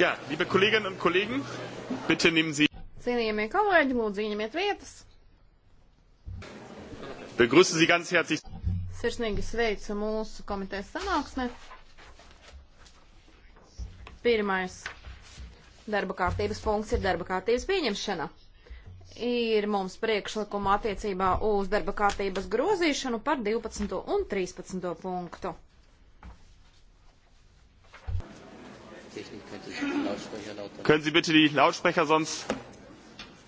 Jā, liebe kolēģinnen un kolēģi, bitte nehmen Sie. Cienījamie kolēģi, lūdzu, ieņemiet vietas. Begrüße Sie ganz herzlich. Sirsnīgi sveicu mūsu komitejas sanāksmē. Pirmais darba kārtības punkts ir darba kārtības pieņemšana. Ir mums priekšlikuma attiecībā uz darba kārtības grozīšanu par 12. un 13. punktu. Können Sie bitte die Lautsprecher sonst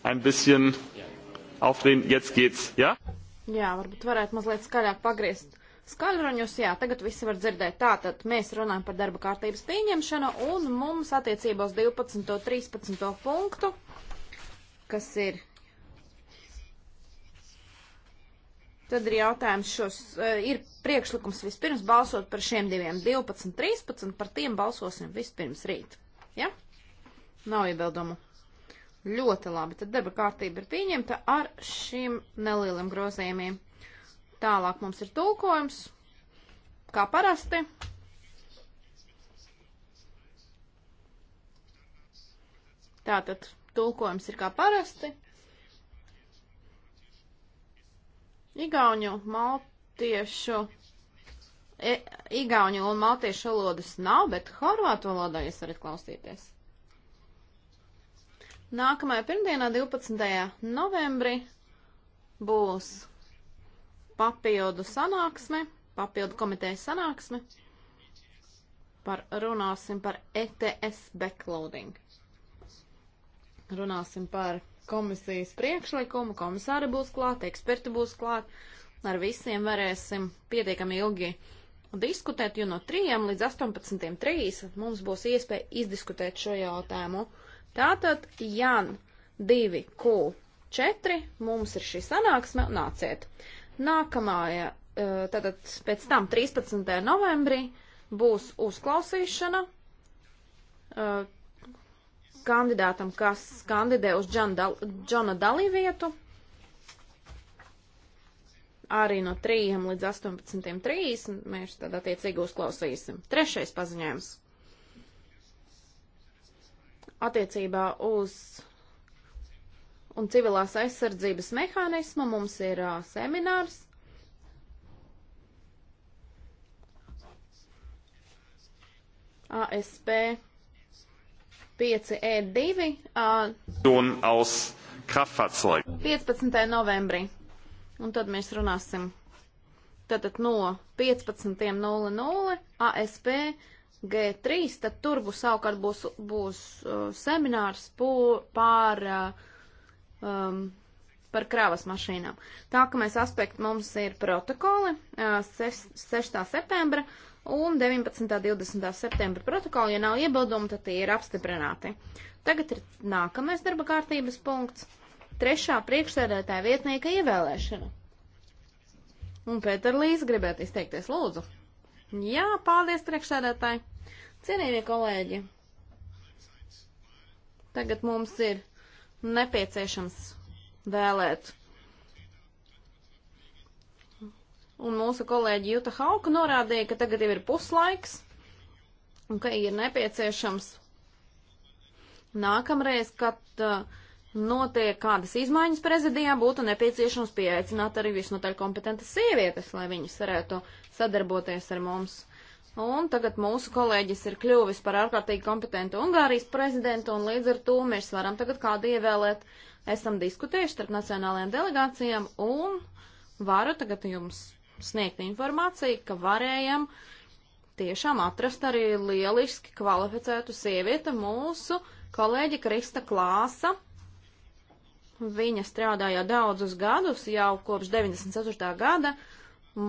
ein bisschen aufdrehen? Jetzt geht's, ja? Jā, varbūt varētu mazliet skaļāk pagriezt skaļruņus. Jā, tagad visi var dzirdēt. Tātad mēs runājam par darba kārtības pieņemšanu un mums attiecībā uz 12. un 13. punktu, kas ir Tad ir jautājums šos, e, ir priekšlikums vispirms balsot par šiem diviem, 12, 13, par tiem balsosim vispirms rīt. Ja? Nav iebildumu. Ļoti labi. Tad deba kārtība ir pieņemta ar šīm nelieliem grozījumiem. Tālāk mums ir tulkojums, kā parasti. Tātad tulkojums ir kā parasti. Igauņu, maltiešu, e, igauņu un maltiešu valodas nav, bet horvātu valodā jūs varat klausīties. Nākamajā pirmdienā, 12. novembrī, būs papildu sanāksme, papildu komitejas sanāksme. Par, runāsim par ETS backloading. Runāsim par komisijas priekšlikumu, komisāri būs klāt, eksperti būs klāt, ar visiem varēsim pietiekami ilgi diskutēt, jo no 3 līdz 18.30 mums būs iespēja izdiskutēt šo jautājumu. Tātad Jan 2Q4 mums ir šī sanāksme, nāciet. Nākamā, e, tātad pēc tam 13. novembrī būs uzklausīšana e, kandidātam, kas kandidē uz Džona Dalī vietu. Arī no 3 līdz 18.30 mēs tad attiecīgi uzklausīsim. Trešais paziņojums attiecībā uz un civilās aizsardzības mehānismu mums ir uh, seminārs. ASP 5E2 uh, 15. novembrī. Un tad mēs runāsim. Tātad no 15.00 ASP 5E2. G3, tad tur būs savukārt būs, būs uh, seminārs pū, pār, uh, um, par kravas mašīnām. Tā ka mēs aspekti mums ir protokoli uh, 6. septembra un 19. 20. septembra protokoli. Ja nav iebildumi, tad tie ir apstiprināti. Tagad ir nākamais darba kārtības punkts - trešā priekšsēdētāja vietnieka ievēlēšana. Un Pēter Līs gribētu izteikties lūdzu. Jā, paldies priekšsēdētāji. Cienījamie kolēģi, tagad mums ir nepieciešams vēlēt. Un mūsu kolēģi Juta Hauka norādīja, ka tagad jau ir puslaiks un ka ir nepieciešams nākamreiz, kad uh, notiek kādas izmaiņas prezidijā, būtu nepieciešams pieaicināt arī visnotaļ kompetentas sievietes, lai viņas varētu sadarboties ar mums. Un tagad mūsu kolēģis ir kļuvis par ārkārtīgi kompetentu Ungārijas prezidentu, un līdz ar to mēs varam tagad kādu ievēlēt. Esam diskutējuši starp nacionālajām delegācijām, un varu tagad jums sniegt informāciju, ka varējam tiešām atrast arī lieliski kvalificētu sievieti mūsu kolēģi Krista Klāsa. Viņa strādāja daudzus gadus, jau kopš 94. gada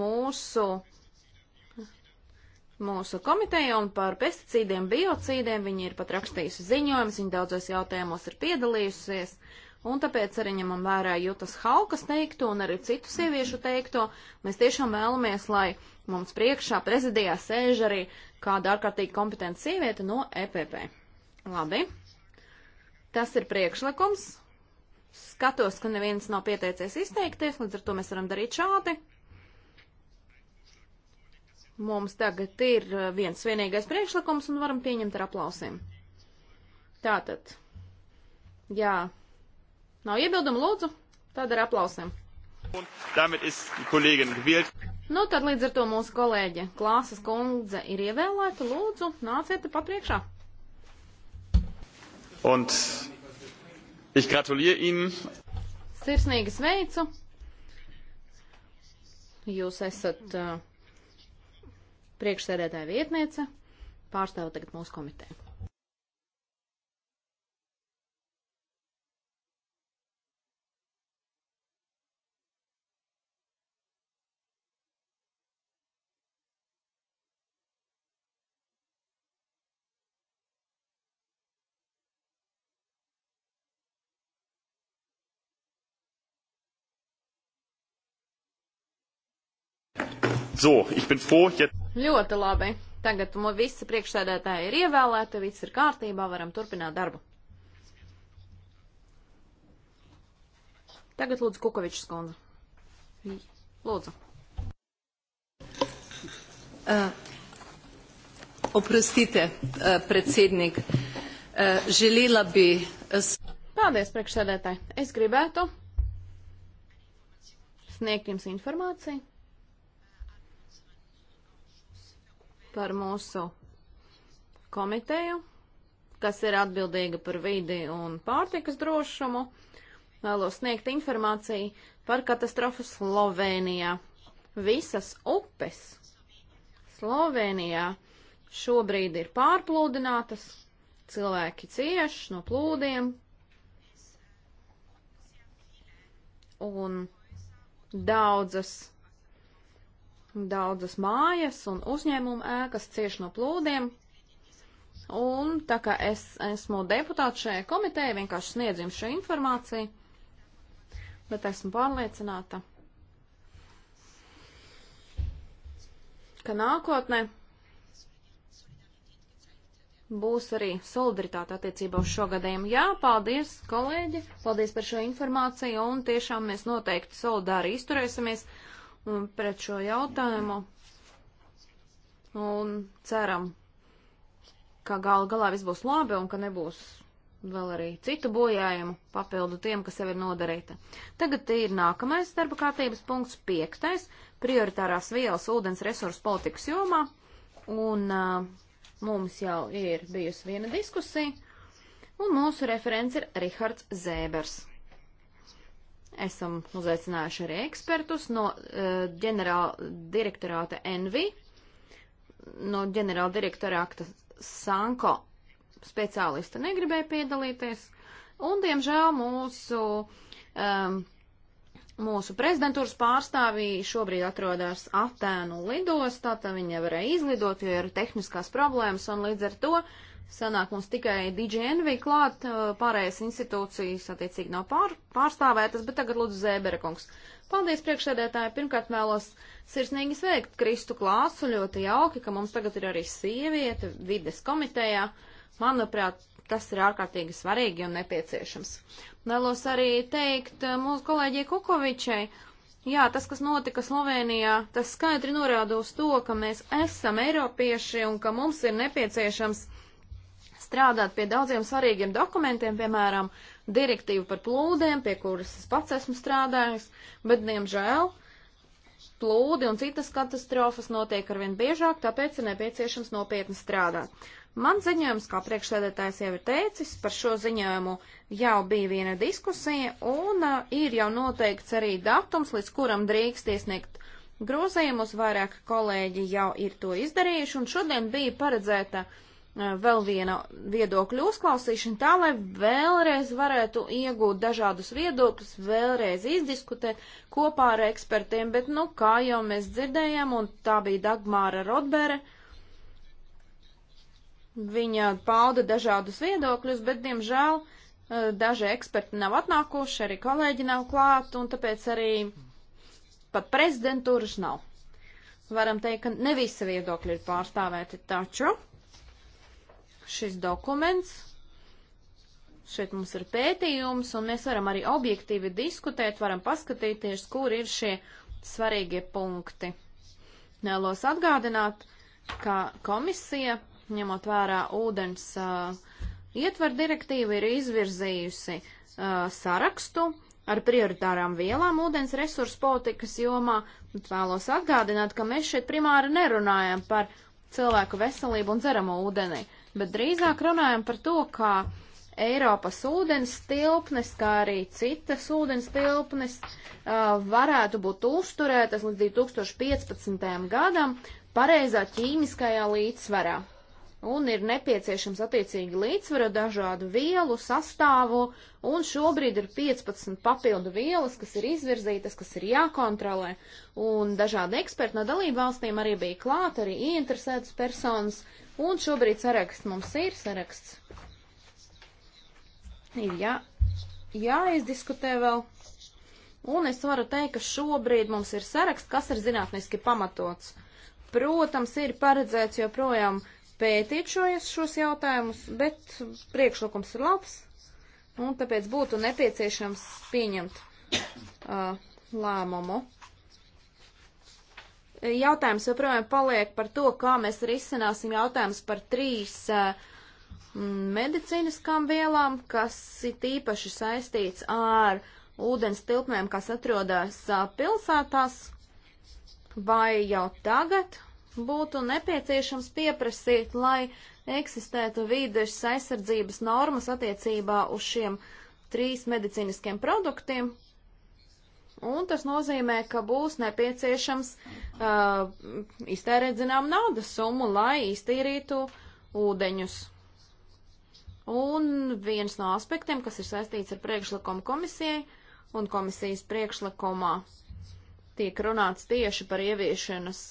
mūsu mūsu komiteju un par pesticīdiem, biocīdiem. Viņi ir pat rakstījusi ziņojumus, viņi daudzos jautājumos ir piedalījusies. Un tāpēc arī ņemam vērā Jutas Haukas teikto un arī citu sieviešu teikto. Mēs tiešām vēlamies, lai mums priekšā prezidijā sēž arī kāda ārkārtīgi kompetenta sieviete no EPP. Labi. Tas ir priekšlikums. Skatos, ka neviens nav pieteicies izteikties, līdz ar to mēs varam darīt šādi. Mums tagad ir uh, viens vienīgais priekšlikums un varam pieņemt ar aplausiem. Tātad, jā, nav iebildumu lūdzu, tad ar aplausiem. Nu, tad līdz ar to mūsu kolēģe Klāsas kundze ir ievēlēta. Lūdzu, nāciet te papriekšā. Un ich gratuliere Ihnen. Sirsnīgi sveicu. Jūs esat. Uh, priekšsēdētāja vietniece, pārstāv tagad mūsu komiteju. So, ich bin froh, jetzt. Ļoti labi. Tagad mums visi priekšsēdētāji ir ievēlēti, viss ir kārtībā, varam turpināt darbu. Tagad lūdzu Kukovičs kundze. Lūdzu. Uh, oprostite, uh, predsednik. Uh, želela bi. Es... Paldies, priekšsēdētāji. Es gribētu sniegt jums informāciju. par mūsu komiteju, kas ir atbildīga par vidi un pārtikas drošumu. Vēlos sniegt informāciju par katastrofu Slovenijā. Visas upes Slovenijā šobrīd ir pārplūdinātas, cilvēki cieš no plūdiem, un daudzas Daudzas mājas un uzņēmuma ēkas cieši no plūdiem. Un tā kā es esmu deputāts šajā komitejā, vienkārši sniedz jums šo informāciju, bet esmu pārliecināta, ka nākotnē būs arī solidaritāte attiecībā uz šo gadījumu. Jā, paldies, kolēģi, paldies par šo informāciju, un tiešām mēs noteikti solidāri izturēsimies Um, pret šo jautājumu un ceram, ka gala galā viss būs labi un ka nebūs vēl arī citu bojājumu papildu tiem, kas jau ir nodarīta. Tagad ir nākamais darba kārtības punkts, piektais - prioritārās vielas ūdens resursu politikas jomā. Un uh, mums jau ir bijusi viena diskusija, un mūsu referents ir Rihards Zēbers. Esam uzaicinājuši arī ekspertus no uh, ģenerāla direktorāta Envi, no ģenerāla direktorāta Sanko speciālista negribēja piedalīties, un, diemžēl, mūsu, um, mūsu prezidentūras pārstāvī šobrīd atrodas Atēnu lidostā, tā viņa varēja izlidot, jo ir tehniskās problēmas, un līdz ar to uh, Sanāk mums tikai DGNV klāt, pārējais institūcijas attiecīgi nav pār, pārstāvētas, bet tagad lūdzu Zēberekungs. Paldies priekšsēdētāji, pirmkārt vēlos sirsnīgi sveikt Kristu Klāsu, ļoti jauki, ka mums tagad ir arī sieviete vides komitejā. Manuprāt, tas ir ārkārtīgi svarīgi un nepieciešams. Vēlos arī teikt mūsu kolēģijai Kukovičai, jā, tas, kas notika Slovenijā, tas skaidri norāda uz to, ka mēs esam eiropieši un ka mums ir nepieciešams strādāt pie daudziem svarīgiem dokumentiem, piemēram, direktīvu par plūdiem, pie kuras es pats esmu strādājis, bet, diemžēl, plūdi un citas katastrofas notiek arvien biežāk, tāpēc ir nepieciešams nopietni strādāt. Man ziņojums, kā priekšsēdētājs jau ir teicis, par šo ziņojumu jau bija viena diskusija, un uh, ir jau noteikts arī datums, līdz kuram drīkst iesniegt grozījumus. Vairāk kolēģi jau ir to izdarījuši, un šodien bija paredzēta Eh, vēl viena viedokļa uzklausīšana, tā lai vēlreiz varētu iegūt dažādus viedokļus, vēlreiz izdiskutēt kopā ar ekspertiem, bet, nu, kā jau mēs dzirdējām, un tā bija Dagmāra Rodbere, viņa pauda dažādus viedokļus, bet, diemžēl, eh, daži eksperti nav atnākuši, arī kolēģi nav klāt, un tāpēc arī pat prezidentūras nav. Varam teikt, ka ne visi viedokļi ir pārstāvēti, taču šis dokuments. Šeit mums ir pētījums, un mēs varam arī objektīvi diskutēt, varam paskatīties, kur ir šie svarīgie punkti. Nelos atgādināt, ka komisija, ņemot vērā ūdens uh, ietver direktīva, ir izvirzījusi uh, sarakstu ar prioritārām vielām ūdens resursu politikas jomā, bet vēlos atgādināt, ka mēs šeit primāri nerunājam par cilvēku veselību un dzeramo ūdeni bet drīzāk runājam par to, kā Eiropas ūdens tilpnes, kā arī citas ūdens tilpnes uh, varētu būt uzturētas līdz 2015. gadam pareizā ķīmiskajā līdzsvarā. Un ir nepieciešams attiecīgi līdzsvara dažādu vielu sastāvu, un šobrīd ir 15 papildu vielas, kas ir izvirzītas, kas ir jākontrolē. Un dažādi eksperti no dalību valstīm arī bija klāt, arī ieinteresētas personas, uh, Un šobrīd saraksts mums ir, saraksts ir jā, jāizdiskutē vēl. Un es varu teikt, ka šobrīd mums ir saraksts, kas ir zinātniski pamatots. Protams, ir paredzēts joprojām pētīt šo, šos jautājumus, bet priekšlikums ir labs, un tāpēc būtu nepieciešams pieņemt uh, lēmumu jautājums joprojām paliek par to, kā mēs risināsim jautājums par trīs medicīniskām vielām, kas ir tīpaši saistīts ar ūdens tilpnēm, kas atrodas pilsētās, vai jau tagad būtu nepieciešams pieprasīt, lai eksistētu vīdes aizsardzības normas attiecībā uz šiem trīs medicīniskiem produktiem, Un tas nozīmē, ka būs nepieciešams uh, iztērēt zinām naudas summu, lai iztīrītu ūdeņus. Un viens no aspektiem, kas ir saistīts ar priekšlikumu komisijai un komisijas priekšlikumā, tiek runāts tieši par ieviešanas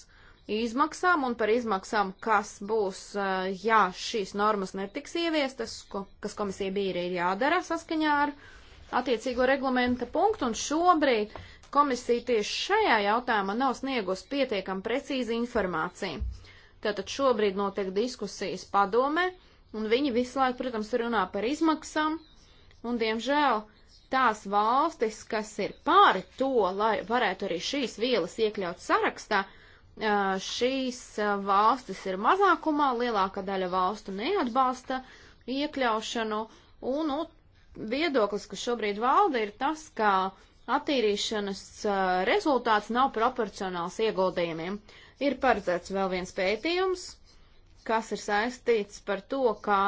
izmaksām un par izmaksām, kas būs, uh, ja šīs normas netiks ieviestas, ko, kas komisija bija arī jādara saskaņā ar uh, attiecīgo reglamenta punktu, un šobrīd komisija tieši šajā jautājumā nav sniegusi pietiekam precīzi informāciju. Tātad šobrīd notiek diskusijas padome, un viņi visu laiku, protams, runā par izmaksām, un diemžēl tās valstis, kas ir pāri to, lai varētu arī šīs vielas iekļaut sarakstā, šīs valstis ir mazākumā, lielākā daļa valstu neatbalsta iekļaušanu, un nu, viedoklis, kas šobrīd valda, ir tas, ka attīrīšanas rezultāts nav proporcionāls ieguldījumiem. Ir paredzēts vēl viens pētījums, kas ir saistīts par to, ka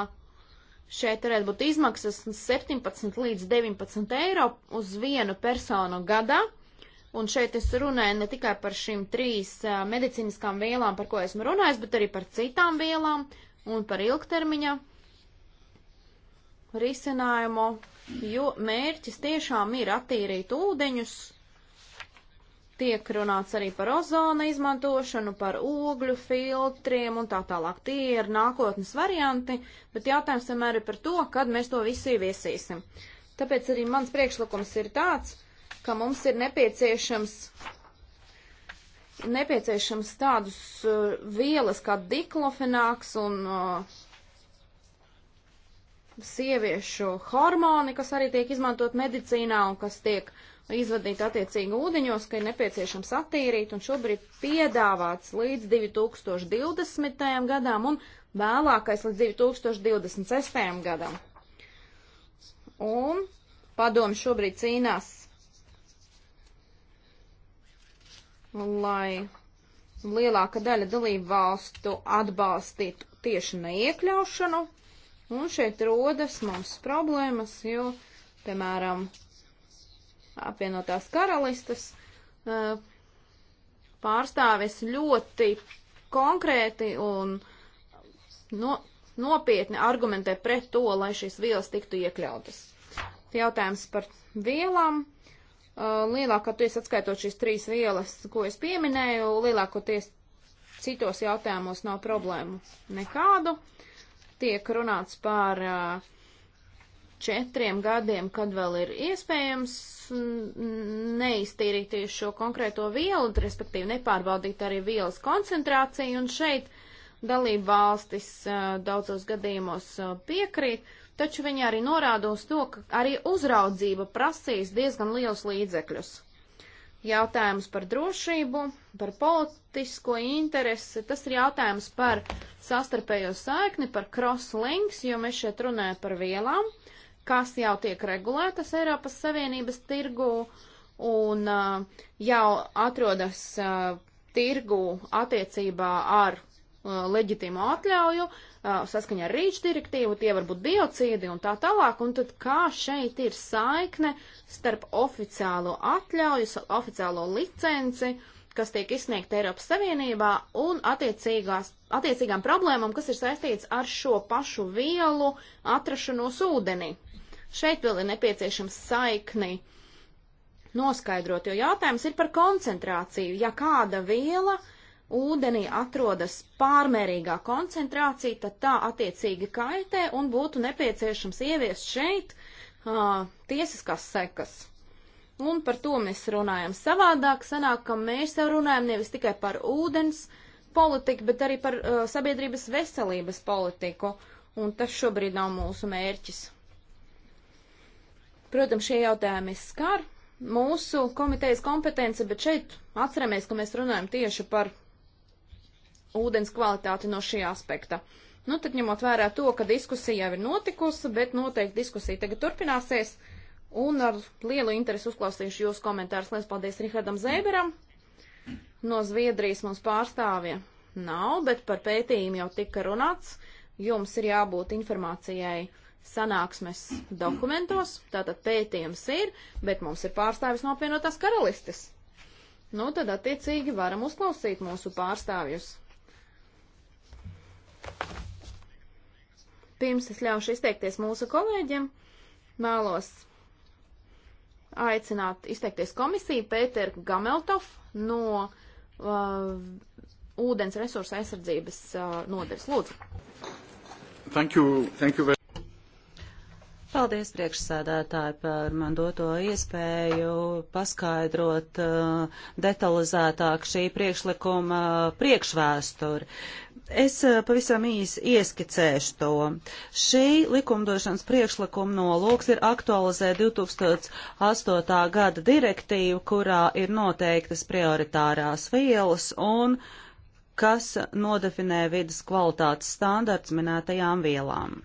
šeit varētu būt izmaksas 17 līdz 19 eiro uz vienu personu gadā. Un šeit es runāju ne tikai par šīm trīs medicīniskām vielām, par ko esmu runājis, bet arī par citām vielām un par ilgtermiņa risinājumu, jo mērķis tiešām ir attīrīt ūdeņus. Tiek runāts arī par ozona izmantošanu, par ogļu filtriem un tā tālāk. Tie ir nākotnes varianti, bet jautājums vienmēr ir par to, kad mēs to visu ieviesīsim. Tāpēc arī mans priekšlikums ir tāds, ka mums ir nepieciešams, nepieciešams tādus uh, vielas kā diklofenāks un uh, sieviešu hormoni, kas arī tiek izmantot medicīnā un kas tiek izvadīti attiecīgi ūdeņos, ka ir nepieciešams attīrīt un šobrīd piedāvāts līdz 2020. gadam un vēlākais līdz 2026. gadam. Un padomi šobrīd cīnās, lai lielāka daļa dalību valstu atbalstītu tieši neiekļaušanu Un nu, šeit rodas mums problēmas, jo, piemēram, apvienotās karalistas eh, pārstāvis ļoti konkrēti un no, nopietni argumentē pret to, lai šīs vielas tiktu iekļautas. Jautājums par vielām. Eh, lielākoties atskaitot šīs trīs vielas, ko es pieminēju, lielākoties citos jautājumos nav problēmu nekādu. Uh, tiek runāts par četriem gadiem, kad vēl ir iespējams neiztīrīt šo konkrēto vielu, respektīvi nepārbaudīt arī vielas koncentrāciju, un šeit dalība valstis daudzos gadījumos piekrīt, taču viņi arī norāda uz to, ka arī uzraudzība prasīs diezgan liels līdzekļus jautājums par drošību, par politisko interesi, tas ir jautājums par sastarpējo saikni, par crosslinks, jo mēs šeit runājam par vielām, kas jau tiek regulētas Eiropas Savienības tirgū un uh, jau atrodas uh, tirgū attiecībā ar Uh, leģitīmu atļauju uh, saskaņā ar rīču direktīvu, tie var būt biocīdi un tā tālāk, un tad kā šeit ir saikne starp oficiālo atļauju, oficiālo licenci, kas tiek izsniegta Eiropas Savienībā, un attiecīgām problēmām, kas ir saistīts ar šo pašu vielu atrašanos ūdenī. Šeit vēl ir nepieciešams saikni noskaidrot, jo jautājums ir par koncentrāciju. Ja kāda viela uh, ūdenī atrodas pārmērīgā koncentrācija, tad tā attiecīgi kaitē un būtu nepieciešams ieviest šeit uh, tiesiskās sekas. Un par to mēs runājam savādāk, sanāk, ka mēs jau runājam nevis tikai par ūdens politiku, bet arī par uh, sabiedrības veselības politiku, un tas šobrīd nav mūsu mērķis. Protams, šie jautājumi skar mūsu komitejas kompetenci, bet šeit atceramies, ka mēs runājam tieši par ūdens kvalitāti no šī aspekta. Nu, tad ņemot vērā to, ka diskusija jau ir notikusi, bet noteikti diskusija tagad turpināsies, un ar lielu interesi uzklausīšu jūsu komentārus. Lielas paldies Rihardam Zēberam. No Zviedrijas mums pārstāvja nav, bet par pētījumu jau tika runāts. Jums ir jābūt informācijai sanāksmes dokumentos, tātad pētījums ir, bet mums ir pārstāvis no apvienotās karalistes. Nu, tad attiecīgi varam uzklausīt mūsu pārstāvjus. Pirms es ļaušu izteikties mūsu kolēģiem, vēlos aicināt izteikties komisiju Pēteru Gameltofu no uh, ūdens resursa aizsardzības uh, nodaļas. Lūdzu. Thank you. Thank you very... Paldies priekšsēdētāji par man doto iespēju paskaidrot uh, detalizētāk šī priekšlikuma uh, priekšvēsturi. Uh, Es eh, pavisam īsi ieskicēšu to. Šī likumdošanas priekšlikuma nolūks ir aktualizēt 2008. gada direktīvu, kurā ir noteiktas prioritārās vielas un kas nodefinē vidas kvalitātes standarts minētajām vielām.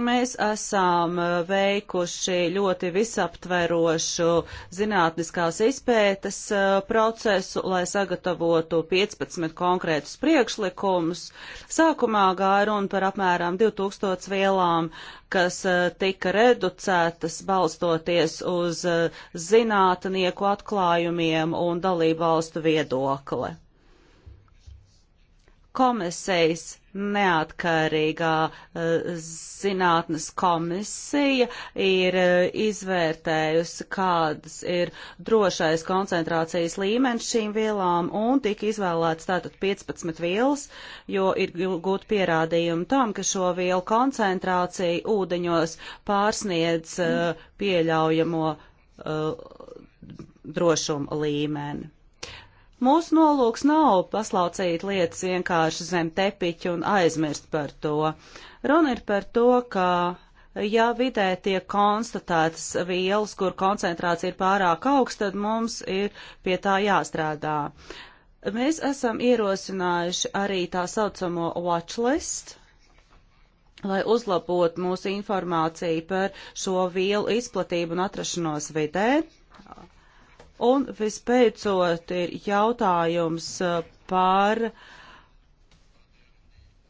Mēs esam uh, veikuši ļoti visaptverošu zinātniskās izpētes uh, procesu, lai sagatavotu 15 konkrētus priekšlikumus. Sākumā gāja runa par apmēram 2000 vielām, kas uh, tika reducētas balstoties uz zinātnieku atklājumiem un dalību valstu viedokli. Komisijas Neatkarīgā eh, zinātnes komisija ir eh, izvērtējusi, kādas ir drošais koncentrācijas līmenis šīm vielām un tika izvēlēts tātad 15 vielas, jo ir gūt pierādījumu tam, ka šo vielu koncentrācija ūdeņos pārsniedz eh, pieļaujamo drošuma līmeni. Mūsu nolūks nav paslaucīt lietas vienkārši zem tepiķa un aizmirst par to. Runa ir par to, ka ja vidē tiek konstatētas vielas, kur koncentrācija ir pārāk augsta, tad mums ir pie tā jāstrādā. Mēs esam ierosinājuši arī tā saucamo watchlist, lai uzlabotu mūsu informāciju par šo vielu izplatību un atrašanos vidē. Un vispēcot ir jautājums uh, par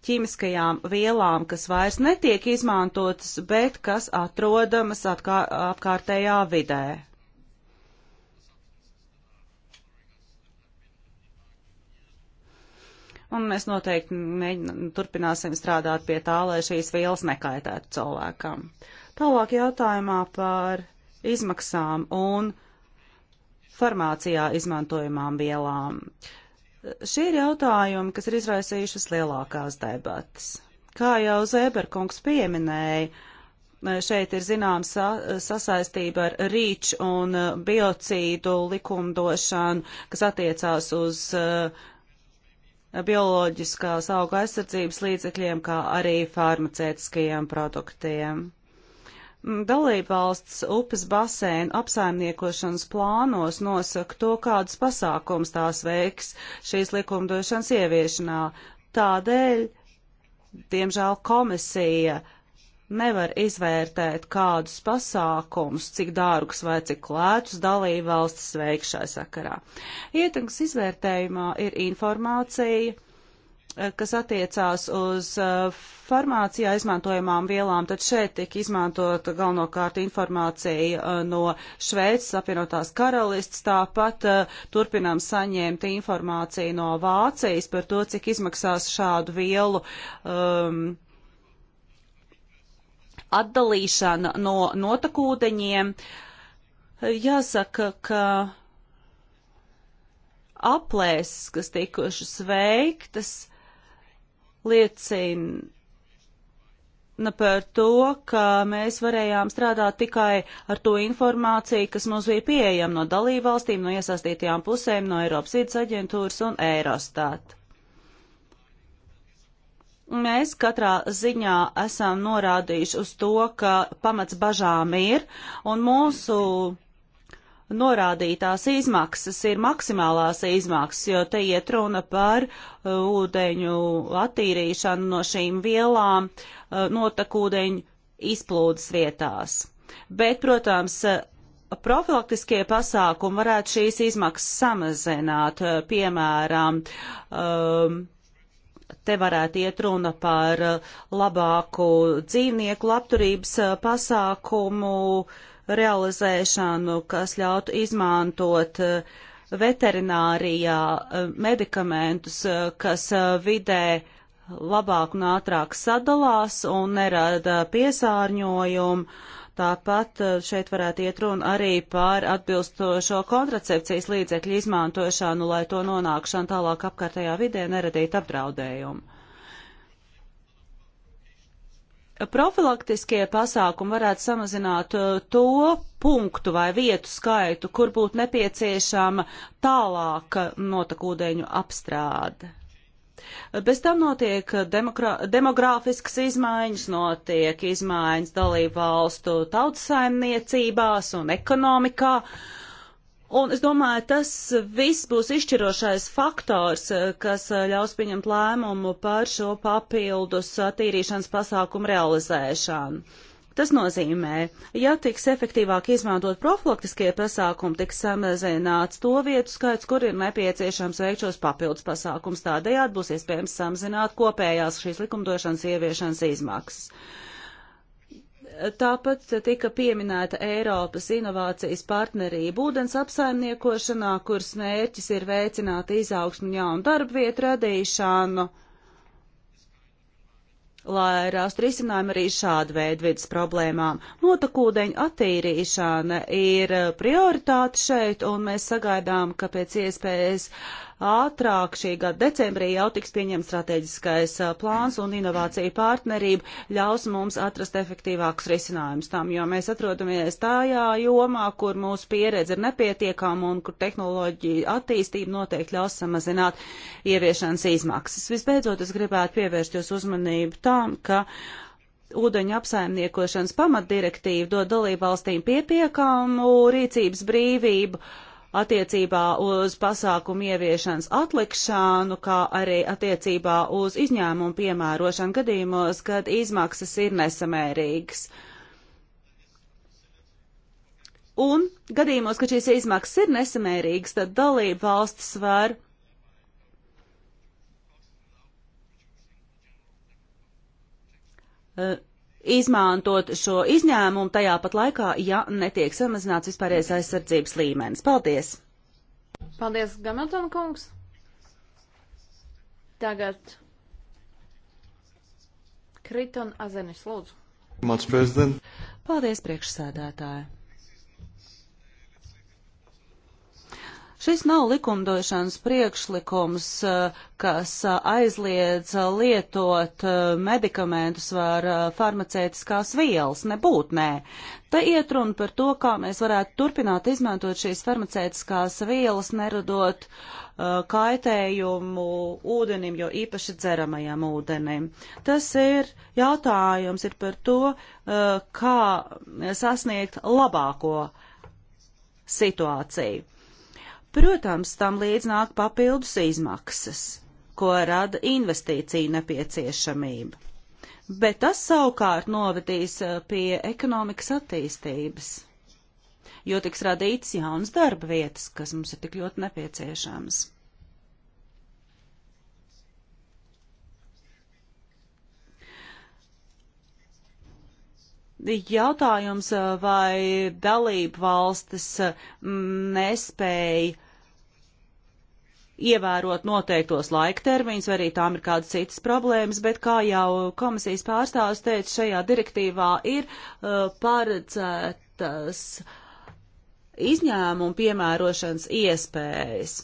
ķīmiskajām vielām, kas vairs netiek izmantotas, bet kas atrodamas atkā, apkārtējā vidē. Un mēs noteikti mēģinām, turpināsim strādāt pie tā, lai šīs vielas nekaitētu cilvēkam. Tālāk jautājumā par izmaksām un uh, farmācijā izmantojamām vielām. Šie ir jautājumi, kas ir izraisījušas lielākās debatas. Kā jau Zēberkungs pieminēja, šeit ir zināms sa sasaistība ar rīču un uh, biocīdu likumdošanu, kas attiecās uz uh, bioloģiskās auga aizsardzības līdzekļiem, kā arī farmacētiskajiem produktiem. Dalībvalsts upes basēnu apsaimniekošanas plānos nosaka to, kādas pasākums tās veiks šīs likumdošanas ieviešanā. Tādēļ, diemžēl, komisija nevar izvērtēt, kādus pasākumus, cik dārgus vai cik lētus dalībvalstis veikšai sakarā. Ietekmes izvērtējumā ir informācija Eh, kas attiecās uz eh, farmācijā izmantojamām vielām, tad šeit tika izmantot galvenokārt informācija eh, no Šveices apvienotās karalists, tāpat turpinām saņemt informāciju no Vācijas par to, cik izmaksās šādu vielu. Um, Atdalīšana no notekūdeņiem. Jāsaka, ka aplēses, kas tikušas veiktas, liecina par to, ka mēs varējām strādāt tikai ar to informāciju, kas mums bija pieejama no dalībvalstīm, no iesaistītajām pusēm, no Eiropas vidas aģentūras un Eirostat. Mēs katrā ziņā esam norādījuši uz to, ka pamats bažām ir, un mūsu norādītās izmaksas ir maksimālās izmaksas, jo te iet runa par uh, ūdeņu attīrīšanu no šīm vielām uh, notekūdeņu izplūdes vietās. Bet, protams, uh, profilaktiskie pasākumi varētu šīs izmaksas samazināt, piemēram, um, Te varētu iet runa par labāku dzīvnieku labturības pasākumu uh, realizēšanu, kas ļautu izmantot eh, veterinārijā eh, medikamentus, eh, kas vidē labāk un ātrāk sadalās un nerada piesārņojumu. Tāpat šeit varētu iet runa arī par atbilstošo kontracepcijas līdzekļu izmantošanu, lai to nonākšanu tālāk apkārtējā vidē neradītu apdraudējumu profilaktiskie pasākumi varētu samazināt uh, to punktu vai vietu skaitu, kur būtu nepieciešama tālāka notekūdeņu apstrāde. Bez tam notiek demogrāfiskas izmaiņas, notiek izmaiņas dalību valstu tautsaimniecībās un ekonomikā. Uh, Un es domāju, tas viss būs izšķirošais faktors, eh, kas eh, ļaus pieņemt lēmumu par šo papildus tīrīšanas pasākumu realizēšanu. Tas nozīmē, ja tiks efektīvāk izmantot profilaktiskie pasākumi, tiks samazināts to vietu skaits, kur ir nepieciešams veikt šos papildus pasākums. Tādējādi būs iespējams samazināt kopējās šīs likumdošanas ieviešanas izmaksas. Tāpat tika pieminēta Eiropas inovācijas partnerība ūdens apsaimniekošanā, kuras mērķis ir veicināt izaugsmu un jaunu darbu vietu radīšanu, lai rastu risinājumu arī šādu veidu vidas problēmām. Notakūdeņu attīrīšana ir prioritāte šeit, un mēs sagaidām, ka pēc iespējas uh, ātrāk šī gada decembrī jau tiks pieņemts strateģiskais plāns un inovācija partnerība ļaus mums atrast efektīvākus risinājumus tam, jo mēs atrodamies tajā jomā, kur mūsu pieredze ir nepietiekama un kur tehnoloģija attīstība noteikti ļaus samazināt ieviešanas izmaksas. Visbeidzot, es gribētu pievērst jūs uzmanību tam, ka ūdeņu apsaimniekošanas pamatdirektīva dod dalībvalstīm pietiekamu rīcības brīvību attiecībā uz pasākumu ieviešanas atlikšanu, kā arī attiecībā uz izņēmumu piemērošanu gadījumos, kad izmaksas ir nesamērīgas. Un gadījumos, ka šīs izmaksas ir nesamērīgas, tad dalība valsts var uh, izmantot šo izņēmumu tajā pat laikā, ja netiek samazināts vispārējais aizsardzības līmenis. Paldies! Paldies, Gamelton kungs! Tagad Kriton Azenis, lūdzu. Paldies, priekšsēdētāji! Šis nav likumdošanas priekšlikums, eh, kas eh, aizliedz eh, lietot medikamentus vai farmacētiskās vielas, nebūt nē. Te iet runa par to, kā mēs varētu turpināt izmantot šīs farmacētiskās vielas, neradot kaitējumu ūdenim, jo īpaši dzeramajam ūdenim. Tas ir jautājums ir par to, kā sasniegt labāko situāciju. Protams, tam līdz nāk papildus izmaksas, ko rada investīcija nepieciešamība. Bet tas savukārt novedīs eh, pie ekonomikas attīstības, jo tiks radīts jauns darba vietas, kas mums ir tik ļoti nepieciešams. jautājums, eh, vai dalību valstis mm, nespēja ievērot noteiktos laiktermiņus, vai arī tām ir kādas citas problēmas, bet kā jau komisijas pārstāvis teica, šajā direktīvā ir uh, paredzētas izņēmumu piemērošanas iespējas.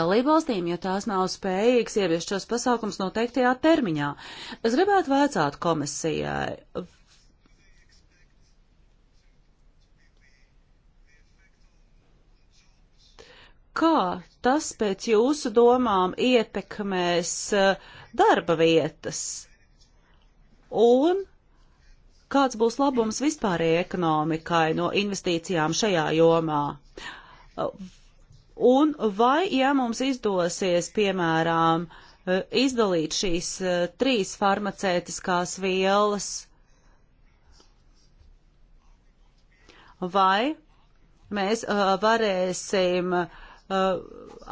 Dalībvalstīm, ja tās nav spējīgas ieviest šos pasākums noteiktajā termiņā, es gribētu vaicāt komisijai, kā tas pēc jūsu domām ietekmēs eh, darba vietas? Un kāds būs labums vispārējai ekonomikai no investīcijām šajā jomā? Eh, un vai, ja mums izdosies, piemēram, eh, izdalīt šīs trīs farmacētiskās vielas, vai mēs varēsim uh, Uh,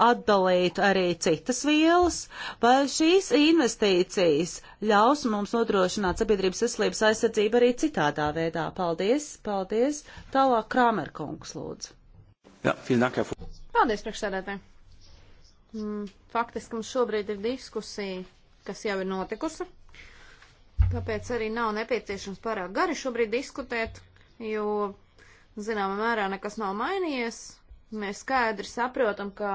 atdalīt arī citas vielas, vai šīs investīcijas ļaus mums nodrošināt sabiedrības veselības aizsardzību arī citādā veidā. Paldies, paldies. Tālāk Krāmerkungs lūdzu. Jā, ja, paldies, priekšsēdētāji. Mm, faktiski mums šobrīd ir diskusija, kas jau ir notikusi, tāpēc arī nav nepieciešams pārāk gari šobrīd diskutēt, jo zināmā mērā nekas nav mainījies Mēs skaidri saprotam, ka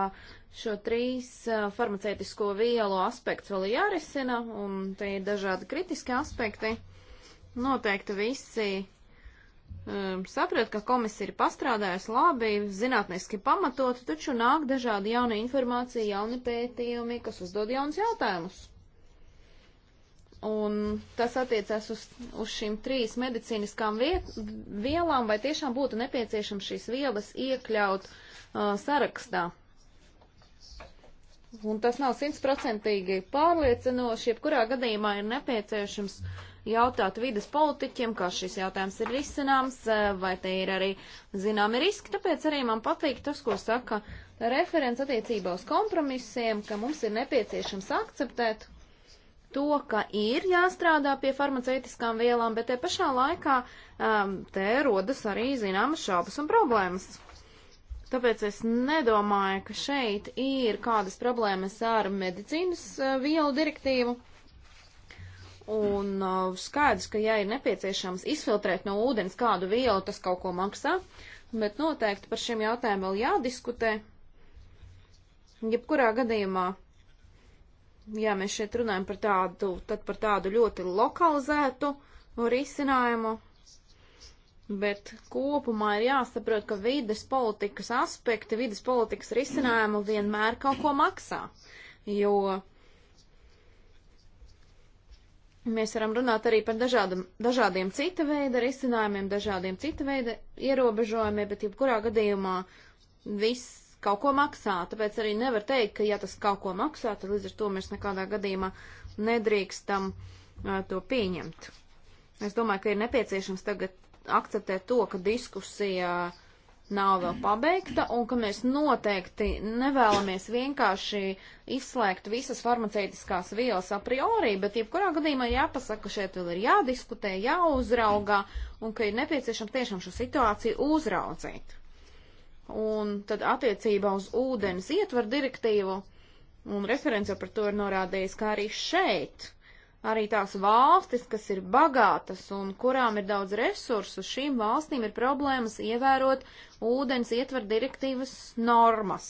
šo trīs farmaceitisko vielu aspektu vēl jārisina, un te ir dažādi kritiski aspekti. Noteikti visi um, saprot, ka komisija ir pastrādājusi labi, zinātniski pamatot, taču nāk dažādi jauna informācija, jauni pētījumi, kas uzdod jaunus jautājumus. Un tas attiecās uz, uz šīm trīs medicīniskām viet, vielām, vai tiešām būtu nepieciešams šīs vielas iekļaut uh, sarakstā. Un tas nav simtprocentīgi pārliecinoši, jebkurā gadījumā ir nepieciešams jautāt vidas politiķiem, kā šis jautājums ir risināms, uh, vai te ir arī zināmi riski, tāpēc arī man patīk tas, ko saka referents attiecībā uz kompromisiem, ka mums ir nepieciešams akceptēt to, ka ir jāstrādā pie farmaceitiskām vielām, bet te pašā laikā um, te rodas arī zināmas šaubas un problēmas. Tāpēc es nedomāju, ka šeit ir kādas problēmas ar medicīnas uh, vielu direktīvu. Un uh, skaidrs, ka ja ir nepieciešams izfiltrēt no ūdens kādu vielu, tas kaut ko maksā, bet noteikti par šiem jautājumiem vēl jādiskutē. Jebkurā gadījumā ja mēs šeit runājam par tādu, tad par tādu ļoti lokalizētu risinājumu, bet kopumā ir jāsaprot, ka vides politikas aspekti, vides politikas risinājumu vienmēr kaut ko maksā, jo mēs varam runāt arī par dažādam, dažādiem cita veida risinājumiem, dažādiem cita veida ierobežojumiem, bet jebkurā gadījumā viss kaut ko maksā. Tāpēc arī nevar teikt, ka ja tas kaut ko maksā, tad līdz ar to mēs nekādā gadījumā nedrīkstam uh, to pieņemt. Es domāju, ka ir nepieciešams tagad akceptēt to, ka diskusija nav vēl pabeigta un ka mēs noteikti nevēlamies vienkārši izslēgt visas farmaceitiskās vielas a priori, bet jebkurā gadījumā jāpasaka, ka šeit vēl ir jādiskutē, jāuzraugā un ka ir nepieciešams tiešām šo situāciju uzraudzīt un tad attiecībā uz ūdens ietver direktīvu, un referents jau par to ir norādījis, kā arī šeit, arī tās valstis, kas ir bagātas un kurām ir daudz resursu, šīm valstīm ir problēmas ievērot ūdens ietver direktīvas normas.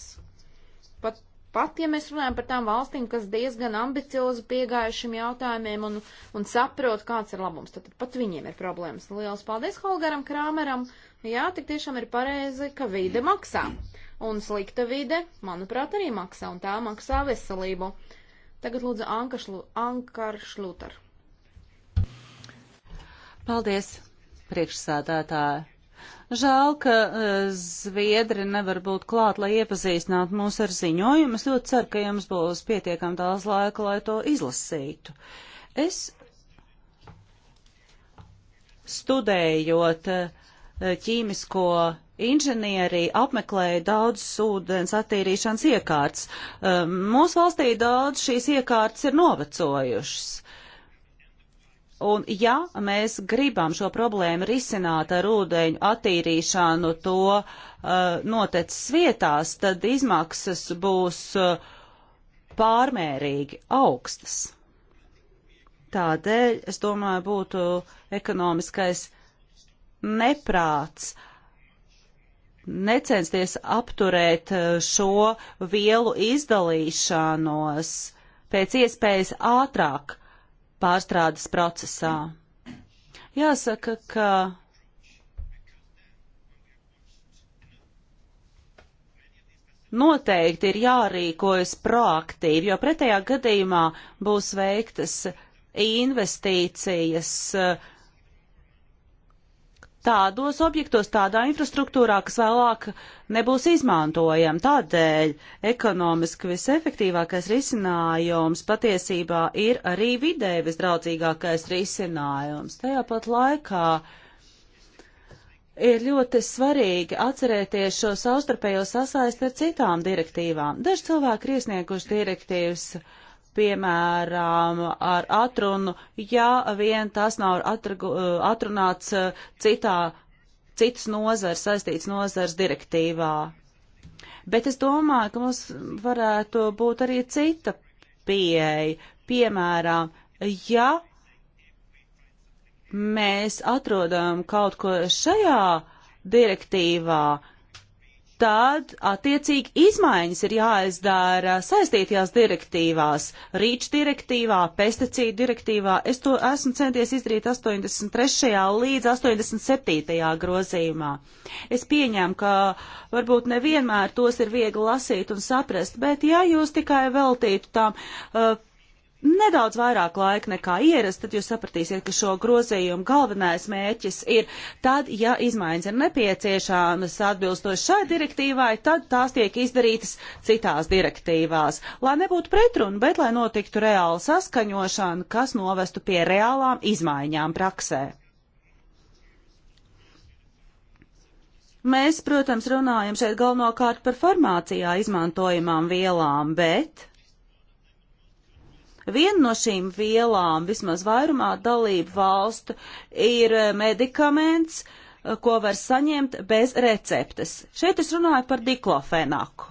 Pat, pat ja mēs runājam par tām valstīm, kas diezgan ambiciozi piegāja šim jautājumiem un, un saprot, kāds ir labums, tad pat viņiem ir problēmas. Lielas paldies Holgaram Krāmeram! Jā, tik tiešām ir pareizi, ka vide maksā. Un slikta vide, manuprāt, arī maksā, un tā maksā veselību. Tagad lūdzu Ankaršlu, Ankaršlutar. Paldies, priekšsādātāji. Žēl, ka e, Zviedri nevar būt klāt, lai iepazīstinātu mūs ar ziņojumu. Es ļoti ceru, ka jums būs pietiekami daudz laika, lai to izlasītu. Es studējot uh, ķīmisko inženieri apmeklēja daudz ūdens attīrīšanas iekārtas. Mūsu valstī daudz šīs iekārtas ir novecojušas. Un ja mēs gribam šo problēmu risināt ar ūdeņu attīrīšanu to uh, notecis vietās, tad izmaksas būs uh, pārmērīgi augstas. Tādēļ, es domāju, būtu ekonomiskais neprāts. Necensties apturēt eh, šo vielu izdalīšanos pēc iespējas ātrāk pārstrādes procesā. Jāsaka, ka noteikti ir jārīkojas proaktīvi, jo pretējā gadījumā būs veiktas investīcijas eh, tādos objektos, tādā infrastruktūrā, kas vēlāk nebūs izmantojama. Tādēļ ekonomiski visefektīvākais risinājums patiesībā ir arī vidē visdraudzīgākais risinājums. Tajā pat laikā ir ļoti svarīgi atcerēties šo savstarpējo sasaisti ar citām direktīvām. Daži cilvēki ir iesnieguši direktīvas piemēram, ar atrunu, ja vien tas nav atragu, eh, atrunāts eh, citā, citas nozars, saistīts nozars direktīvā. Bet es domāju, ka mums varētu būt arī cita pieeja. Piemēram, ja mēs atrodam kaut ko šajā direktīvā, tad attiecīgi izmaiņas ir jāizdara saistītajās direktīvās, rīču direktīvā, pesticīdu direktīvā. Es to esmu centies izdarīt 83. līdz 87. grozījumā. Es pieņēmu, ka varbūt nevienmēr tos ir viegli lasīt un saprast, bet ja jūs tikai veltītu tām uh, nedaudz vairāk laika nekā ierasts, tad jūs sapratīsiet, ka šo grozījumu galvenais mērķis ir tad, ja izmaiņas ir nepieciešāmas atbilstoši šai direktīvai, tad tās tiek izdarītas citās direktīvās. Lai nebūtu pretrunu, bet lai notiktu reāla saskaņošana, kas novestu pie reālām izmaiņām praksē. Mēs, protams, runājam šeit galvenokārt par farmācijā izmantojamām vielām, bet Viena no šīm vielām, vismaz vairumā dalību valstu, ir eh, medikaments, eh, ko var saņemt bez receptes. Šeit es runāju par diklofenaku.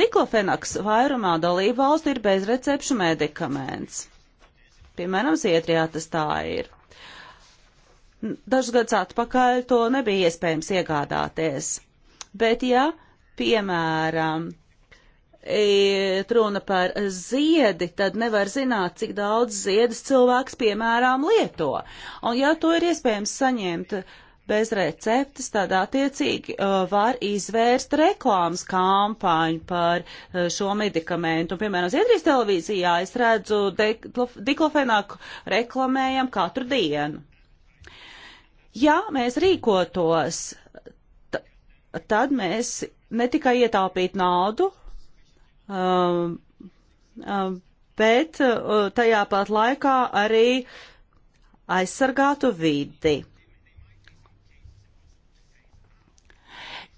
Diklofenaks vairumā dalību valstu ir bezrecepšu medikaments. Piemēram, Zviedrijā tas tā ir. Dažus gadus atpakaļ to nebija iespējams iegādāties. Bet, ja, piemēram, runa par ziedi, tad nevar zināt, cik daudz ziedus cilvēks, piemēram, lieto. Un ja to ir iespējams saņemt bez receptes, tad attiecīgi var izvērst reklāmas kampaņu par šo medikamentu. Un, piemēram, Zviedrijas televīzijā es redzu diklofenāku reklamējam katru dienu. Ja mēs rīkotos, tad mēs ne tikai ietaupītu naudu, Um, um, bet uh, tajā pat laikā arī aizsargātu vidi.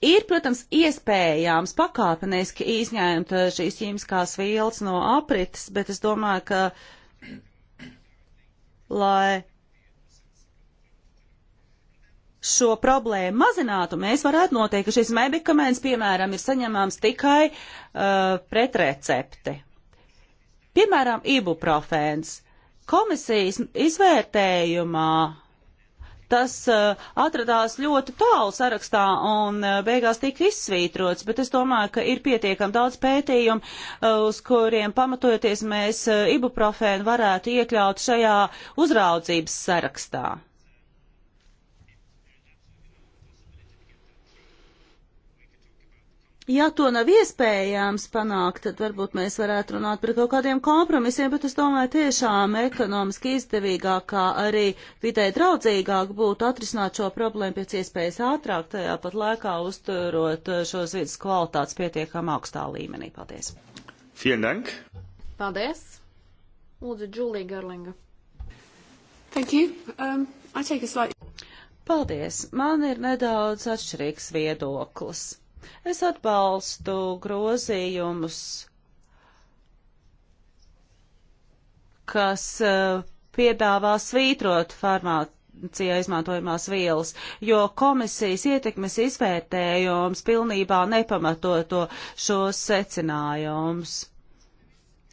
Ir, protams, iespējams pakāpeniski izņemt uh, šīs ķīmiskās vielas no aprites, bet es domāju, ka, lai šo problēmu mazinātu, mēs varētu noteikt, ka šis medikaments, piemēram, ir saņemams tikai uh, pret recepti. Piemēram, ibuprofēns. Komisijas izvērtējumā tas uh, atradās ļoti tālu sarakstā un uh, beigās tika izsvītrots, bet es domāju, ka ir pietiekam daudz pētījumu, uh, uz kuriem pamatojoties mēs uh, ibuprofēnu varētu iekļaut šajā uzraudzības sarakstā. Ja to nav iespējams panākt, tad varbūt mēs varētu runāt par kaut kādiem kompromisiem, bet es domāju, tiešām ekonomiski izdevīgākā arī vidē draudzīgāk būtu atrisināt šo problēmu pēc iespējas ātrāk, tajā pat laikā uzturot eh, šos vidas kvalitātes pietiekam augstā līmenī. Paldies! Vielen Dank! Paldies! Lūdzu, Džulija Garlinga. Thank you. Um, I take a slight... Paldies! Man ir nedaudz atšķirīgs viedoklis. Es atbalstu grozījumus, kas eh, piedāvā svītrot farmācijā izmantojamās vielas, jo komisijas ietekmes izvērtējums pilnībā nepamato to šos secinājumus.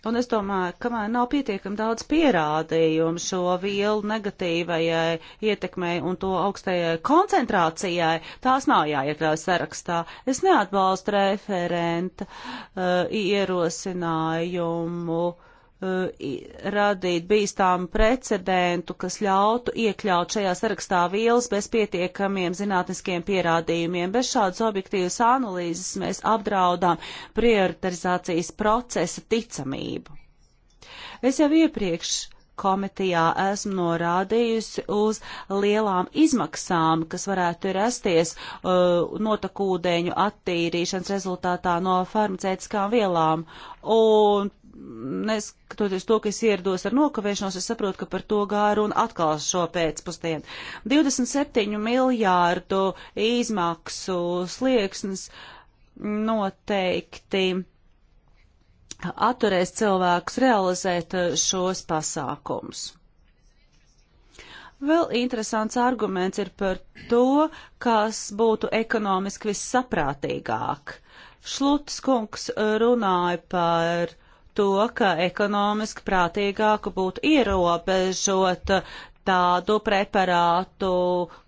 Un es domāju, kamēr nav pietiekami daudz pierādījumu šo vielu negatīvajai ietekmei un to augstajai koncentrācijai, tās nav jāiekļauj sarakstā. Es neatbalstu referenta uh, ierosinājumu. Uh, Uh, radīt bīstāmu precedentu, kas ļautu iekļaut šajā sarakstā vielas bez pietiekamiem zinātniskiem pierādījumiem. Bez šādas objektīvas analīzes mēs apdraudām prioritarizācijas procesa ticamību. Es jau iepriekš komitijā esmu norādījusi uz lielām izmaksām, kas varētu rasties uh, notakūdeņu attīrīšanas rezultātā no farmacētiskām vielām. Un neskatoties to, ka es ierados ar nokavēšanos, es saprotu, ka par to gāja runa atkal šo pēcpusdienu. 27 miljārdu izmaksu slieksnis noteikti atturēs cilvēkus realizēt šos pasākums. Vēl interesants arguments ir par to, kas būtu ekonomiski vissaprātīgāk. Šluts kungs runāja par to, ka ekonomiski prātīgāk būtu ierobežot tādu preparātu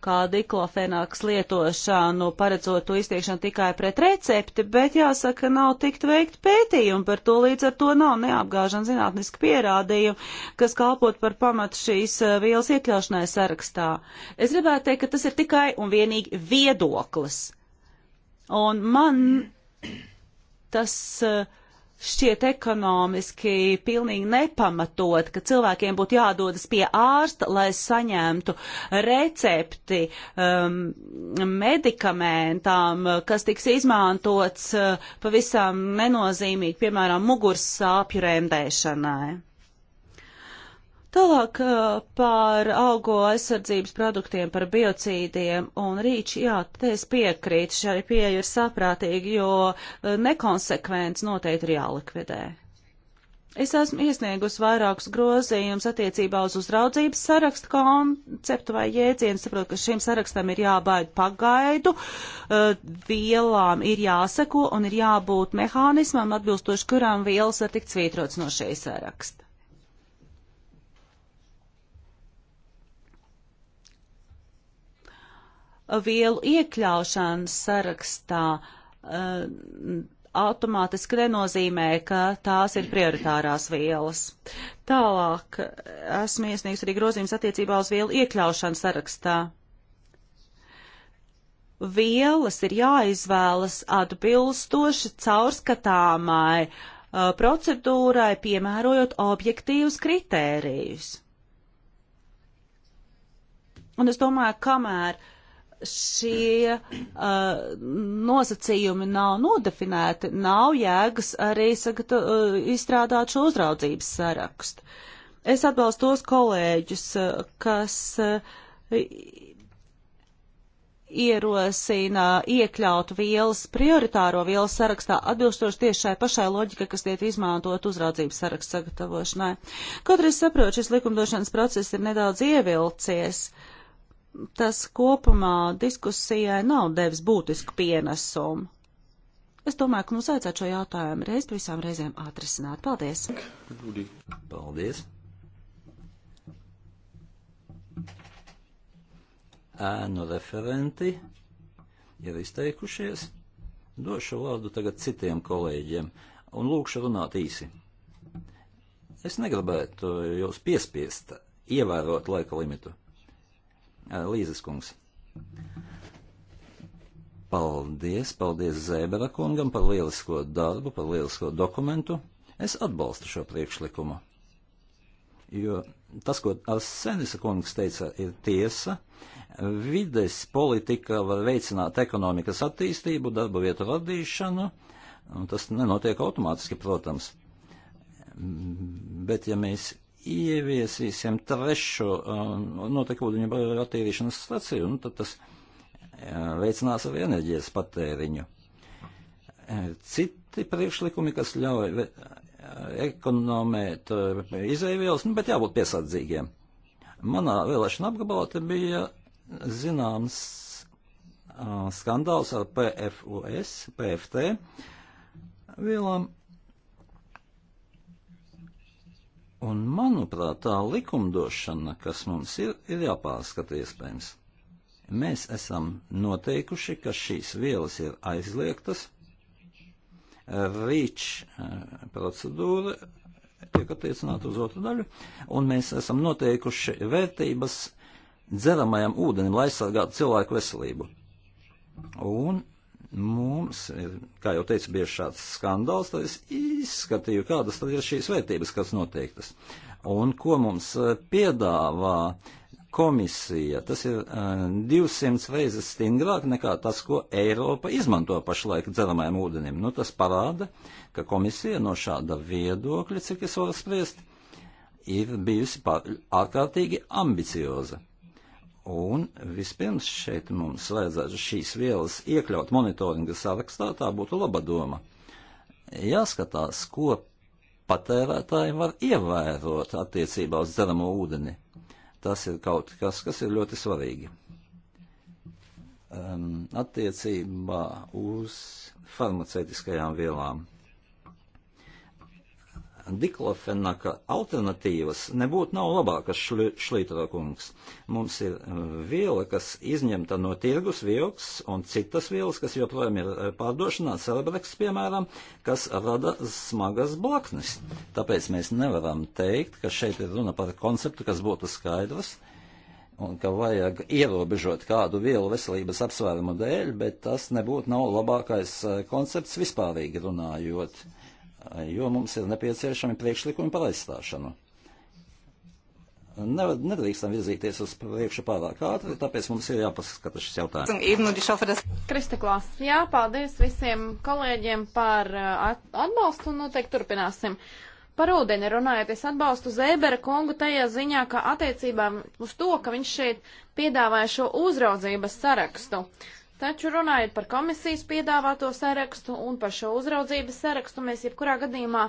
kā diklofenāks lietošanu, paredzot to iztiekšanu tikai pret recepti, bet jāsaka, nav tikt veikt pētījumi par to, līdz ar to nav neapgāžana zinātniski pierādījumi, kas kalpot par pamatu šīs eh, vielas iekļaušanai sarakstā. Es gribētu teikt, ka tas ir tikai un vienīgi viedoklis. Un man tas. Uh, šķiet ekonomiski pilnīgi nepamatot, ka cilvēkiem būtu jādodas pie ārsta, lai saņemtu recepti um, medikamentām, kas tiks izmantots uh, pavisam nenozīmīgi, piemēram, muguras sāpju remdēšanai. Tālāk par augo aizsardzības produktiem, par biocīdiem un rīču, jā, te es piekrītu, šai pieeja ir saprātīga, jo nekonsekvents noteikti ir jālikvidē. Es esmu iesniegus vairākus grozījumus attiecībā uz uzraudzības sarakstu konceptu vai jēdzienu. Saprotu, ka šim sarakstam ir jābaida pagaidu, vielām ir jāseko un ir jābūt mehānismam, atbilstoši kuram vielas var tikt svītrots no šī saraksta. vielu iekļaušanas sarakstā eh, automātiski nenozīmē, ka tās ir prioritārās vielas. Tālāk esmu iesniegs arī grozījums attiecībā uz vielu iekļaušanu sarakstā. Vielas ir jāizvēlas atbilstoši caurskatāmai uh, procedūrai, piemērojot objektīvus kritērijus. Un es domāju, kamēr uh, šie uh, nosacījumi nav nodefinēti, nav jēgas arī sagata, uh, eh, izstrādāt šo uzraudzības sarakstu. Es atbalstu tos kolēģus, uh, kas uh, ierosina iekļaut vielas prioritāro vielas sarakstā atbilstoši tieši šai pašai loģikai, kas tiek izmantot uzraudzības sarakstu sagatavošanai. Kaut arī es saprotu, šis likumdošanas process ir nedaudz ievilcies. Uh, tas kopumā diskusijai nav devis būtisku pienesumu. Es domāju, ka mums vajadzētu šo jautājumu reiz visām reizēm atrisināt. Paldies! Paldies! Ēnu referenti ir izteikušies. Došu vārdu tagad citiem kolēģiem un lūkšu runāt īsi. Es negribētu jūs piespiest ievērot laika limitu. Līzes kungs. Paldies, paldies Zēbera kungam par lielisko darbu, par lielisko dokumentu. Es atbalstu šo priekšlikumu. Jo tas, ko Arsenisa kungs teica, ir tiesa. Vides politika var veicināt ekonomikas attīstību, darba vietu radīšanu. Tas nenotiek automātiski, protams. Bet ja mēs ieviesīsim trešu um, notekūdeņu attīrīšanas staciju, un tad tas uh, veicinās arī enerģijas patēriņu. Uh, citi priekšlikumi, kas ļauj uh, ekonomēt izēvielas, nu, bet jābūt piesardzīgiem. Manā vēlēšana apgabalā te bija zināms skandāls ar PFUS, PFT vielām, Un, manuprāt, tā likumdošana, kas mums ir, ir jāpārskata iespējams. Mēs esam noteikuši, ka šīs vielas ir aizliegtas. Rīč eh, procedūra tiek attiecināta uz otru daļu, un mēs esam noteikuši vērtības dzeramajam ūdenim, lai aizsargātu cilvēku veselību. Un Mums ir, kā jau teicu, bieži šāds skandāls, tad es izskatīju, kādas tad ir šīs vērtības, kas noteiktas. Un ko mums eh, piedāvā komisija, tas ir 200 eh, reizes stingrāk nekā tas, ko Eiropa izmanto pašlaik dzeramajam ūdenim. Nu, tas parāda, ka komisija no šāda viedokļa, cik es varu spriest, ir bijusi pār, ārkārtīgi ambicioza. Un vispirms šeit mums vajadzētu šīs vielas iekļaut monitoringa sarakstā, tā būtu laba doma. Jāskatās, ko patērētāji var ievērot attiecībā uz dzeramo ūdeni. Tas ir kaut kas, kas ir ļoti svarīgi. Um, attiecībā uz farmaceitiskajām vielām diklofenaka alternatīvas nebūtu nav labākas šli, šlītrokungs. Mums ir eh, viela, kas izņemta no tirgus vioks un citas vielas, kas joprojām ir eh, pārdošanā, cerebreks, piemēram, kas rada smagas blaknes. Tāpēc mēs nevaram teikt, ka šeit ir runa par konceptu, kas būtu skaidrs un ka vajag ierobežot kādu vielu veselības apsvērumu dēļ, bet tas nebūtu nav labākais eh, koncepts vispārīgi runājot jo mums ir nepieciešami priekšlikumi par aizstāšanu. Nedrīkstam virzīties uz priekšu pārāk ātri, tāpēc mums ir jāpaskata šis jautājums. Kristaklās, jā, paldies visiem kolēģiem par uh, atbalstu un noteikti turpināsim. Par ūdeni runājot, es atbalstu Zēbera kungu tajā ziņā, ka attiecībā uz to, ka viņš šeit piedāvāja šo uzraudzības sarakstu. Uh, Taču runājot par komisijas piedāvāto sarakstu un par šo uzraudzības sarakstu, mēs jebkurā gadījumā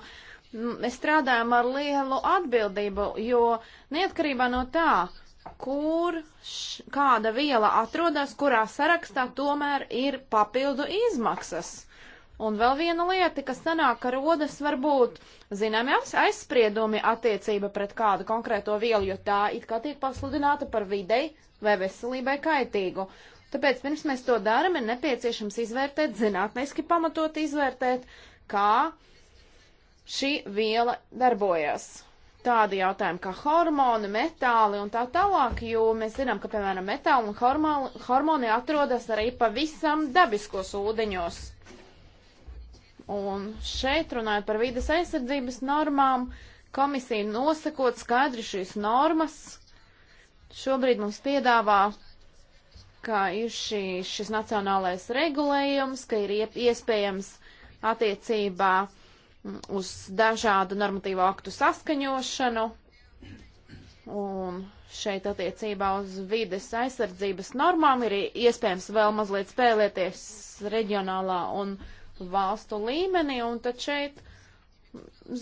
mēs strādājam ar lielu atbildību, jo neatkarībā no tā, kur š, kāda viela atrodas, kurā sarakstā tomēr ir papildu izmaksas. Un vēl viena lieta, kas sanāk, ka rodas varbūt zināmi aizspriedumi attiecība pret kādu konkrēto vielu, jo tā it kā tiek pasludināta par videi vai veselībai kaitīgu. Tāpēc pirms mēs to darām, ir nepieciešams izvērtēt, zinātniski pamatot izvērtēt, kā šī viela darbojas. Tādi jautājumi kā hormoni, metāli un tā tālāk, jo mēs zinām, ka, piemēram, metāli un hormoni, hormoni atrodas arī pavisam dabiskos ūdeņos. Un šeit runājot par vides aizsardzības normām, komisija nosakot skaidri šīs normas, šobrīd mums piedāvā ka ir šī, šis nacionālais regulējums, ka ir iespējams attiecībā mm, uz dažādu normatīvu aktu saskaņošanu un šeit attiecībā uz vides aizsardzības normām ir iespējams vēl mazliet spēlēties reģionālā un valstu līmenī, un tad šeit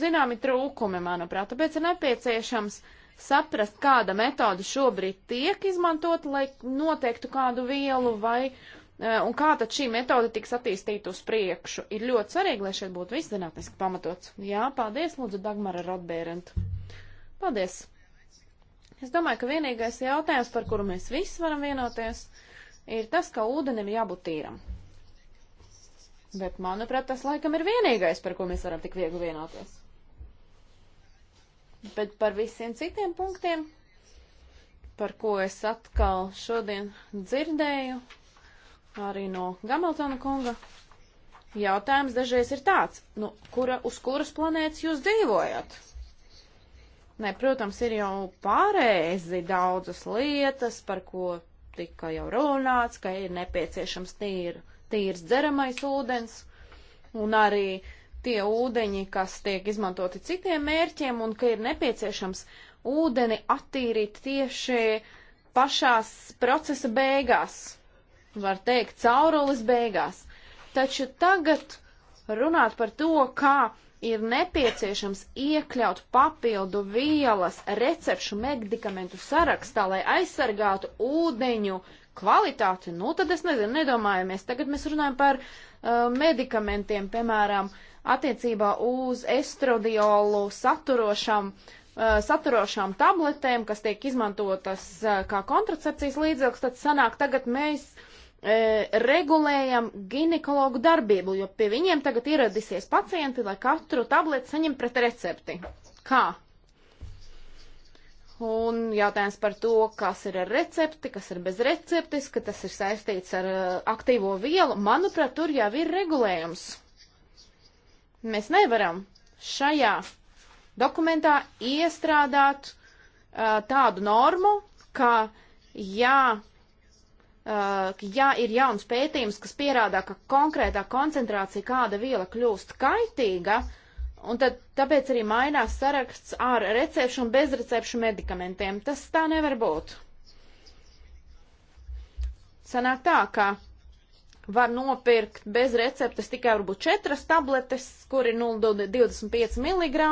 zināmi trūkumi, manuprāt, tāpēc ir nepieciešams uh, saprast, kāda metode šobrīd tiek izmantota, lai noteiktu kādu vielu vai e, un kā tad šī metode tiks attīstīta uz priekšu. Ir ļoti svarīgi, lai šeit būtu viss zinātniski pamatots. Jā, paldies, lūdzu, Dagmara Rotbērent. Paldies. Es domāju, ka vienīgais jautājums, par kuru mēs visi varam vienoties, ir tas, ka ūdenim jābūt tīram. Bet, manuprāt, tas laikam ir vienīgais, par ko mēs varam tik viegli vienoties. Bet par visiem citiem punktiem, par ko es atkal šodien dzirdēju, arī no Gamaltona kunga, jautājums dažreiz ir tāds, nu, kura, uz kuras planētas jūs dzīvojat? Nē, protams, ir jau pārēzi daudzas lietas, par ko tika jau runāts, ka ir nepieciešams tīr, tīrs dzeramais ūdens, un arī uh, tie ūdeņi, kas tiek izmantoti citiem mērķiem un ka ir nepieciešams ūdeni attīrīt tieši pašās procesa beigās, var teikt, caurules beigās. Taču tagad runāt par to, kā ir nepieciešams iekļaut papildu vielas recepšu medikamentu sarakstā, lai aizsargātu ūdeņu kvalitāti, nu tad es nezinu, nedomājamies. Tagad mēs runājam par uh, medikamentiem, piemēram, uh, attiecībā uz estradiolu saturošām, uh, eh, saturošām tabletēm, kas tiek izmantotas uh, kā kontracepcijas līdzeklis, tad sanāk tagad mēs uh, regulējam ginekologu darbību, jo pie viņiem tagad ieradīsies pacienti, lai katru tableti saņem pret recepti. Kā? Un jautājums par to, kas ir ar recepti, kas ir bez receptes, ka tas ir saistīts ar aktīvo vielu, manuprāt, tur jau ir regulējums. Mēs nevaram šajā dokumentā iestrādāt uh, tādu normu, ka jā, uh, jā, ir jauns pētījums, kas pierādā, ka konkrētā koncentrācija kāda viela kļūst kaitīga, un tad tāpēc arī mainās saraksts ar recepšu un bezrecepšu medikamentiem. Tas tā nevar būt. Sanāk tā, ka var nopirkt bez receptes tikai varbūt četras tabletes, kur ir 0,25 mg.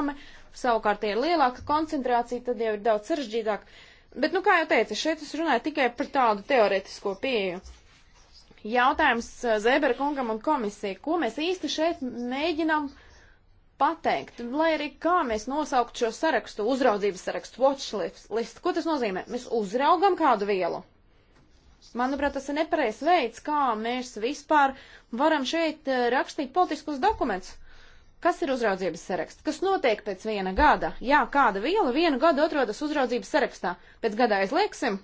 Savukārt, ja ir lielāka koncentrācija, tad jau ir daudz sarežģītāk. Bet, nu, kā jau teicu, šeit es runāju tikai par tādu teoretisko pieeju. Jautājums eh, Zēbera kungam un komisijai, ko mēs īsti šeit mēģinām pateikt, lai arī kā mēs nosaukt šo sarakstu, uzraudzības sarakstu, watch list, ko tas nozīmē? Mēs uzraugam kādu vielu, Manuprāt, tas ir nepareizs veids, kā mēs vispār varam šeit eh, rakstīt politiskus dokumentus. Kas ir uzraudzības saraksts? Kas notiek pēc viena gada? Jā, kāda viela vienu gadu atrodas uzraudzības sarakstā. Pēc gada aizlieksim,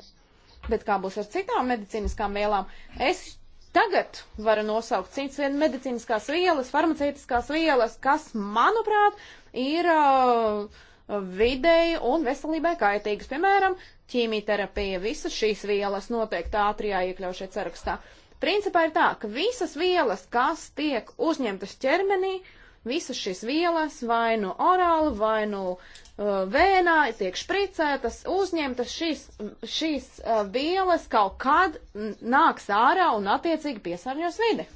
bet kā būs ar citām medicīniskām vielām? Es tagad varu nosaukt cits vien medicīniskās vielas, farmaceitiskās vielas, kas, manuprāt, ir uh, videi un veselībai kaitīgas. Piemēram, ķīmijterapija, visas šīs vielas noteikti ātrijā iekļaušiet sarakstā. Principā ir tā, ka visas vielas, kas tiek uzņemtas ķermenī, visas šīs vielas vai nu orāli, vai nu uh, vēnā tiek špricētas, uzņemtas šīs, šīs uh, vielas kaut kad nāks ārā un attiecīgi piesārņos vidi.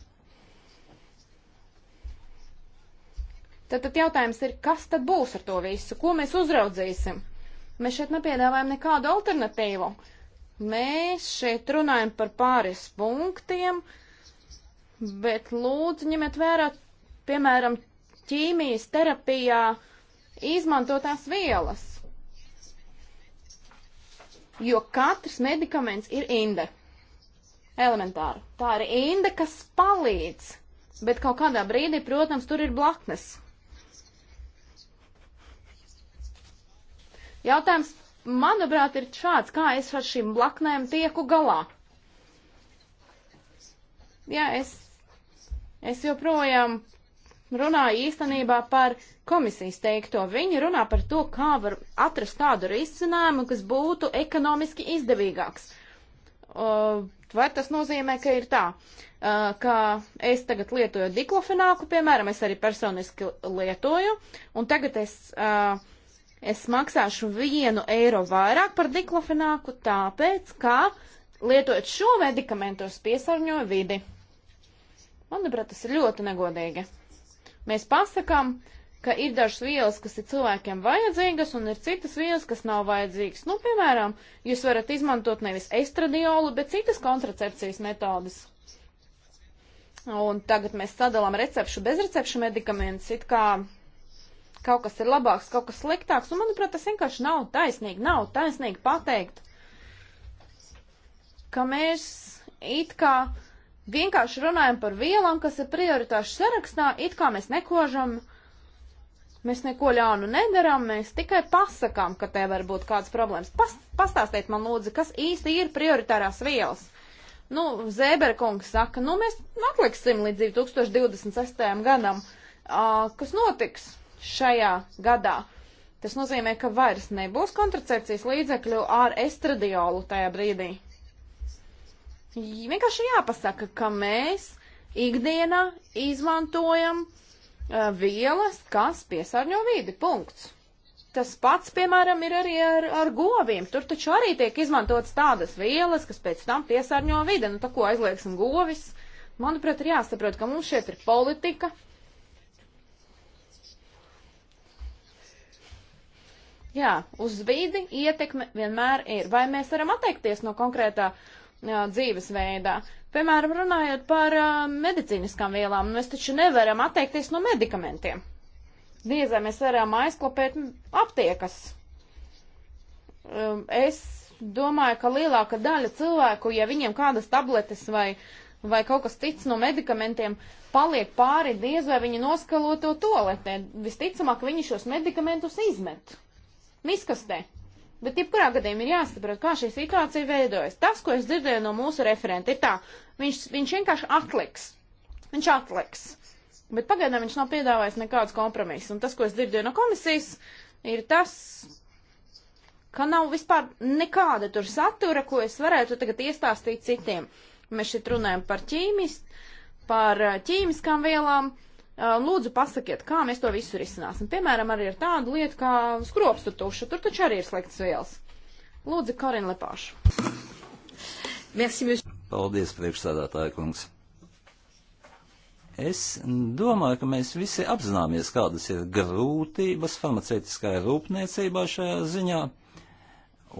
Tad, tad jautājums ir, kas tad būs ar to visu? Ko mēs uzraudzīsim? Mēs šeit nepiedāvājam nekādu alternatīvu. Mēs šeit runājam par pāris punktiem, bet lūdzu ņemiet vērā, piemēram, ķīmijas terapijā izmantotās vielas. Jo katrs medikaments ir inde. Elementāri. Tā ir inde, kas palīdz. Bet kaut kādā brīdī, protams, tur ir blaknes. Jautājums, manuprāt, ir šāds, kā es ar šīm blaknēm tieku galā. Jā, es, es joprojām runāju īstenībā par komisijas teikto. Viņi runā par to, kā var atrast tādu risinājumu, kas būtu ekonomiski izdevīgāks. Uh, vai tas nozīmē, ka ir tā, uh, ka es tagad lietoju diklofenāku, piemēram, es arī personiski lietoju, un tagad es uh, Es maksāšu vienu eiro vairāk par diklofenāku, tāpēc, ka lietot šo medikamentu es piesārņoju vidi. Manuprāt, tas ir ļoti negodīgi. Mēs pasakām, ka ir dažas vielas, kas ir cilvēkiem vajadzīgas, un ir citas vielas, kas nav vajadzīgas. Nu, piemēram, jūs varat izmantot nevis estradiolu, bet citas kontracepcijas metodas. Un tagad mēs sadalām recepšu bezrecepšu medikamentus, it kā kaut kas ir labāks, kaut kas sliktāks, un manuprāt, tas vienkārši nav taisnīgi, nav taisnīgi pateikt, ka mēs it kā vienkārši runājam par vielām, kas ir prioritāšu sarakstā, it kā mēs nekožam, mēs neko ļaunu nedaram, mēs tikai pasakām, ka te var būt kādas problēmas. Pas, pastāstiet man lūdzu, kas īsti ir prioritārās vielas. Nu, Zēberkungs saka, nu mēs atliksim līdz 2026. gadam. Uh, kas notiks? šajā gadā. Tas nozīmē, ka vairs nebūs kontracepcijas līdzekļu ar estradiolu tajā brīdī. Vienkārši jāpasaka, ka mēs ikdienā izmantojam uh, vielas, kas piesārņo vidi. Punkts. Tas pats, piemēram, ir arī ar, ar goviem. Tur taču arī tiek izmantotas tādas vielas, kas pēc tam piesārņo vidi. Nu, tā ko aizliegsim govis? Manuprāt, ir jāsaprot, ka mums šeit ir politika, Jā, uz vidi ietekme vienmēr ir. Vai mēs varam atteikties no konkrētā jā, dzīvesveidā? Piemēram, runājot par uh, medicīniskām vielām, mēs taču nevaram atteikties no medikamentiem. Diezai mēs varam aizklopēt aptiekas. Um, es domāju, ka lielāka daļa cilvēku, ja viņiem kādas tabletes vai, vai kaut kas cits no medikamentiem paliek pāri, diez vai viņi noskalo to toaletē. Visticamāk, viņi šos medikamentus izmet miskastē. Bet jebkurā gadījumā ir jāsaprot, kā šī situācija veidojas. Tas, ko es dzirdēju no mūsu referenta, ir tā, viņš, viņš vienkārši atliks. Viņš atliks. Bet pagaidām viņš nav piedāvājis nekādus kompromisus. Un tas, ko es dzirdēju no komisijas, ir tas, ka nav vispār nekāda tur satura, ko es varētu tagad iestāstīt citiem. Mēs šeit runājam par ķīmis, par ķīmiskām vielām, Lūdzu, pasakiet, kā mēs to visu risināsim. Piemēram, arī ar tādu lietu kā skropstu tušu. Tur taču arī ir slikts vielas. Lūdzu, Karina Lepāša. Merci, monsieur. Paldies, priekšsādātāja kungs. Es domāju, ka mēs visi apzināmies, kādas ir grūtības farmaceitiskajā rūpniecībā šajā ziņā.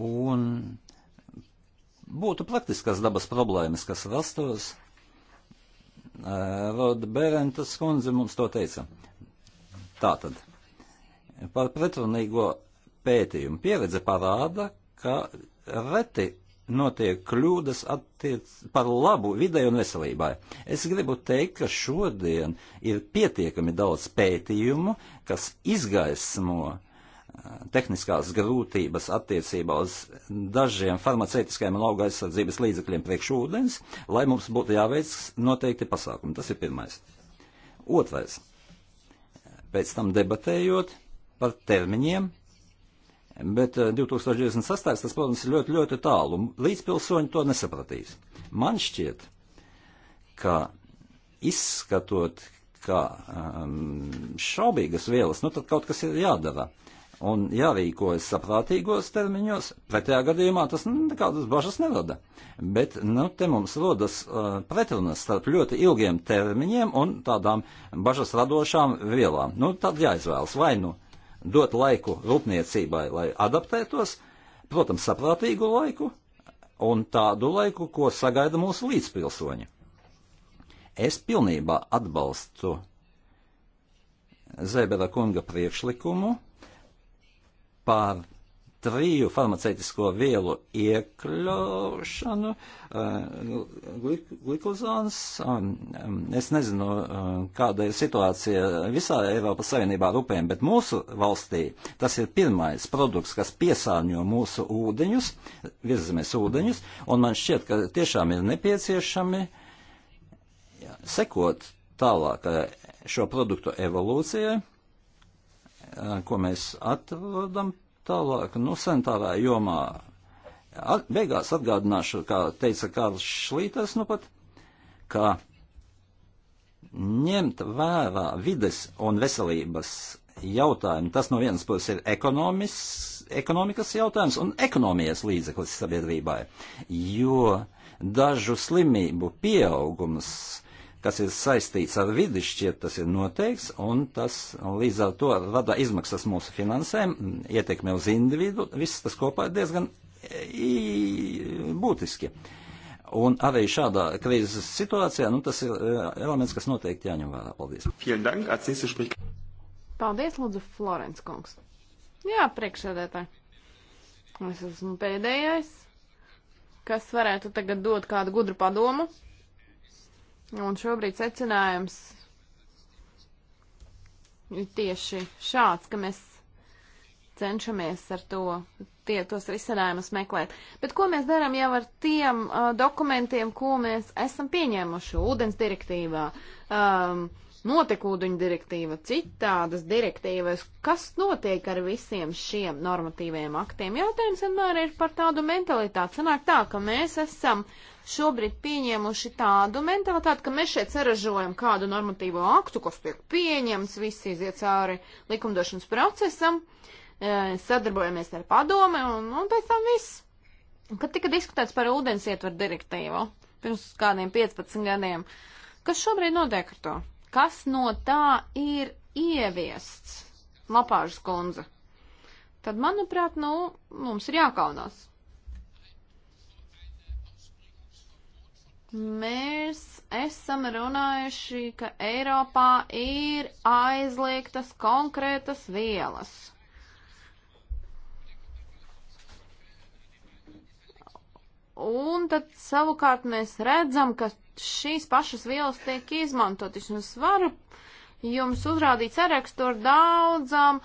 Un būtu praktiskas dabas problēmas, kas rastos Eh, Roda Berentas kundze mums to teica. Tātad, par pretrunīgo pētījumu pieredze parāda, ka reti notiek kļūdas attiec par labu videi un veselībai. Es gribu teikt, ka šodien ir pietiekami daudz pētījumu, kas izgaismo tehniskās grūtības attiecībā uz dažiem farmaceitiskiem un auga aizsardzības līdzekļiem priekš ūdens, lai mums būtu jāveic noteikti pasākumi. Tas ir pirmais. Otrais. Pēc tam debatējot par termiņiem, bet 2028. Eh, tas, protams, ir ļoti, ļoti tālu. Līdzpilsoņi to nesapratīs. Man šķiet, ka izskatot, kā um, šaubīgas vielas, nu tad kaut kas ir jādara un jārīkojas saprātīgos termiņos, pretējā gadījumā tas nekādas bažas nerada. Bet nu, te mums rodas uh, pretrunas starp ļoti ilgiem termiņiem un tādām bažas radošām vielām. Nu, tad jāizvēlas vai nu dot laiku rūpniecībai, lai adaptētos, protams, saprātīgu laiku un tādu laiku, ko sagaida mūsu līdzpilsoņi. Es pilnībā atbalstu Zēbera kunga priekšlikumu par triju farmaceitisko vielu iekļaušanu, eh, glikozāns, um, es nezinu, eh, kāda ir situācija visā Eiropas Savienībā ar upēm, bet mūsu valstī tas ir pirmais produkts, kas piesārņo mūsu ūdeņus, virzamies ūdeņus, un man šķiet, ka tiešām ir nepieciešami sekot tālāk eh, šo produktu evolūcijai Eh, ko mēs atrodam tālāk, nu, sanitārā jomā. At, beigās atgādināšu, kā teica Kārls Šlīters, nu pat, ka ņemt vērā vides un veselības jautājumu, tas no vienas puses ir ekonomis, ekonomikas jautājums un ekonomijas līdzeklis sabiedrībai, jo dažu slimību pieaugums kas ir saistīts ar vidi, šķiet, tas ir noteikts, un tas līdz ar to rada izmaksas mūsu finansēm, ietekme uz individu, viss tas kopā ir diezgan e, būtiski. Un arī šādā krīzes situācijā, nu, tas ir e, elements, kas noteikti jāņem vērā. Paldies. Paldies, Lūdzu, Florence kungs. Jā, priekšsēdētāji. Es esmu pēdējais, kas varētu tagad dot kādu gudru padomu. Un šobrīd secinājums ir tieši šāds, ka mēs cenšamies ar to, tie, tos risinājumus meklēt. Bet ko mēs darām jau ar tiem uh, dokumentiem, ko mēs esam pieņēmuši ūdens direktīvā, um, notekūdeņu direktīva, citādas direktīvas, kas notiek ar visiem šiem normatīviem aktiem? Jautājums vienmēr ir par tādu mentalitāti. Sanāk tā, ka mēs esam uh, šobrīd pieņēmuši tādu mentalitāti, ka mēs šeit saražojam kādu normatīvo aktu, kas tiek pieņemts, visi iziet cauri likumdošanas procesam, e, sadarbojamies ar padome un, un pēc tam viss. Kad tika diskutēts par ūdens ietvaru direktīvu pirms kādiem 15 gadiem, kas šobrīd notiek ar to? Kas no tā ir ieviests? Lapāžas kundze. Tad, manuprāt, nu, mums ir jākaunās. Mēs esam runājuši, ka Eiropā ir aizliegtas konkrētas vielas. Un tad savukārt mēs redzam, ka šīs pašas vielas tiek izmantotas. Es varu jums uzrādīt sarakstu ar daudzām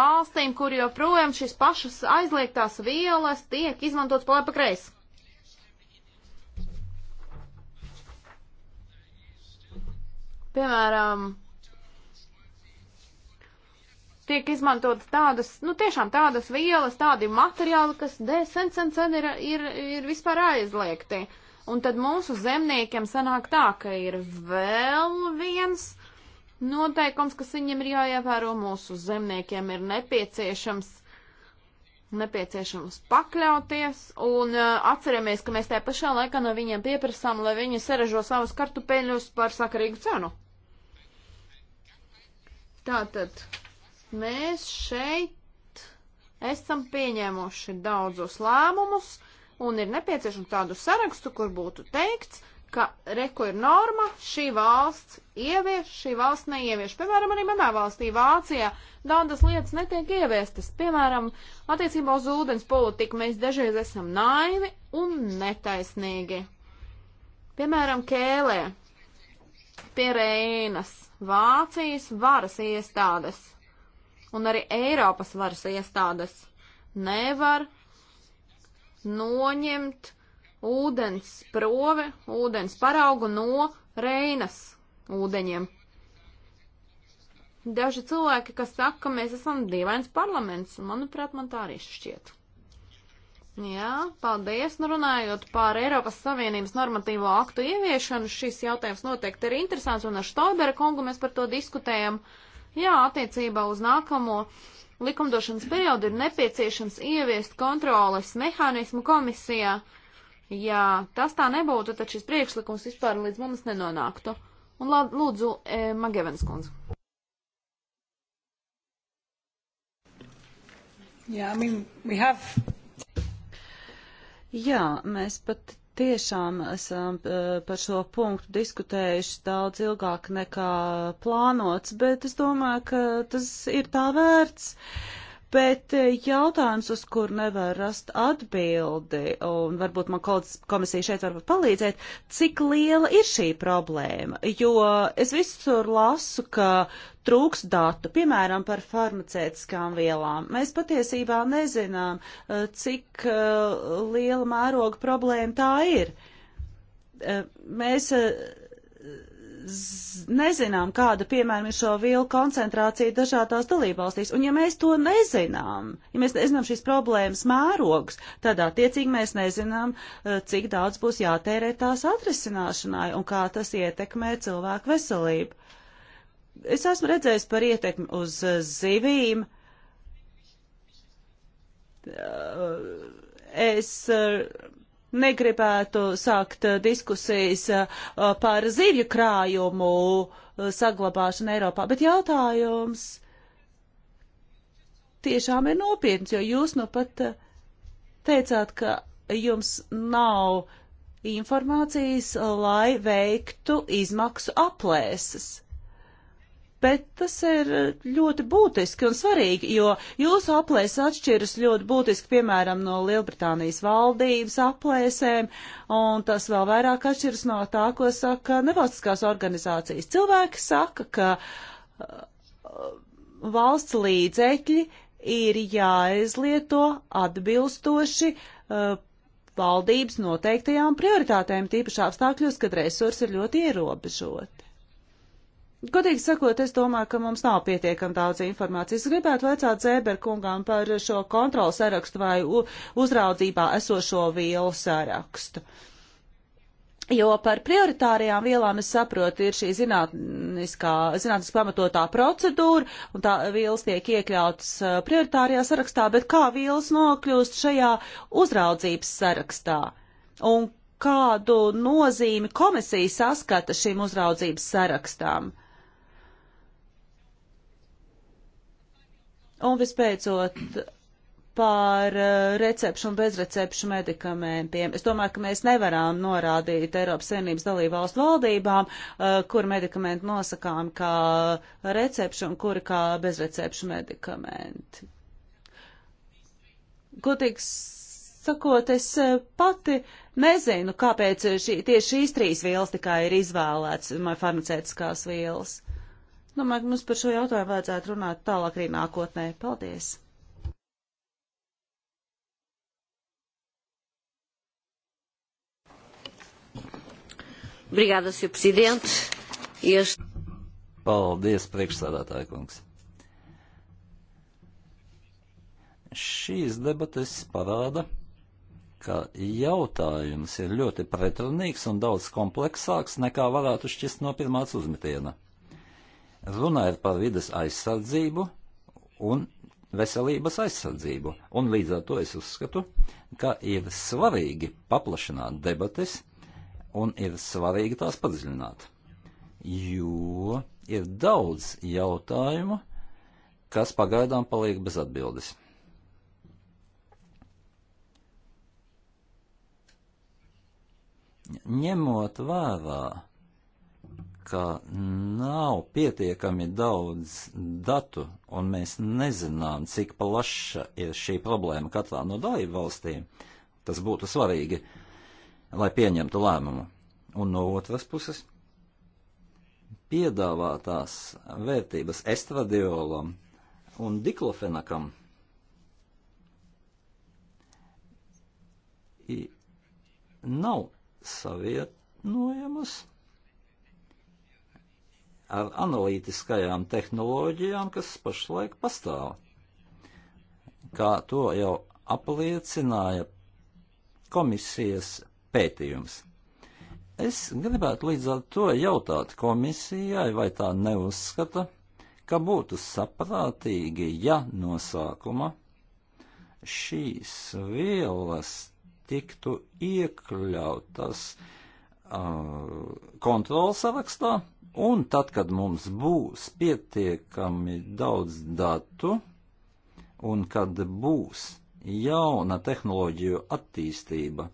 valstīm, kur joprojām šīs pašas aizliegtās vielas tiek izmantotas pa labi pa kreisi. Piemēram, tiek izmantot tādas, nu tiešām tādas vielas, tādi materiāli, kas sen, sen, sen ir, ir, ir vispār aizliegti. Un tad mūsu zemniekiem sanāk tā, ka ir vēl viens noteikums, kas viņiem ir jāievēro. Mūsu zemniekiem ir nepieciešams nepieciešams pakļauties, un uh, atceramies, ka mēs tajā pašā laikā no viņiem pieprasām, lai viņi saražo savus kartupeļus par sakarīgu cenu. Tātad mēs šeit esam pieņēmuši daudzus lēmumus, un ir nepieciešams tādu sarakstu, kur būtu teikts, ka reku ir norma, šī valsts ievieš, šī valsts neievieš. Piemēram, arī manā valstī Vācijā daudzas lietas netiek ieviestas. Piemēram, attiecībā uz ūdens politiku mēs dažreiz esam naivi un netaisnīgi. Piemēram, Kēlē pie Reinas Vācijas varas iestādes un arī Eiropas varas iestādes nevar noņemt ūdens prove, ūdens paraugu no Reinas ūdeņiem. Daži cilvēki, kas saka, ka mēs esam dīvains parlaments, un manuprāt, man tā arī šķiet. Jā, paldies. Nu, runājot par Eiropas Savienības normatīvo aktu ieviešanu, šis jautājums noteikti ir interesants, un ar Štaubera kungu mēs par to diskutējam. Jā, attiecībā uz nākamo likumdošanas periodu ir nepieciešams ieviest kontroles mehānismu komisijā. Uh, Ja tas tā nebūtu, tad šis priekšlikums vispār līdz mums nenonāktu. Un lūdzu, e, Magevens kundze. Yeah, I mean, have... Jā, mēs pat tiešām esam e, par šo punktu diskutējuši daudz ilgāk nekā plānots, bet es domāju, ka tas ir tā vērts. Uh, Bet eh, jautājums, uz kur nevar rast atbildi, un varbūt man komisija šeit var palīdzēt, cik liela ir šī problēma? Jo es visur lasu, ka trūks datu, piemēram, par farmacētiskām vielām. Mēs patiesībā nezinām, eh, cik eh, liela mēroga problēma tā ir. Mēs nezinām, kāda, piemēram, ir šo vielu koncentrācija dažādās dalībvalstīs. Un ja mēs to nezinām, ja mēs nezinām šīs problēmas mērogs, tad attiecīgi mēs nezinām, eh, cik daudz būs jātērē tās atrisināšanai un kā tas ietekmē cilvēku veselību. Es esmu redzējis par ietekmi uz eh, zivīm. Eh, es negribētu sākt eh, diskusijas eh, par zivju krājumu eh, saglabāšanu Eiropā, bet jautājums tiešām ir nopietns, jo jūs nu pat teicāt, ka jums nav informācijas, lai veiktu izmaksu aplēses bet tas ir ļoti būtiski un svarīgi, jo jūsu aplēses atšķiras ļoti būtiski, piemēram, no Lielbritānijas valdības aplēsēm, un tas vēl vairāk atšķiras no tā, ko saka nevalstiskās organizācijas. Cilvēki saka, ka uh, valsts līdzekļi ir jāizlieto atbilstoši uh, valdības noteiktajām prioritātēm, tīpaši apstākļos, kad resursi ir ļoti ierobežoti. Godīgi sakot, es domāju, ka mums nav pietiekami daudz informācijas. Gribētu vaicāt Zēberkungam par šo kontrolu sarakstu vai uzraudzībā esošo vielu sarakstu. Jo par prioritārajām vielām es saprotu, ir šī zinātniskā, zinātniski pamatotā procedūra, un tā vielas tiek iekļautas uh, prioritārajā sarakstā, bet kā vielas nokļūst šajā uzraudzības sarakstā? Un kādu nozīmi komisija saskata šīm uzraudzības sarakstām? Uh, Un vispēcot par eh, recepšu un bezrecepšu medikamentiem. Es domāju, ka mēs nevaram norādīt Eiropas Savienības dalību valstu valdībām, eh, kur medikamenti nosakām kā recepšu un kuri kā bezrecepšu medikamenti. Godīgs sakot, es eh, pati nezinu, kāpēc šī, tieši šīs trīs vielas tikai ir izvēlētas, farmaceitiskās vielas. Domāju, ka mums par šo jautājumu vajadzētu runāt tālāk arī nākotnē. Paldies! Obrigada, Sr. Presidente. E este... Paldies, priekšsādātāja kungs. Šīs debates parāda, ka jautājums ir ļoti pretrunīgs un daudz kompleksāks, nekā varētu šķist no pirmās uzmetiena. Runa ir par vidas aizsardzību un veselības aizsardzību, un līdz ar to es uzskatu, ka ir svarīgi paplašināt debates un ir svarīgi tās padziļināt, jo ir daudz jautājumu, kas pagaidām paliek bez atbildes. Ņemot vērā ka nav pietiekami daudz datu, un mēs nezinām, cik plaša ir šī problēma katrā no dalību valstīm. Tas būtu svarīgi, lai pieņemtu lēmumu. Un no otras puses, piedāvātās vērtības estradiolam un diklofenakam nav savietojams ar analītiskajām tehnoloģijām, kas pašlaik pastāv. Kā to jau apliecināja komisijas pētījums. Es gribētu līdz ar to jautāt komisijai, vai tā neuzskata, ka būtu saprātīgi, ja nosākuma šīs vielas tiktu iekļautas uh, kontrolas sarakstā, Un tad, kad mums būs pietiekami daudz datu, un kad būs jauna tehnoloģiju attīstība,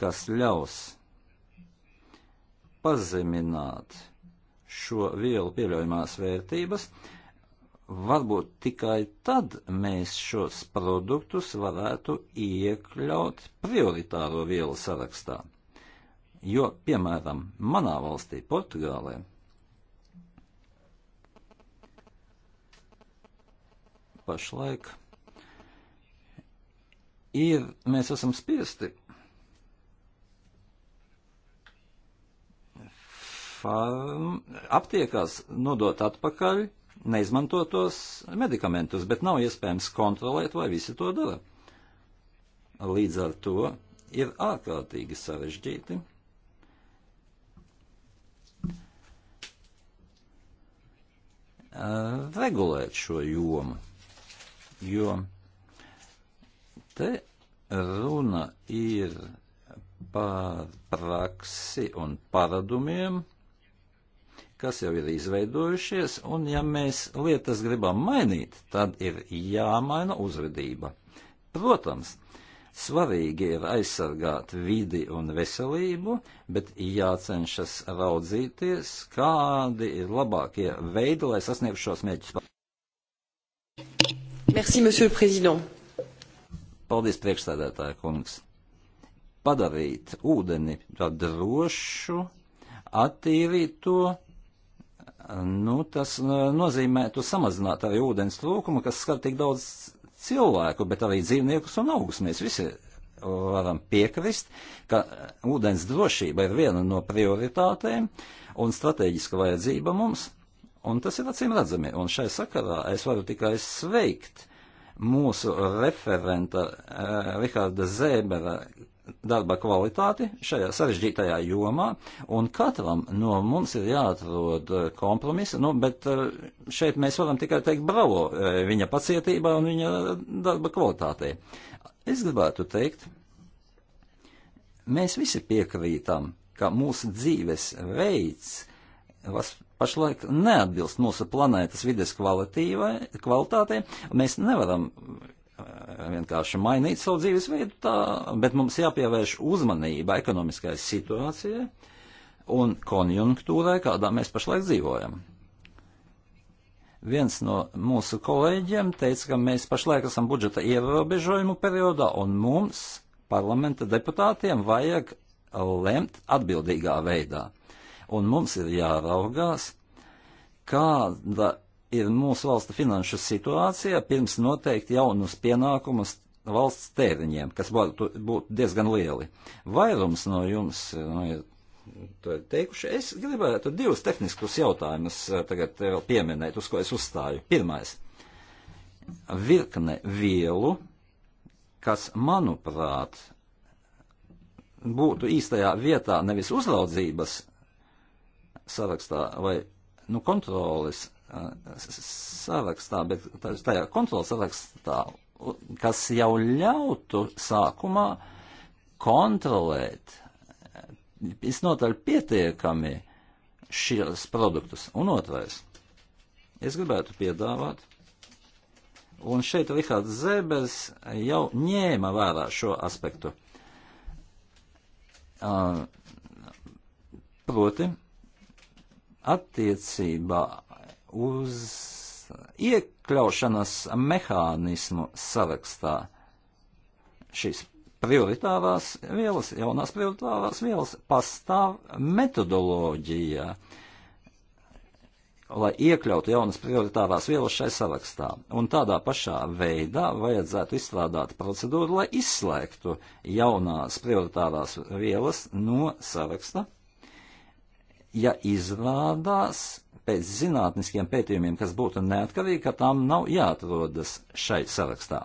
kas ļaus pazemināt šo vielu pieļaujamās vērtības, varbūt tikai tad mēs šos produktus varētu iekļaut prioritāro vielu sarakstā. Jo, piemēram, manā valstī, Portugālē, pašlaik ir, mēs esam spiesti farm, aptiekās nodot atpakaļ neizmantotos medikamentus, bet nav iespējams kontrolēt, vai visi to dara. Līdz ar to ir ārkārtīgi sarežģīti. regulēt šo jomu jo te runa ir par praksi un paradumiem, kas jau ir izveidojušies, un ja mēs lietas gribam mainīt, tad ir jāmaina uzvedība. Protams, Svarīgi ir aizsargāt vidi un veselību, bet jācenšas raudzīties, kādi ir labākie veidi, lai sasniegtu šos mērķus. Merci, monsieur le prezident. Paldies, priekšstādātāja kungs. Padarīt ūdeni drošu, attīrīt to, nu, tas nu, nozīmē, tu samazināt arī ūdens trūkumu, kas skar tik daudz cilvēku, bet arī dzīvniekus un augus. Mēs visi varam piekrist, ka ūdens drošība ir viena no prioritātēm un strateģiska vajadzība mums. Un tas ir acīm redzami. Un šai sakarā es varu tikai sveikt mūsu referenta eh, Riharda Zēbera darba kvalitāti šajā sarežģītajā jomā, un katram no mums ir jāatrod eh, kompromisi, nu, bet eh, šeit mēs varam tikai teikt bravo eh, viņa pacietībai un viņa darba kvalitātei. Es gribētu teikt, mēs visi piekrītam, ka mūsu dzīves veids, vas, pašlaik neatbilst mūsu planētas vides kvalitātei. Mēs nevaram eh, vienkārši mainīt savu dzīves vietu, tā, bet mums jāpievērš uzmanība ekonomiskai situācijai un konjunktūrai, kādā mēs pašlaik dzīvojam viens no mūsu kolēģiem teica, ka mēs pašlaik esam budžeta ierobežojumu periodā, un mums, parlamenta deputātiem, vajag lemt atbildīgā veidā un mums ir jāraugās, kāda ir mūsu valsta finanšu situācija pirms noteikt jaunus pienākumus valsts tēriņiem, kas varētu būt diezgan lieli. Vairums no jums nu, ir to ir teikuši. Es gribētu divus tehniskus jautājumus eh, tagad vēl pieminēt, uz ko es uzstāju. Pirmais - virkne vielu, kas, manuprāt, būtu īstajā vietā nevis uzraudzības sarakstā vai nu, kontroles sarakstā, bet tajā kontrolas sarakstā, kas jau ļautu sākumā kontrolēt visnotaļ pietiekami šīs produktus. Un otrais, es gribētu piedāvāt, un šeit Rihards Zēbers jau ņēma vērā šo aspektu. Uh, proti, attiecībā uz iekļaušanas mehānismu sarakstā šīs prioritārās vielas, jaunās prioritārās vielas pastāv metodoloģijā, lai iekļautu jaunas prioritārās vielas šai sarakstā. Un tādā pašā veidā vajadzētu izstrādāt procedūru, lai izslēgtu jaunās prioritārās vielas no saraksta ja izrādās pēc zinātniskiem pētījumiem, kas būtu neatkarīgi, ka tām nav jāatrodas šai sarakstā.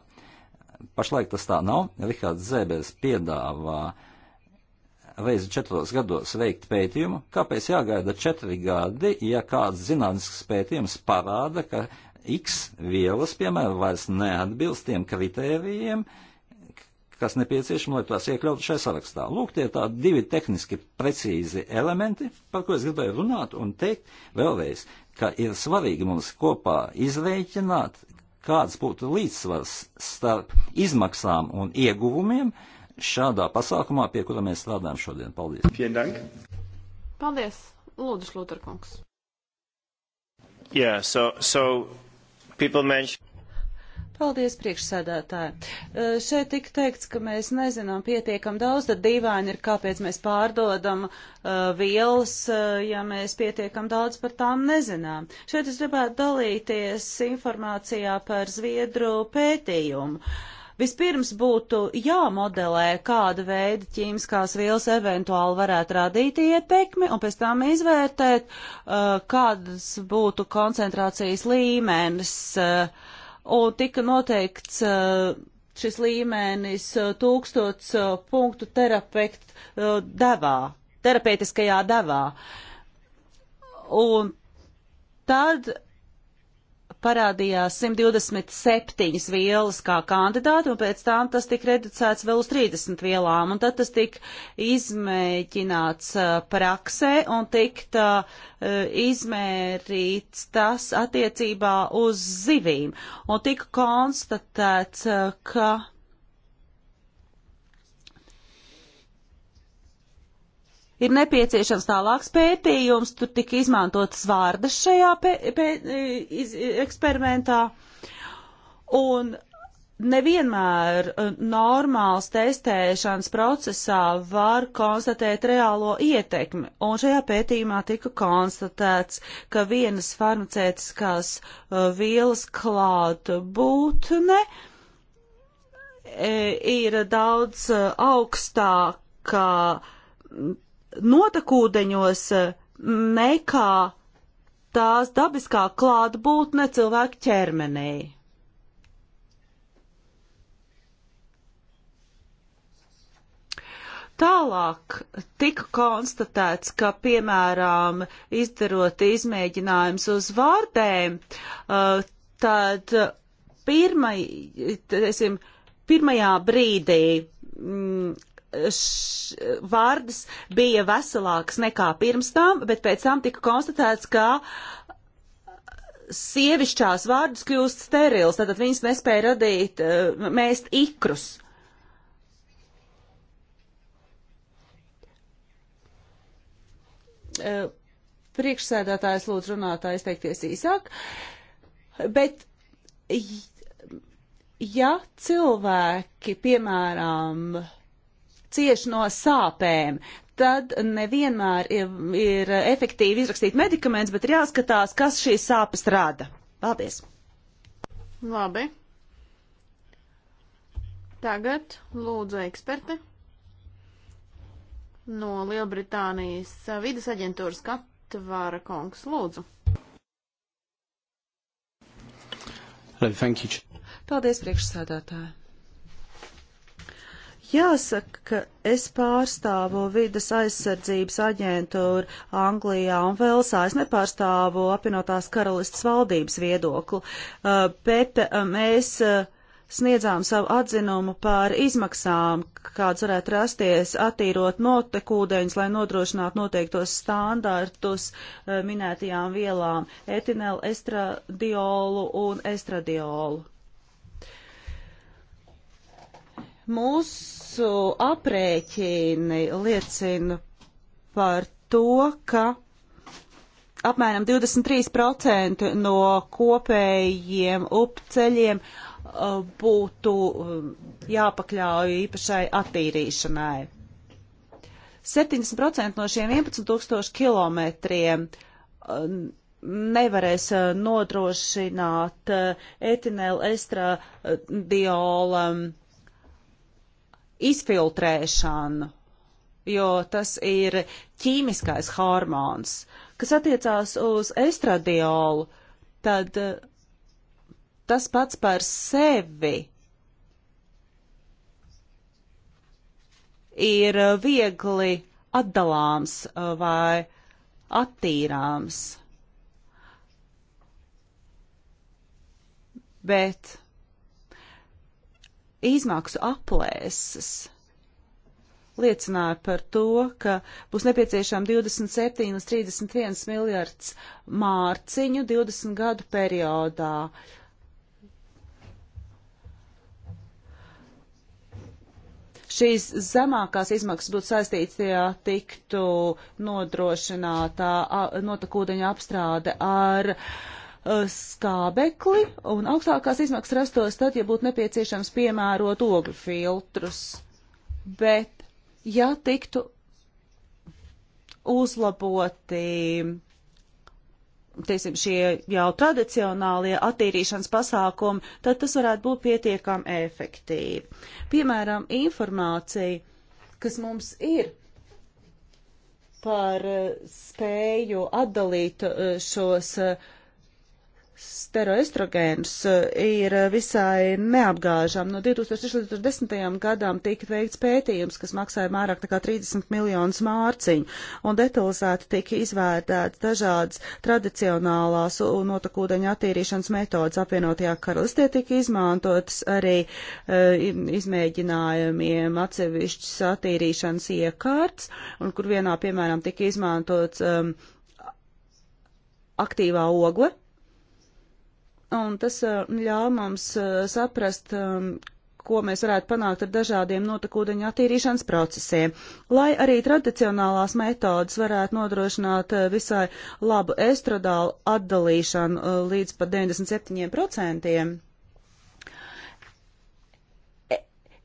Pašlaik tas tā nav. Rihards Zēbers piedāvā reizi četros gados veikt pētījumu. Kāpēc jāgaida četri gadi, ja kāds zinātnisks pētījums parāda, ka X vielas, piemēram, vairs neatbilst tiem kritērijiem, uh, kas nepieciešama, lai tās iekļautu šajā sarakstā. Lūk, tie tādi divi tehniski precīzi elementi, par ko es gribēju runāt un teikt vēlreiz, ka ir svarīgi mums kopā izrēķināt, kāds būtu līdzsvars starp izmaksām un ieguvumiem šādā pasākumā, pie kura mēs strādājam šodien. Paldies! Paldies! Lūdzu, Šlūterkungs! Yeah, so, so people mention... Paldies, priekšsēdētāji. Šeit tika teikts, ka mēs nezinām pietiekam daudz, tad dīvaini ir, kāpēc mēs pārdodam uh, vielas, uh, ja mēs pietiekam daudz par tām nezinām. Šeit es gribētu dalīties informācijā par Zviedru pētījumu. Vispirms būtu jāmodelē, kāda veida ķīmiskās vielas eventuāli varētu radīt ietekmi, un pēc tam izvērtēt, uh, kādas būtu koncentrācijas līmenis. Uh, un tika noteikts uh, šis līmenis uh, tūkstots uh, punktu terapeikt devā, terapeitiskajā devā. Un tad parādījās 127 vielas kā kandidāti, un pēc tam tas tika reducēts vēl uz 30 vielām, un tad tas tika izmēģināts uh, praksē un tikta uh, izmērīts tas attiecībā uz zivīm, un tika konstatēts, uh, ka ir nepieciešams tālāks pētījums, tur tika izmantotas vārdas šajā pē, pē, iz, eksperimentā. Un nevienmēr uh, normāls testēšanas procesā var konstatēt reālo ietekmi, un šajā pētījumā tika konstatēts, ka vienas farmacētiskās uh, vielas klāta būtne e, ir daudz uh, augstāk kā notekūdeņos nekā tās dabiskā klātbūtne cilvēku ķermenī. Tālāk tika konstatēts, ka, piemēram, izdarot izmēģinājums uz vārdēm, uh, tad pirmai, tiesim, pirmajā brīdī mm, š, vārds bija veselāks nekā pirms tam, bet pēc tam tika konstatēts, ka sievišķās vārdus kļūst sterils, tātad viņas nespēja radīt, eh, mēst ikrus. Eh, priekšsēdētājs lūdzu runātājs teikties īsāk, bet ja cilvēki, piemēram, cieš no sāpēm. Tad nevienmēr ir, ir efektīvi izrakstīt medikaments, bet ir jāskatās, kas šīs sāpes rada. Paldies! Labi. Tagad lūdzu eksperti no Lielbritānijas vidas aģentūras Katvāra Kongs. Lūdzu. Labi, thank you. Paldies, priekšsēdētāji. Jāsaka, ka es pārstāvu vidas aizsardzības aģentūru Anglijā un Velsā. Es nepārstāvu apvienotās karalistas valdības viedokli, uh, bet uh, mēs uh, sniedzām savu atzinumu par izmaksām, kāds varētu rasties attīrot notekūdeņus, lai nodrošinātu noteiktos standartus minētajām vielām - etinelu, estradiolu un estradiolu. Mūsu aprēķini liecina par to, ka apmēram 23% no kopējiem upceļiem uh, būtu um, jāpakļauj īpašai attīrīšanai. 70% no šiem 11 tūkstošu kilometriem uh, nevarēs uh, nodrošināt etinēla estradiola izfiltrēšanu, jo tas ir ķīmiskais hormons, kas attiecās uz estradiolu, tad eh, tas pats par sevi ir viegli atdalāms eh, vai attīrāms. Bet izmaksu aplēses liecināja par to, ka būs nepieciešama 27 līdz 31 miljards mārciņu 20 gadu periodā. Šīs zemākās izmaksas būtu saistīts, ja tiktu nodrošinātā notekūdeņa apstrāde ar uh, Uh, skābekli un augstākās izmaksas rastos tad, ja būtu nepieciešams piemērot ogļu filtrus. Bet, ja tiktu uzlaboti, teiksim, šie jau tradicionālie attīrīšanas pasākumi, tad tas varētu būt pietiekami efektīvi. Piemēram, informācija, kas mums ir par uh, spēju atdalīt uh, šos uh, steroestrogēns eh, ir visai neapgāžām. No 2010. gadām tika veikts pētījums, kas maksāja vairāk nekā 30 miljonus mārciņu, un detalizēti tika izvērtētas dažādas tradicionālās un notekūdeņa attīrīšanas metodas apvienotajā karalistē, tika izmantotas arī e, izmēģinājumiem atsevišķas attīrīšanas iekārts, un kur vienā, piemēram, tika izmantots um, e, aktīvā ogle, un tas uh, ļauj mums uh, saprast, um, ko mēs varētu panākt ar dažādiem notekūdeņu attīrīšanas procesiem, lai arī tradicionālās metodas varētu nodrošināt uh, visai labu estradālu atdalīšanu līdz pat 97%.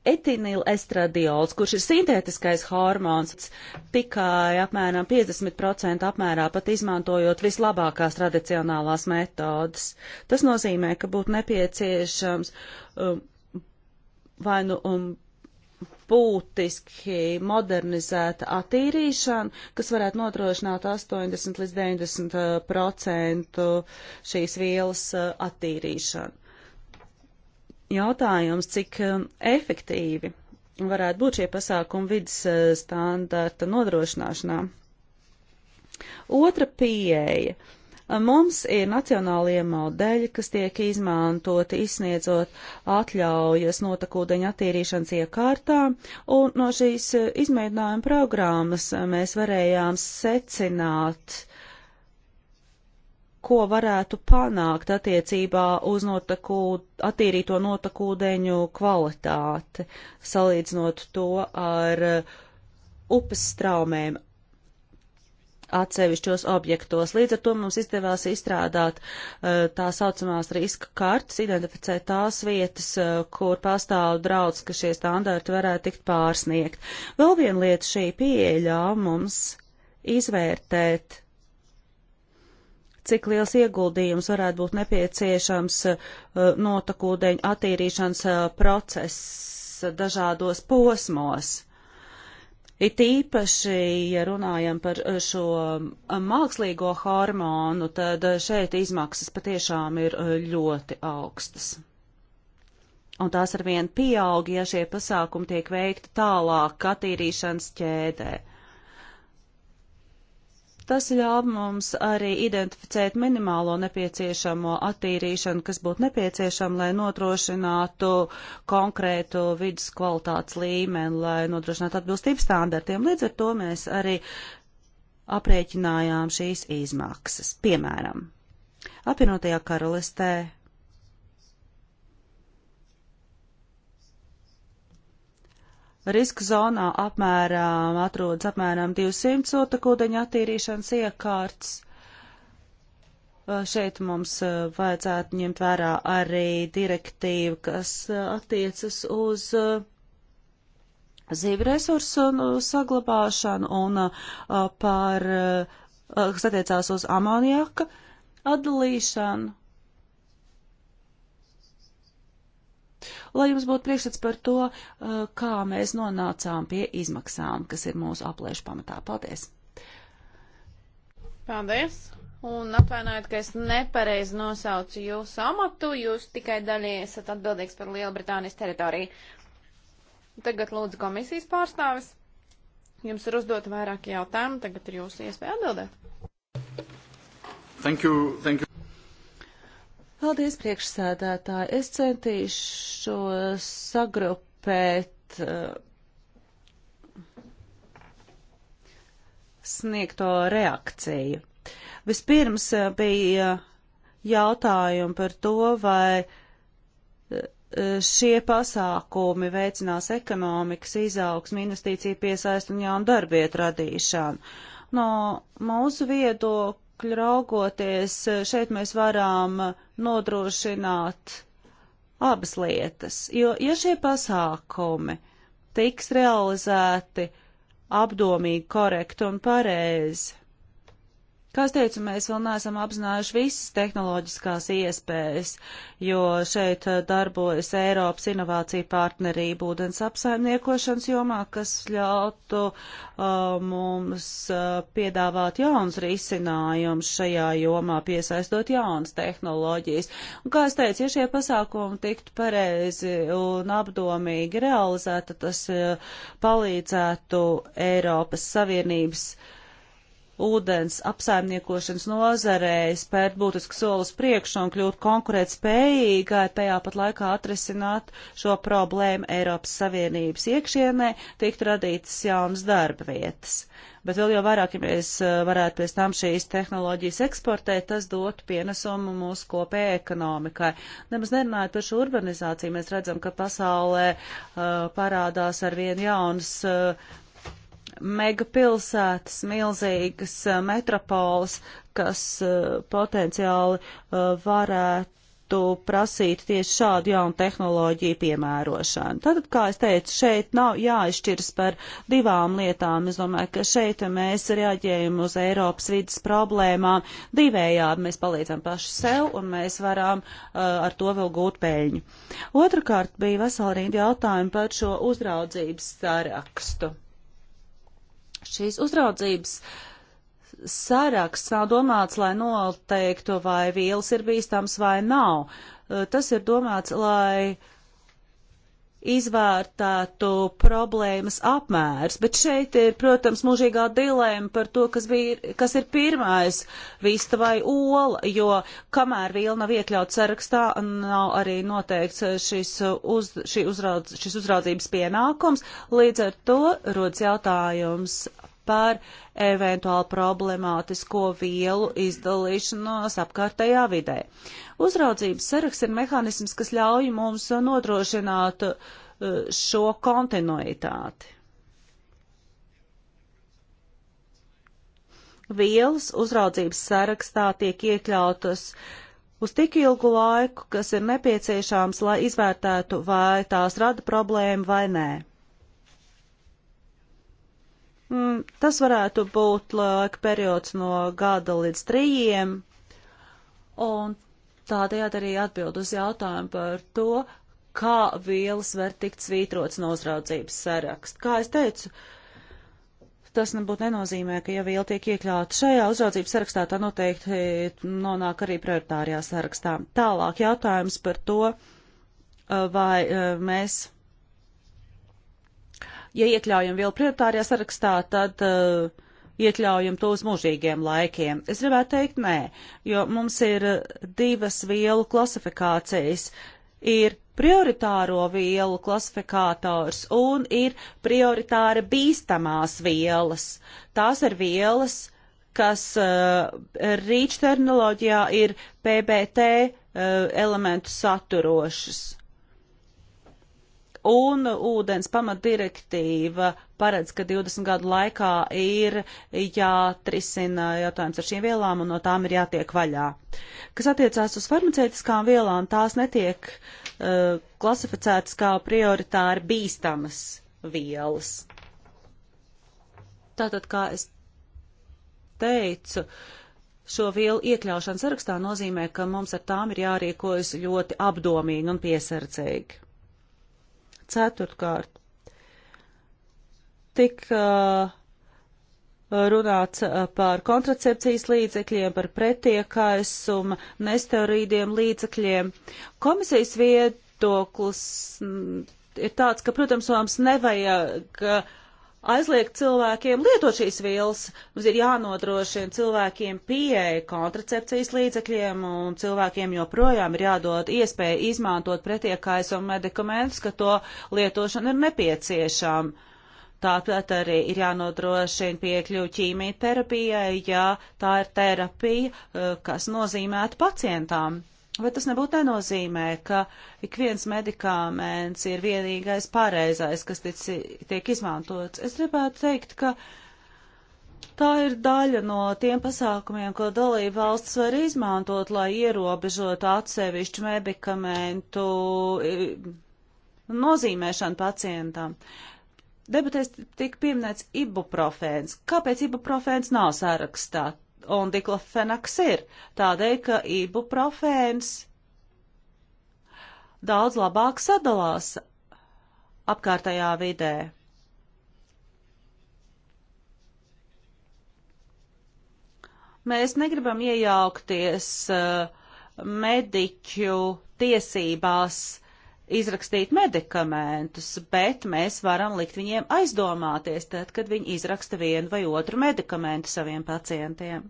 etinilestradiols, kurš ir sintētiskais hormons, tikai apmēram 50% apmērā pat izmantojot vislabākās tradicionālās metodas. Tas nozīmē, ka būtu nepieciešams um, vai nu um, būtiski modernizēta attīrīšana, kas varētu nodrošināt 80 līdz 90% uh, šīs vielas uh, attīrīšanu jautājums, cik um, efektīvi varētu būt šie pasākumi vidas uh, standarta nodrošināšanā. Otra pieeja. Uh, mums ir nacionālie modeļi, kas tiek izmantoti izsniedzot atļaujas notekūdeņa attīrīšanas iekārtā, un no šīs uh, izmēģinājuma programmas mēs varējām secināt, ko varētu panākt attiecībā uz notakū, attīrīto notakūdeņu kvalitāti, salīdzinot to ar upes straumēm atsevišķos objektos. Līdz ar to mums izdevās izstrādāt eh, tā saucamās riska kartas, identificēt tās vietas, eh, kur pastāv draudz, ka šie standarti varētu tikt pārsniegt. Vēl viena lieta šī pieeja ļāva mums izvērtēt cik liels ieguldījums varētu būt nepieciešams uh, notakūdeņu attīrīšanas uh, procesa dažādos posmos. It īpaši, ja runājam par uh, šo um, mākslīgo hormonu, tad šeit izmaksas patiešām ir ļoti augstas. Un tās arvien pieaug, ja šie pasākumi tiek veikti tālāk attīrīšanas ķēdē. Uh, Tas ļauj mums arī identificēt minimālo nepieciešamo attīrīšanu, kas būtu nepieciešama, lai notrošinātu konkrētu vidas kvalitātes līmeni, lai nodrošinātu atbilstību standartiem. Līdz ar to mēs arī aprēķinājām šīs izmaksas. Piemēram, apvienotajā karalistē Riska zonā apmēram atrodas apmēram 200 otakūdeņa attīrīšanas iekārtas. Šeit mums vajadzētu ņemt vērā arī direktīvu, kas attiecas uz zīvu resursu saglabāšanu un par, kas attiecās uz amoniaka atdalīšanu. Lai jums būtu priekšstats par to, uh, kā mēs nonācām pie izmaksām, kas ir mūsu aplēšu pamatā. Paldies! Paldies! Un atvainojiet, ka es nepareizi nosaucu jūsu amatu, jūs tikai daļai esat atbildīgs par Lielbritānijas teritoriju. Tagad lūdzu komisijas pārstāvis. Jums ir uzdota vairāki jautājumi, tagad ir jūsu iespēja atbildēt. Thank you, thank you. Paldies, priekšsēdētāji. Es centīšos sagrupēt uh, sniegto reakciju. Vispirms eh, bija jautājumi par to, vai eh, šie pasākumi veicinās ekonomikas izaugsmu, investīciju piesaistu un jaunu darbietu radīšanu. No mūsu viedokļa viedokļa raugoties, šeit mēs varam nodrošināt abas lietas, jo, ja šie pasākumi tiks realizēti apdomīgi, korekti un pareizi, Kā es teicu, mēs vēl neesam apzinājuši visas tehnoloģiskās iespējas, jo šeit uh, darbojas Eiropas inovācija partnerība ūdens apsaimniekošanas jomā, kas ļautu uh, mums uh, piedāvāt jauns risinājums šajā jomā, piesaistot jaunas tehnoloģijas. Un, kā es teicu, ja šie pasākumi tiktu pareizi un apdomīgi realizēti, tas uh, palīdzētu Eiropas Savienības uh, ūdens apsaimniekošanas nozarei spērt būtisku solus priekšu un kļūt konkurēt spējīgai, tajā pat laikā atrisināt šo problēmu Eiropas Savienības iekšienē, tiktu radītas jaunas darba vietas. Bet vēl jau vairāk, ja mēs eh, varētu pēc tam šīs tehnoloģijas eksportēt, tas dot pienesumu mūsu kopējai ekonomikai. Nemaz nerunājot par šo urbanizāciju, mēs redzam, ka pasaulē uh, parādās ar vien jaunas uh, megapilsētas, milzīgas eh, metropoles, kas eh, potenciāli eh, varētu prasīt tieši šādu jaunu tehnoloģiju piemērošanu. Tātad, kā es teicu, šeit nav jāizšķiras par divām lietām. Es domāju, ka šeit mēs reaģējam uz Eiropas vidas problēmām divējādi. Mēs palīdzam paši sev un mēs varam uh, ar to vēl gūt peļņu. Otrakārt bija vesela rinda jautājumi par šo uzraudzības sarakstu. Šīs uzraudzības saraksts nav domāts, lai noteiktu, vai vīls ir bīstams vai nav. Tas ir domāts, lai izvērtētu problēmas apmērs, bet šeit ir, protams, mūžīgā dilēma par to, kas, bija, kas ir pirmais vista vai ola, jo kamēr viela nav iekļauts sarakstā, nav arī noteikts šis, uz, šis, uzraudz, šis uzraudzības pienākums, līdz ar to rodas jautājums par eventuāli problemātisko vielu izdalīšanos apkārtējā vidē. Uzraudzības saraksts ir mehānisms, kas ļauj mums nodrošināt uh, šo kontinuitāti. Vielas uzraudzības sarakstā tiek iekļautas uz tik ilgu laiku, kas ir nepieciešams, lai izvērtētu, vai tās rada problēmu vai nē. Mm, tas varētu būt laika periods no gada līdz trījiem, un tādējādi arī atbild uz jautājumu par to, kā vielas var tikt svītrots no uzraudzības saraksta. Kā es teicu, tas nebūtu nenozīmē, ka ja viela tiek iekļauta šajā uzraudzības sarakstā, tā noteikti nonāk arī prioritārijā sarakstā. Tālāk jautājums par to, vai eh, mēs ja iekļaujam vielu prioritārajā sarakstā, tad uh, iekļaujam to uz mūžīgiem laikiem. Es gribētu teikt nē, jo mums ir eh, divas vielu klasifikācijas. Ir prioritāro vielu klasifikators un ir prioritāri bīstamās vielas. Tās ir vielas, kas uh, rīčterminoloģijā ir PBT uh, elementu saturošas. Un ūdens pamatdirektīva paredz, ka 20 gadu laikā ir jāatrisina jautājums ar šīm vielām un no tām ir jātiek vaļā. Kas attiecās uz farmaceitiskām vielām, tās netiek uh, klasificētas kā prioritāri bīstamas vielas. Tātad, kā es teicu, šo vielu iekļaušana sarakstā nozīmē, ka mums ar tām ir jārīkojas ļoti apdomīgi un piesardzīgi. Ceturtkārt, tika uh, runāts uh, par kontracepcijas līdzekļiem, par pretiekaisuma, nesteorīdiem līdzekļiem. Komisijas viedoklis mm, ir tāds, ka, protams, mums nevajag uh, aizliegt cilvēkiem lietot šīs vielas. Mums ir jānodrošina cilvēkiem pieeja kontracepcijas līdzekļiem, un cilvēkiem joprojām ir jādod iespēja izmantot pretiekaisuma medikamentus, ka to lietošana ir nepieciešama. Tāpat arī ir jānodrošina piekļuvi ķīmijterapijai, ja tā ir terapija, eh, kas nozīmēta pacientām. Vai tas nebūtu nenozīmē, ka ik viens medikāments ir vienīgais pareizais, kas tic, tiek izmantots? Es gribētu teikt, ka tā ir daļa no tiem pasākumiem, ko dalība valsts var izmantot, lai ierobežotu atsevišķu medikamentu e, nozīmēšanu pacientam. Debatēs tika pieminēts ibuprofēns. Kāpēc ibuprofēns nav sarakstā? un diklofenaks ir. Tādēļ, ka ibuprofēns daudz labāk sadalās apkārtējā vidē. Mēs negribam iejaukties uh, mediķu tiesībās izrakstīt medikamentus, bet mēs varam likt viņiem aizdomāties tad, kad viņi izraksta vienu vai otru medikamentu saviem pacientiem.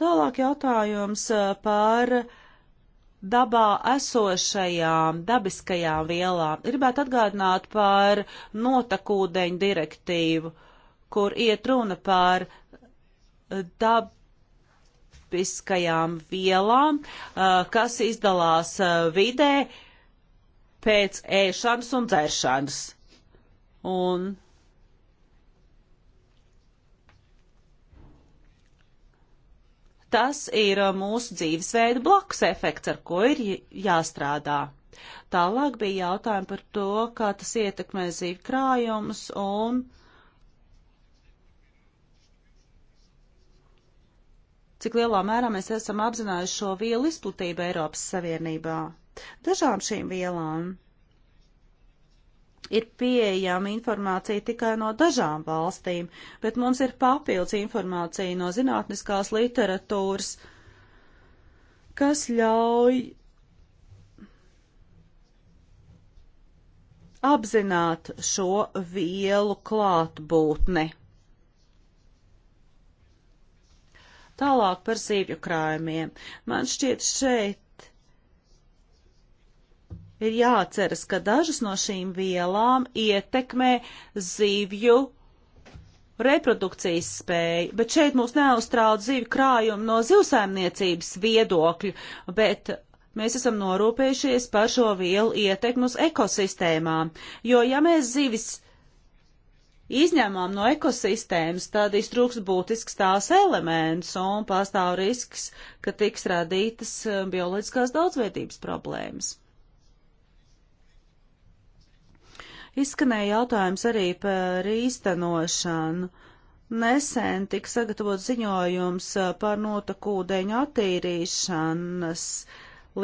Tālāk jautājums eh, par dabā esošajām dabiskajām vielām. Gribētu atgādināt par notakūdeņu direktīvu, kur iet runa par dab eh, dabiskajām vielām, eh, kas izdalās vidē, pēc ēšanas un dzēršanas. Un Tas ir uh, mūsu dzīvesveida blakus efekts, ar ko ir jāstrādā. Tālāk bija jautājumi par to, kā tas ietekmē zīvju krājumus un cik lielā mērā mēs esam apzinājuši šo vielu izplatību Eiropas Savienībā. Dažām šīm vielām ir pieejama informācija tikai no dažām valstīm, bet mums ir papildus informācija no zinātniskās literatūras, kas ļauj apzināt šo vielu klātbūtni. Tālāk par zīvju krājumiem. Man šķiet šeit ir jāatceras, ka dažas no šīm vielām ietekmē zivju reprodukcijas spēju, bet šeit mums neuztrauc zivju krājumu no zivsaimniecības viedokļu, bet mēs esam norūpējušies par šo vielu ietekmu uz ekosistēmām, jo ja mēs zivis izņēmām no ekosistēmas, tad iztrūks būtisks tās elements un pastāv risks, ka tiks radītas um, bioloģiskās daudzveidības problēmas. Izskanēja jautājums arī par īstenošanu. Nesen tika sagatavot ziņojums uh, par notakūdeņu attīrīšanas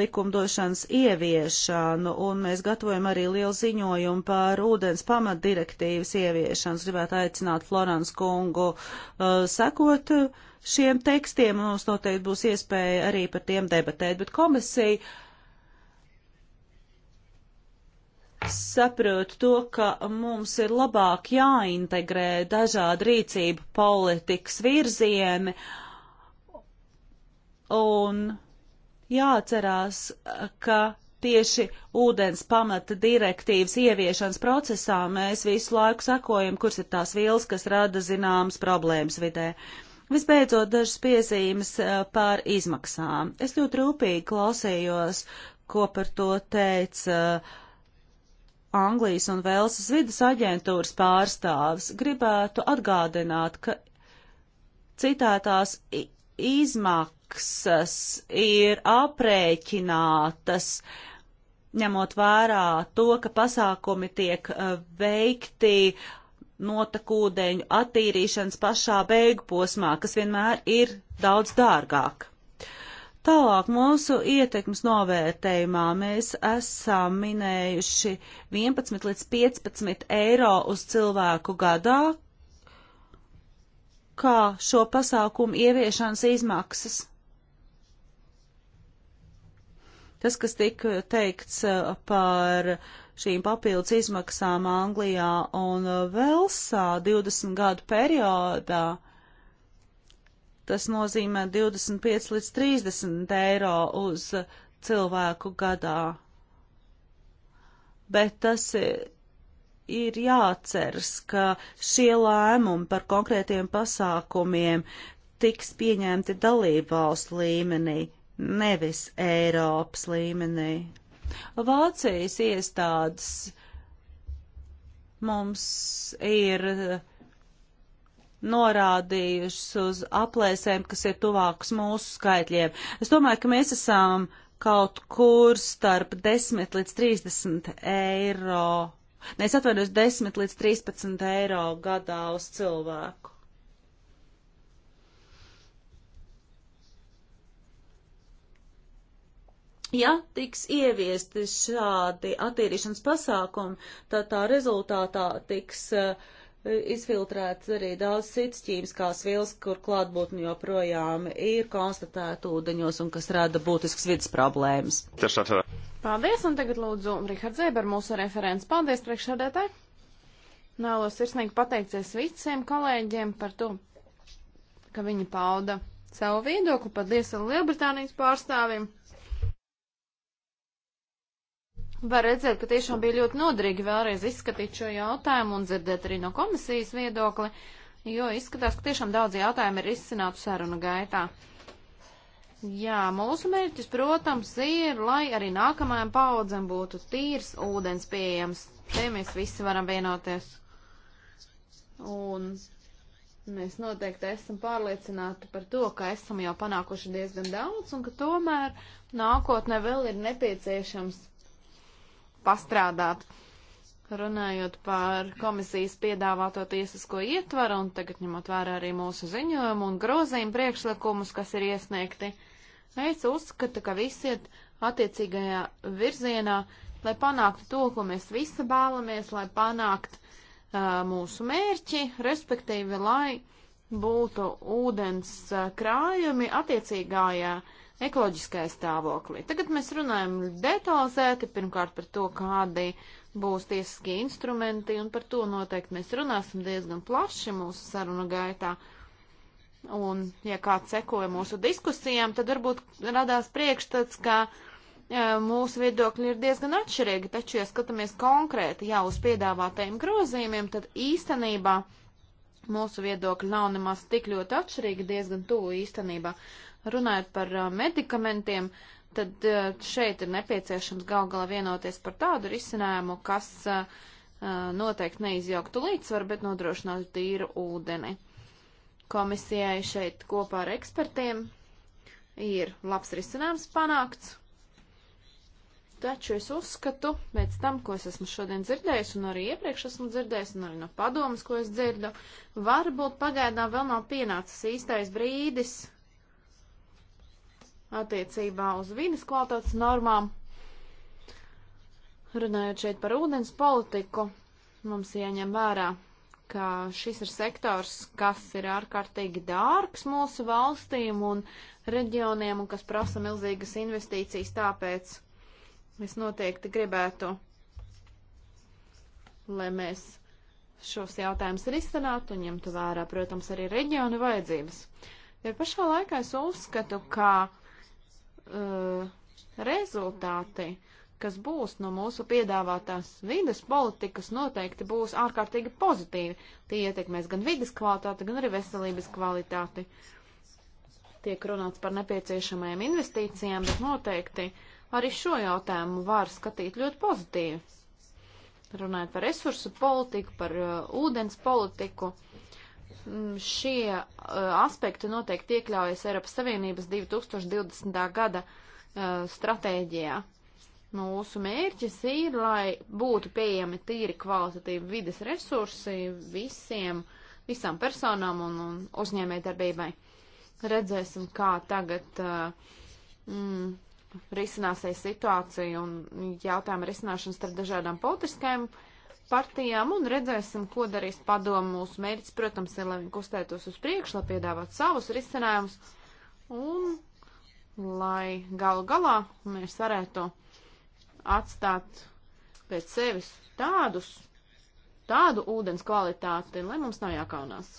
likumdošanas ieviešanu, un mēs gatavojam arī lielu ziņojumu par ūdens pamatdirektīvas ieviešanu. Es gribētu aicināt Florans kungu uh, sekot uh, šiem tekstiem, un mums noteikti būs iespēja arī par tiem debatēt, bet komisija saprotu to, ka mums ir labāk jāintegrē dažādi rīcību politikas virzieni un jāatcerās, ka tieši ūdens pamata direktīvas ieviešanas procesā mēs visu laiku sakojam, kuras ir tās vielas, kas rada zināmas problēmas vidē. Visbeidzot, dažas piezīmes eh, par izmaksām. Es ļoti rūpīgi klausījos, ko par to teica uh, Anglijas un Velsas vidas aģentūras pārstāvis, gribētu atgādināt, ka citētās izmaksas ir aprēķinātas, ņemot vērā to, ka pasākumi tiek e, veikti notekūdeņu attīrīšanas pašā beigu posmā, kas vienmēr ir daudz dārgāk. Tālāk mūsu ietekmes novērtējumā mēs esam minējuši 11 līdz 15 eiro uz cilvēku gadā, kā šo pasākumu ieviešanas izmaksas. Tas, kas tika teikts uh, par šīm papildus izmaksām Anglijā un uh, Velsā 20 gadu periodā, uh, Tas nozīmē 25 līdz 30 eiro uz cilvēku gadā. Bet tas ir jāatceras, ka šie lēmumi par konkrētiem pasākumiem tiks pieņemti dalību valstu līmenī, nevis Eiropas līmenī. Vācijas iestādes mums ir norādījušas uz aplēsēm, kas ir tuvākas mūsu skaitļiem. Es domāju, ka mēs esam kaut kur starp 10 līdz 30 eiro. Nē, es atvainojos 10 līdz 13 eiro gadā uz cilvēku. Ja tiks ieviesti šādi attīrīšanas pasākumi, tad tā rezultātā tiks uh, izfiltrēts arī daudz cits ķīmiskās vielas, kur klātbūtni joprojām ir konstatēta ūdeņos un kas rada būtisks vidas problēmas. Paldies, un tagad lūdzu Rihards Zēber, mūsu referents. Paldies, priekšsēdētāji! Nālos sirsnīgi pateikties visiem kolēģiem par to, ka viņi pauda savu viedokli pat Liesa Lielbritānijas pārstāvim. Var redzēt, ka tiešām bija ļoti noderīgi vēlreiz izskatīt šo jautājumu un dzirdēt arī no komisijas viedokli, jo izskatās, ka tiešām daudz jautājumu ir izcinātu sarunu gaitā. Jā, mūsu mērķis, protams, ir, lai arī nākamajām paudzēm būtu tīrs ūdens pieejams. Te mēs visi varam vienoties. Un Mēs noteikti esam pārliecināti par to, ka esam jau panākuši diezgan daudz un ka tomēr nākotnē vēl ir nepieciešams pastrādāt. Runājot par komisijas piedāvāto tiesisko ietvaru un tagad ņemot vērā arī mūsu ziņojumu un grozījumu priekšlikumus, kas ir iesniegti, es uzskatu, ka visi iet attiecīgajā virzienā, lai panāktu to, ko mēs visi vēlamies, lai panāktu uh, mūsu mērķi, respektīvi, lai būtu ūdens uh, krājumi attiecīgajā uh, ekoloģiskajā stāvoklī. Tagad mēs runājam detalizēti pirmkārt par to, kādi būs tiesiskie instrumenti, un par to noteikti mēs runāsim diezgan plaši mūsu sarunu gaitā. Un, ja kāds sekoja mūsu diskusijām, tad varbūt radās priekšstats, ka e, mūsu viedokļi ir diezgan atšķirīgi, taču, ja skatāmies konkrēti jau uz piedāvātajiem grozījumiem, tad īstenībā mūsu viedokļi nav nemaz tik ļoti atšķirīgi, diezgan tuvu īstenībā. Runājot par uh, medikamentiem, tad uh, šeit ir nepieciešams gal galā vienoties par tādu risinājumu, kas uh, uh, noteikti neizjauktu līdzsvaru, bet nodrošinātu tīru ūdeni. Komisijai šeit kopā ar ekspertiem ir labs risinājums panākts, taču es uzskatu, pēc tam, ko es esmu šodien dzirdējis, un arī iepriekš esmu dzirdējis, un arī no padomas, ko es dzirdu, varbūt pagaidām vēl nav pienācis īstais brīdis attiecībā uz vīnas kvalitātes normām. Runājot šeit par ūdens politiku, mums jāņem vērā, ka šis ir sektors, kas ir ārkārtīgi dārgs mūsu valstīm un reģioniem un kas prasa milzīgas investīcijas, tāpēc es noteikti gribētu, lai mēs šos jautājumus risinātu un ņemtu vērā, protams, arī reģionu vajadzības. Ja pašā laikā es uzskatu, ka uh, rezultāti, kas būs no mūsu piedāvātās vides politikas, noteikti būs ārkārtīgi pozitīvi. Tie ietekmēs gan vides kvalitāti, gan arī veselības kvalitāti. Tiek runāts par nepieciešamajām investīcijām, bet noteikti arī šo jautājumu var skatīt ļoti pozitīvi. Runājot par resursu politiku, par uh, ūdens politiku. Uh, Mm, šie uh, aspekti noteikti iekļaujas Eiropas Savienības 2020. gada uh, stratēģijā. Mūsu mērķis ir, lai būtu pieejami tīri kvalitatīvi vides resursi visiem, visām personām un, un uzņēmējdarbībai. Redzēsim, kā tagad uh, mm, risināsies situācija un jautājuma risināšanas starp dažādām politiskajām uh, partijām un redzēsim, ko darīs padomu. Mūsu mērķis, protams, ir, lai viņi kustētos uz priekšu, lai piedāvātu savus risinājumus un lai galu galā mēs varētu atstāt pēc sevis tādus, tādu ūdens kvalitāti, lai mums nav jākaunās.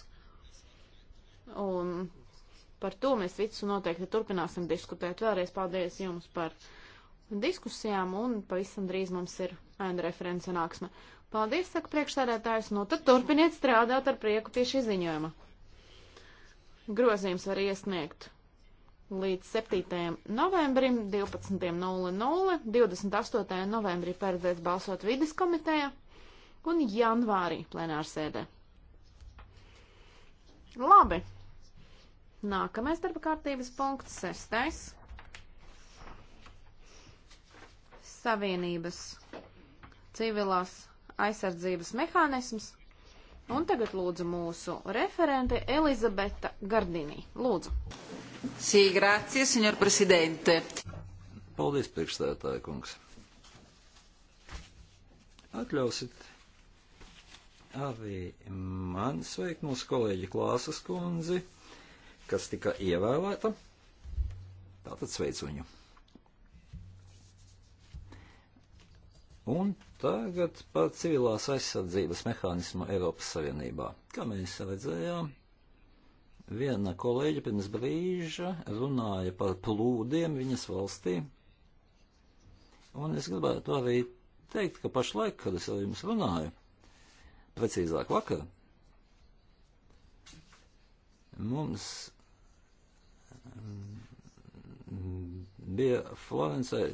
Un par to mēs visu noteikti turpināsim diskutēt. Vēlreiz paldies jums par diskusijām un pavisam drīz mums ir ēna referents sanāksme. Paldies, saka priekšsēdētājs. Nu, tad turpiniet strādāt ar prieku pie šī ziņojuma. Grozījums var iesniegt līdz 7. novembrim 12.00, 28. novembrī paredzēts balsot vides komitejā un janvārī plenārsēdē. Labi. Nākamais darba kārtības punkts, sestais. Savienības civilās aizsardzības mehānisms. Un tagad lūdzu mūsu referente Elizabeta Gardinī. Lūdzu. Sī, grācie, senjor prezidente. Paldies, priekšstādātāja kungs. Atļausit arī man sveikt mūsu kolēģi Klāsas kundzi, kas tika ievēlēta. Tātad sveicu viņu. Un Tagad par civilās aizsardzības mehānismu Eiropas Savienībā. Kā mēs redzējām, viena kolēģa pirms brīža runāja par plūdiem viņas valstī. Un es gribētu arī teikt, ka pašlaik, kad es ar jums runāju, precīzāk vakar, mums mm, bija Florencē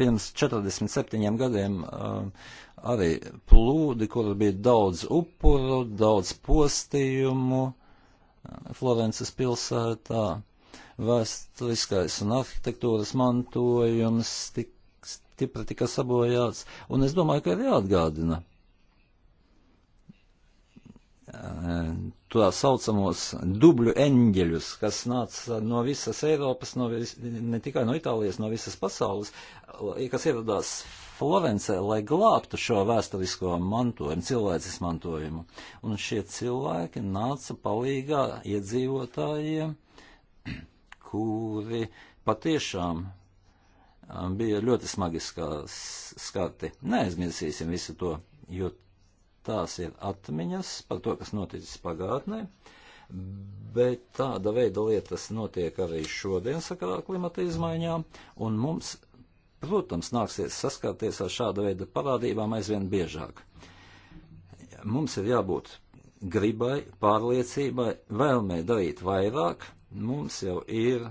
Pirms 47 gadiem eh, arī plūdi, kur bija daudz upuru, daudz postījumu eh, Florences pilsētā. Vēsturiskais un arhitektūras mantojums tik, stipri tika sabojāts, un es domāju, ka ir jāatgādina to saucamos dubļu eņģeļus, kas nāca no visas Eiropas, no vis, ne tikai no Itālijas, no visas pasaules, kas ieradās Florencē, lai glābtu šo vēsturisko mantojumu, cilvēcis mantojumu. Un šie cilvēki nāca palīgā iedzīvotājiem, kuri patiešām um, bija ļoti smagi skarti. Neaizmirsīsim visu to, jo Tās ir atmiņas par to, kas noticis pagātnē, bet tāda veida lietas notiek arī šodien sakarā klimata izmaiņām, un mums, protams, nāksies saskarties ar šāda veida parādībām aizvien biežāk. Mums ir jābūt gribai, pārliecībai, vēlmei darīt vairāk, mums jau ir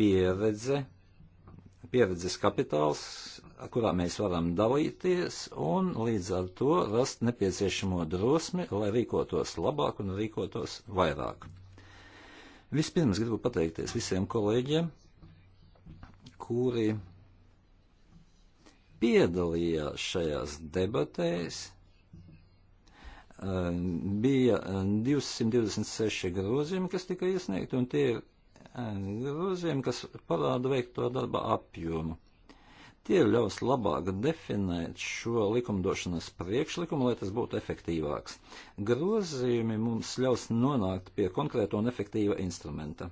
pieredze, pieredzes kapitāls, kurā mēs varam dalīties un līdz ar to rast nepieciešamo drosmi, lai rīkotos labāk un rīkotos vairāk. Vispirms gribu pateikties visiem kolēģiem, kuri piedalījās šajās debatēs. Eh, bija 226 eh, grozījumi, kas tika iesniegti, un tie ir eh, grozījumi, kas parāda veikto darba apjomu. Tie ļaus labāk definēt šo likumdošanas priekšlikumu, lai tas būtu efektīvāks. Grozījumi mums ļaus nonākt pie konkrēta un efektīva instrumenta.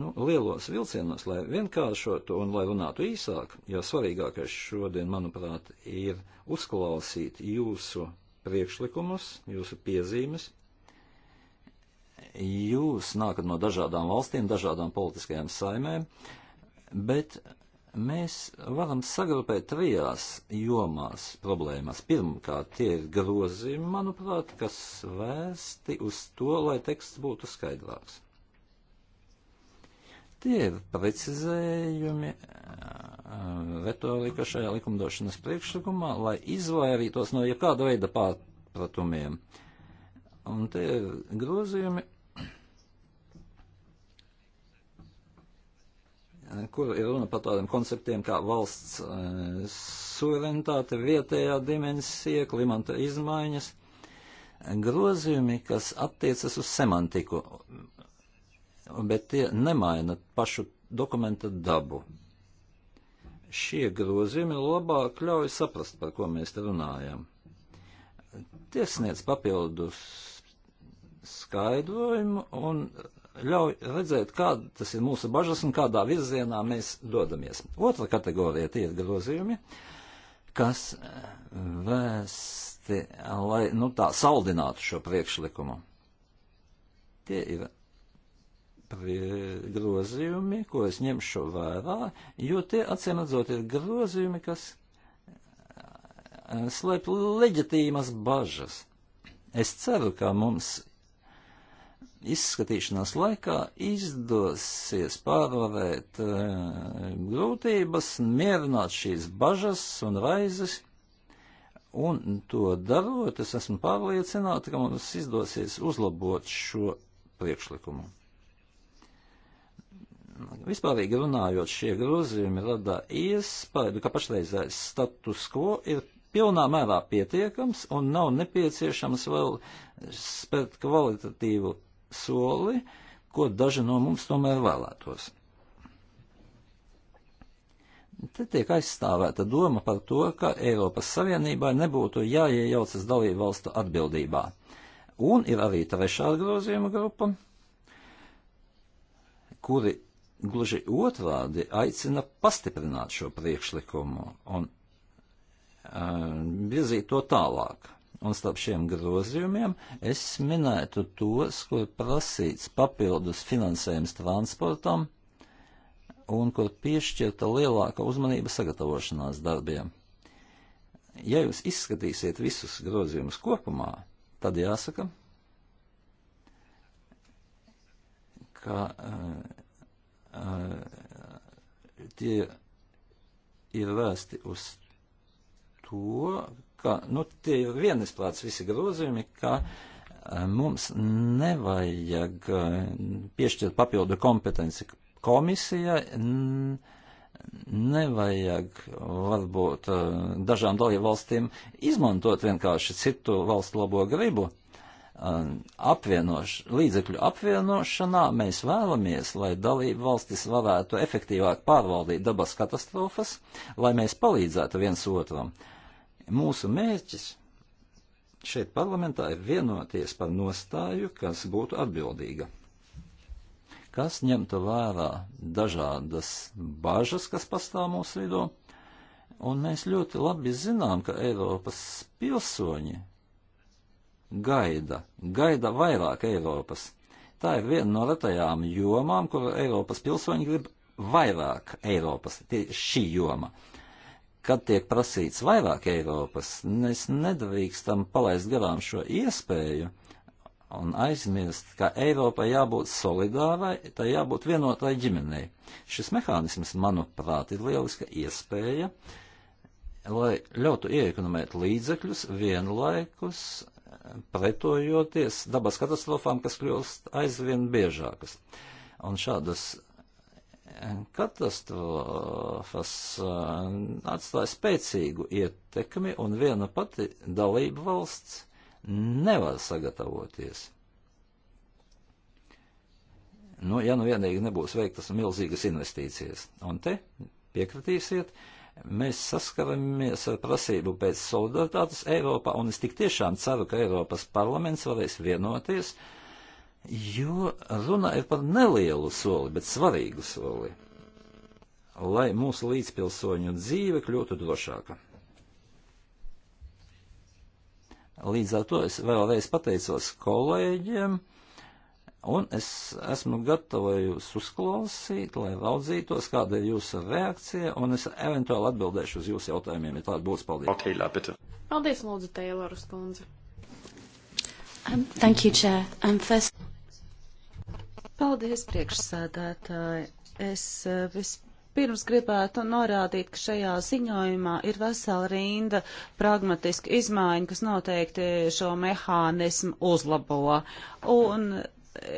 Nu, lielos vilcienos, lai vienkāršotu un lai runātu īsāk, jo svarīgākais šodien, manuprāt, ir uzklausīt jūsu priekšlikumus, jūsu piezīmes, jūs nākat no dažādām valstīm, dažādām politiskajām saimēm, bet Mēs varam sagrupēt trijās jomās problēmas. Pirmkārt, tie ir grozījumi, manuprāt, kas vērsti uz to, lai teksts būtu skaidrāks. Tie ir precizējumi, eh, retorika šajā likumdošanas priekšlikumā, lai izvairītos no jebkāda veida pārpratumiem. Un tie ir grozījumi, Eh, kur ir runa par tādiem konceptiem kā valsts eh, suverenitāte, vietējā dimensija, klimata izmaiņas, grozījumi, kas attiecas uz semantiku, bet tie nemaina pašu dokumenta dabu. Šie grozījumi labāk ļauj saprast, par ko mēs te runājam. Tiesniec papildus skaidrojumu un ļauj redzēt, kādas ir mūsu bažas un kādā virzienā mēs dodamies. Otra kategorija tie ir grozījumi, kas eh, vēsti, lai nu, tā saldinātu šo priekšlikumu. Tie ir grozījumi, ko es ņemšu vērā, jo tie acīm redzot ir grozījumi, kas eh, slēp leģitīmas bažas. Es ceru, ka mums izskatīšanās laikā izdosies pārvarēt e, grūtības, mierināt šīs bažas un raizes. Un to darot, es esmu pārliecināta, ka mums izdosies uzlabot šo priekšlikumu. Vispārīgi runājot, šie grozījumi rada iespēju, ka pašreizējais status quo ir pilnā mērā pietiekams un nav nepieciešams vēl spērt kvalitatīvu soli, ko daži no mums tomēr vēlētos. Te tiek aizstāvēta doma par to, ka Eiropas Savienībai nebūtu jāiejaucas dalību valstu atbildībā. Un ir arī trešā grozījuma grupa, kuri gluži otrādi aicina pastiprināt šo priekšlikumu un uh, virzīt to tālāk. Un starp šiem grozījumiem es minētu tos, kur prasīts papildus finansējums transportam un kur piešķirta lielāka uzmanība sagatavošanās darbiem. Ja jūs izskatīsiet visus grozījumus kopumā, tad jāsaka, ka uh, uh, tie ir vērsti uz to, ka nu, tie ir vienisprāts visi grozījumi, ka e, mums nevajag e, piešķirt papildu kompetenci komisijai, nevajag varbūt e, dažām dalību valstīm izmantot vienkārši citu valstu labo gribu. Apvienoš, līdzekļu apvienošanā mēs vēlamies, lai dalību valstis varētu efektīvāk pārvaldīt dabas katastrofas, lai mēs palīdzētu viens otram. Uh, Mūsu mērķis šeit parlamentā ir vienoties par nostāju, kas būtu atbildīga, kas ņemtu vērā dažādas bažas, kas pastāv mūsu vidū, un mēs ļoti labi zinām, ka Eiropas pilsoņi gaida, gaida vairāk Eiropas. Tā ir viena no retajām jomām, kur Eiropas pilsoņi grib vairāk Eiropas, tie šī joma. Uh, kad tiek prasīts vairāk Eiropas, mēs nedrīkstam palaist garām šo iespēju un aizmirst, ka Eiropai jābūt solidārai, tai jābūt vienotai ģimenei. Šis mehānisms, manuprāt, ir lieliska iespēja, lai ļautu ieekonomēt līdzekļus vienlaikus, pretojoties dabas katastrofām, kas kļūst aizvien biežākas. Un šādas Katastrofas eh, atstāja spēcīgu ietekmi, un viena pati dalība valsts nevar sagatavoties. Nu, ja nu vienīgi nebūs veiktas milzīgas investīcijas, un te piekritīsiet, mēs saskaramies ar prasību pēc solidaritātes Eiropā, un es tik tiešām ceru, ka Eiropas parlaments varēs vienoties, uh, jo runa ir par nelielu soli, bet svarīgu soli, lai mūsu līdzpilsoņu dzīve kļūtu drošāka. Līdz ar to es vēlreiz pateicos kolēģiem, un es esmu gatava jūs uzklausīt, lai raudzītos, kāda ir jūsu reakcija, un es eventuāli atbildēšu uz jūsu jautājumiem, ja tāda būs. Paldies! Okay, labi, paldies, Lūdzu, Teiloru skundze! Um, thank you, Chair. Um, first... Paldies, priekšsēdētāji. Es eh, vispirms gribētu norādīt, ka šajā ziņojumā ir vesela rinda pragmatisku izmaiņu, kas noteikti šo mehānismu uzlabo. Un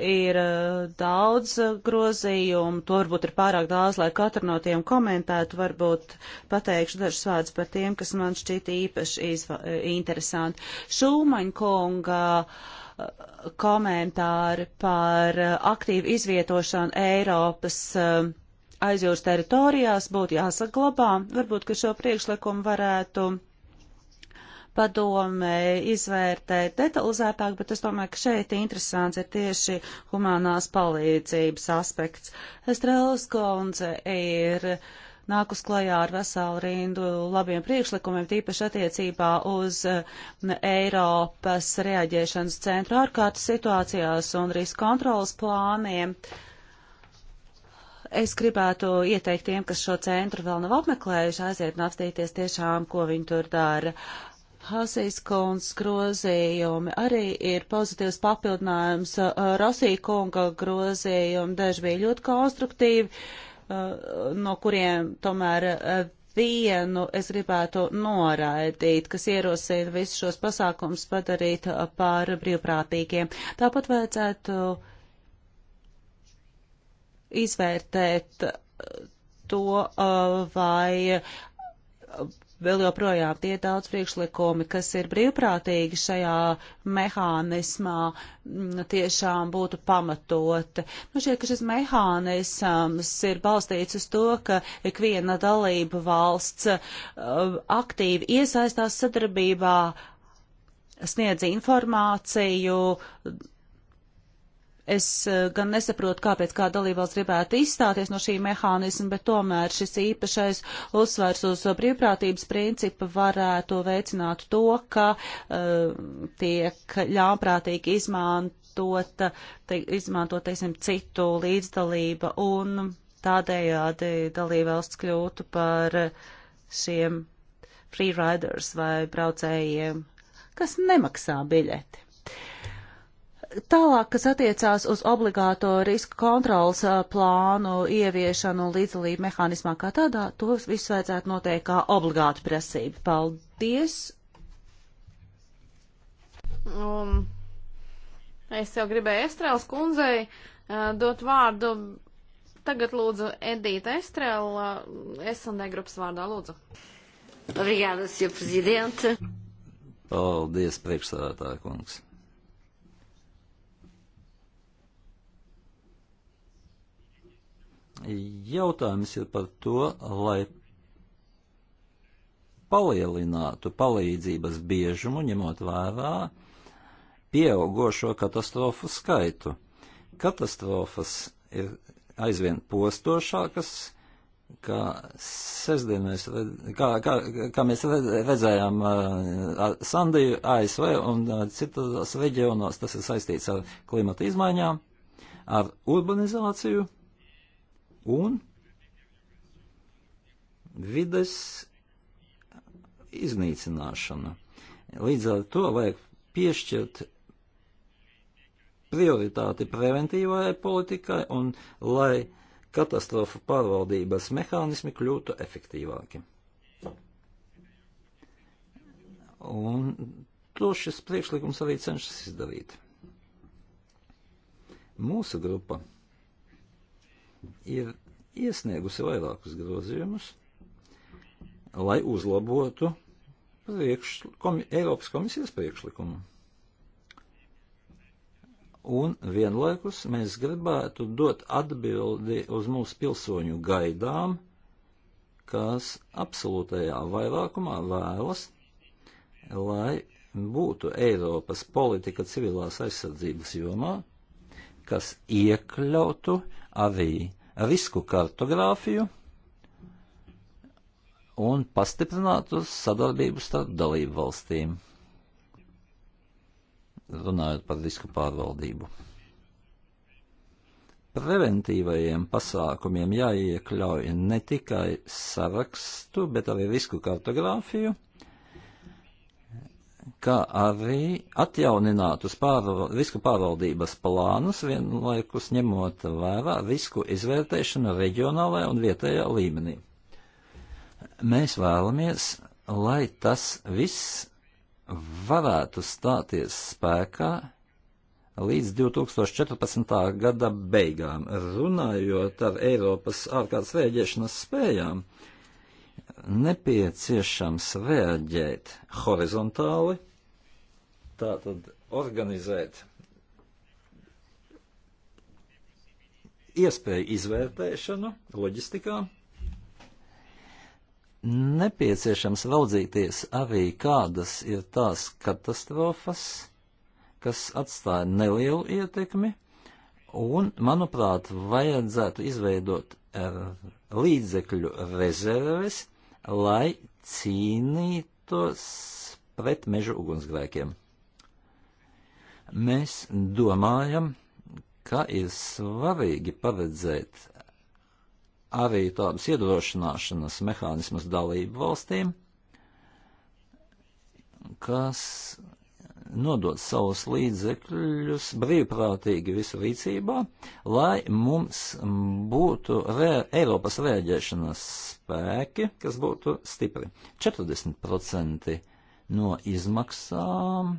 ir eh, daudz grozījumu, to varbūt ir pārāk daudz, lai katru no tiem komentētu, varbūt pateikšu dažus vārdus par tiem, kas man šķiet īpaši interesanti. Šūmaņkonga uh, komentāri par eh, aktīvu izvietošanu Eiropas eh, aizjūras teritorijās būtu jāsaglabā. Varbūt, ka šo priekšlikumu varētu padome izvērtēt detalizētāk, bet es domāju, ka šeit interesants ir tieši humanās palīdzības aspekts. Estrēlas Konze ir uh, nākus klajā ar veselu rindu labiem priekšlikumiem, tīpaši attiecībā uz Eiropas reaģēšanas centru ārkārtas situācijās un riska kontrolas plāniem. Es gribētu ieteikt tiem, kas šo centru vēl nav apmeklējuši, aiziet un apstīties tiešām, ko viņi tur dara. Hasijas kungs grozījumi arī ir pozitīvs papildinājums. Uh, Rosija kunga grozījumi daži bija ļoti konstruktīvi. Uh, Eh, no kuriem tomēr eh, vienu es gribētu noraidīt, kas ierosina visus šos pasākums padarīt eh, par brīvprātīgiem. Tāpat vajadzētu izvērtēt to, vai vēl joprojām tie daudz priekšlikumi, kas ir brīvprātīgi šajā mehānismā, mm, tiešām būtu pamatoti. Nu, šķiet, ka šis mehānisms ir balstīts uz to, ka ikviena dalība valsts uh, aktīvi iesaistās sadarbībā, sniedz informāciju Es eh, gan nesaprotu, kāpēc kā dalībvalsts gribētu izstāties no šī mehānisma, bet tomēr šis īpašais uzsvars uz brīvprātības principu varētu veicināt to, ka uh, tiek ļāprātīgi izmantota, te, izmantot, teiksim, citu līdzdalība un tādējādi dalībvalsts kļūtu par šiem freeriders vai braucējiem, kas nemaksā biļeti. Tālāk, kas attiecās uz obligāto riska kontrolas plānu ieviešanu un līdzdalību mehānismā kā tādā, to visu vajadzētu noteikt kā obligātu prasību. Paldies! Um, es jau gribēju Estrēlas kundzei uh, dot vārdu. Tagad lūdzu Edīta Estrēla, uh, S&D grupas vārdā lūdzu. Obrigada, Sr. Prezidente. Paldies, priekšsādātāja kungs. Jautājums ir par to, lai palielinātu palīdzības biežumu, ņemot vērā pieaugošo katastrofu skaitu. Katastrofas ir aizvien postošākas, kā sestdien mēs, kā, kā, kā mēs redzējām uh, Sandiju, ASV un uh, citos reģionos, tas ir saistīts ar klimata izmaiņām, ar urbanizāciju un vides iznīcināšana. Līdz ar to vajag piešķirt prioritāti preventīvajai politikai un lai katastrofu pārvaldības mehānismi kļūtu efektīvāki. Un to šis priekšlikums arī cenšas izdarīt. Mūsu grupa ir iesniegusi vairākus grozījumus, lai uzlabotu priekš, komi, Eiropas komisijas priekšlikumu. Un vienlaikus mēs gribētu dot atbildi uz mūsu pilsoņu gaidām, kas absolūtajā vairākumā vēlas, lai būtu Eiropas politika civilās aizsardzības jomā, kas iekļautu uh, arī risku kartogrāfiju un pastiprinātu sadarbību starp dalību valstīm, runājot par risku pārvaldību. Preventīvajiem pasākumiem jāiekļauj ne tikai sarakstu, bet arī risku kartogrāfiju kā arī atjauninātus pārva, risku pārvaldības plānus, vienlaikus ņemot vērā risku izvērtēšanu reģionālajā un vietējā līmenī. Mēs vēlamies, lai tas viss varētu stāties spēkā līdz 2014. gada beigām, runājot ar Eiropas ārkārtas rēģēšanas spējām. Uh, nepieciešams reaģēt horizontāli, tātad organizēt iespēju izvērtēšanu loģistikā. Nepieciešams raudzīties arī, kādas ir tās katastrofas, kas atstāja nelielu ietekmi, un, manuprāt, vajadzētu izveidot eh, līdzekļu rezerves, lai cīnītos pret meža ugunsgrēkiem. Mēs domājam, ka ir svarīgi paredzēt arī tādus iedrošināšanas mehānismus dalību valstīm, kas nodot savus līdzekļus brīvprātīgi visu rīcībā, lai mums būtu re, Eiropas rēģēšanas spēki, kas būtu stipri. 40% no izmaksām,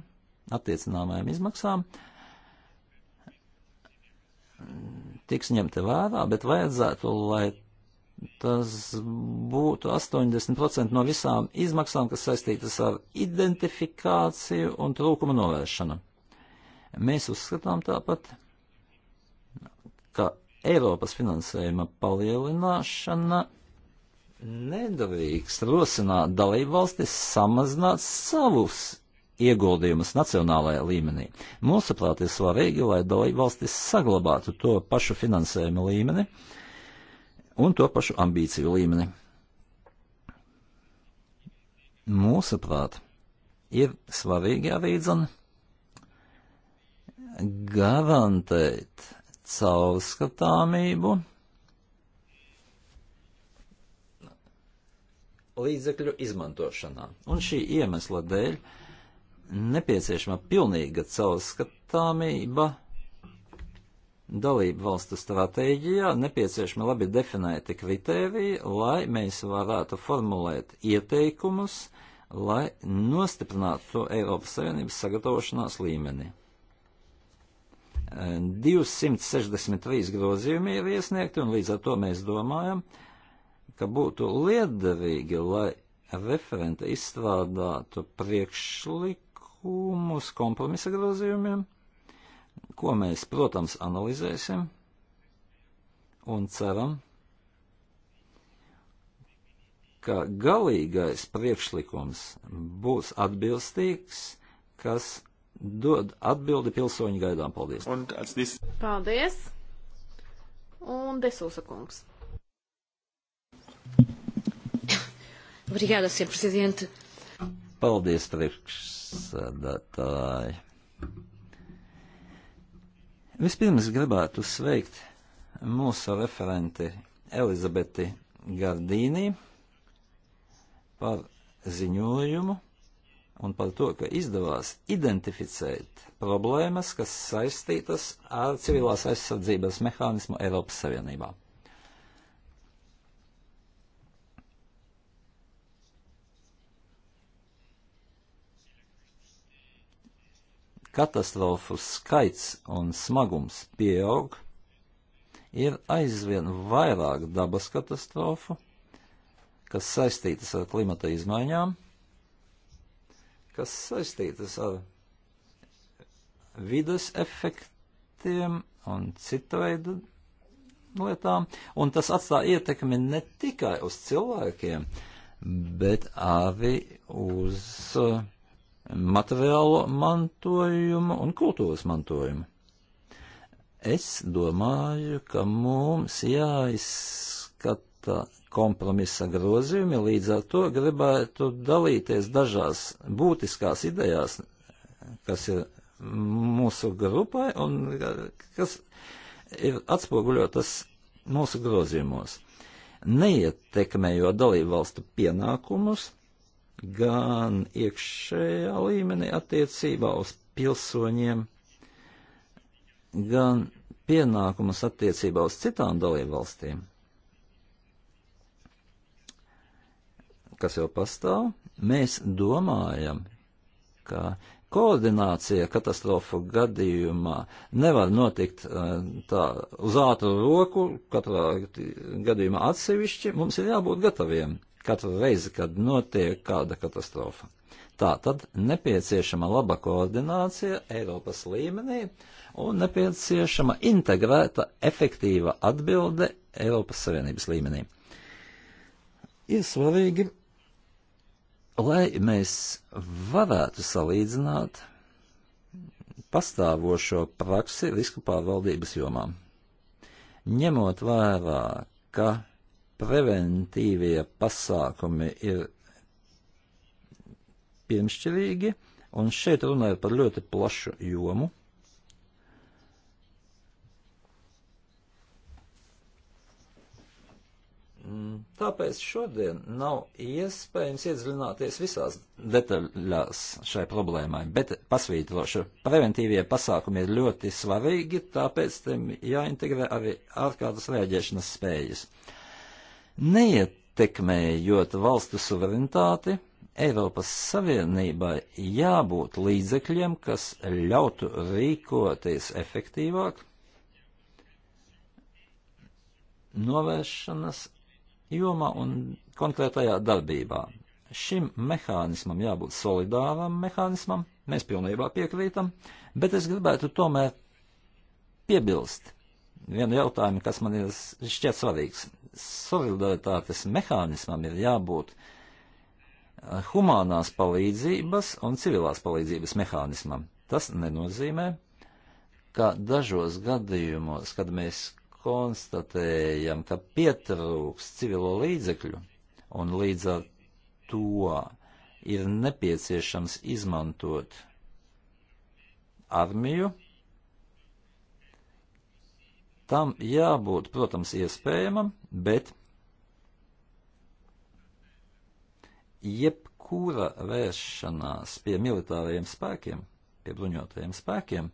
attiecināmajām izmaksām, tiks ņemti vērā, bet vajadzētu, lai tas būtu 80% no visām izmaksām, kas saistītas ar identifikāciju un trūkuma novēršanu. Mēs uzskatām tāpat, ka Eiropas finansējuma palielināšana nedrīkst rosināt dalību valstis samazināt savus ieguldījumus nacionālajā līmenī. Mūsuprāt, ir svarīgi, lai dalību valstis saglabātu to pašu finansējumu līmeni, uh, un to pašu ambīciju līmeni. Mūsuprāt, ir svarīgi arī dzene garantēt caurskatāmību līdzekļu izmantošanā. Un šī iemesla dēļ nepieciešama pilnīga caurskatāmība dalību valstu stratēģijā nepieciešami labi definēti kritēriji, lai mēs varētu formulēt ieteikumus, lai nostiprinātu to Eiropas Savienības sagatavošanās līmeni. 263 eh, grozījumi ir iesniegti, un līdz ar to mēs domājam, ka būtu liederīgi, lai referente izstrādātu priekšlikumus kompromisa grozījumiem, ko mēs, protams, analizēsim un ceram, ka galīgais priekšlikums būs atbilstīgs, kas dod atbildi pilsoņu gaidām. Paldies! Paldies! Un Desūsa kungs. Obrigada, Sr. Presidente. Paldies, priekšsēdētāji. Vispirms gribētu sveikt mūsu referenti Elizabeti Gardīnī par ziņojumu un par to, ka izdevās identificēt problēmas, kas saistītas ar civilās aizsardzības mehānismu Eiropas Savienībā. katastrofu skaits un smagums pieaug, ir aizvien vairāk dabas katastrofu, kas saistītas ar klimata izmaiņām, kas saistītas ar vidas efektiem un citu veidu lietām, un tas atstāja ietekmi ne tikai uz cilvēkiem, bet arī uz uh, materiālo mantojumu un kultūras mantojumu. Es domāju, ka mums jāizskata kompromisa grozījumi, līdz ar to gribētu dalīties dažās būtiskās idejās, kas ir mūsu grupai un kas ir atspoguļotas mūsu grozījumos. Neietekmējot dalību valstu pienākumus, gan iekšējā līmenī attiecībā uz pilsoņiem, gan pienākumus attiecībā uz citām dalībvalstīm, kas jau pastāv, mēs domājam, ka koordinācija katastrofu gadījumā nevar notikt eh, tā uz ātru roku, katrā gadījumā atsevišķi, mums ir jābūt gataviem katru reizi, kad notiek kāda katastrofa. Tā tad nepieciešama laba koordinācija Eiropas līmenī un nepieciešama integrēta, efektīva atbilde Eiropas Savienības līmenī. Ir svarīgi, lai mēs varētu salīdzināt pastāvošo praksi risku pārvaldības jomām. Ņemot vērā, ka preventīvie pasākumi ir pienšķirīgi, un šeit runāja par ļoti plašu jomu. Mm, tāpēc šodien nav iespējams iedziļināties visās detaļās šai problēmai, bet pasvītrošu preventīvie pasākumi ir ļoti svarīgi, tāpēc tam jāintegrē arī ārkārtas rēģēšanas spējas. Ar Neietekmējot valstu suverenitāti, Eiropas Savienībai jābūt līdzekļiem, kas ļautu rīkoties efektīvāk novēršanas jomā un konkrētajā darbībā. Šim mehānismam jābūt solidāram mehānismam, mēs pilnībā piekrītam, bet es gribētu tomēr piebilst, vienu jautājumu, kas man ir šķiet svarīgs. Solidaritātes mehānismam ir jābūt eh, humānās palīdzības un civilās palīdzības mehānismam. Tas nenozīmē, ka dažos gadījumos, kad mēs konstatējam, ka pietrūks civilo līdzekļu un līdz ar to ir nepieciešams izmantot armiju, Tam jābūt, protams, iespējamam, bet jebkura vēršanās pie militārajiem spēkiem, pie bruņotajiem spēkiem,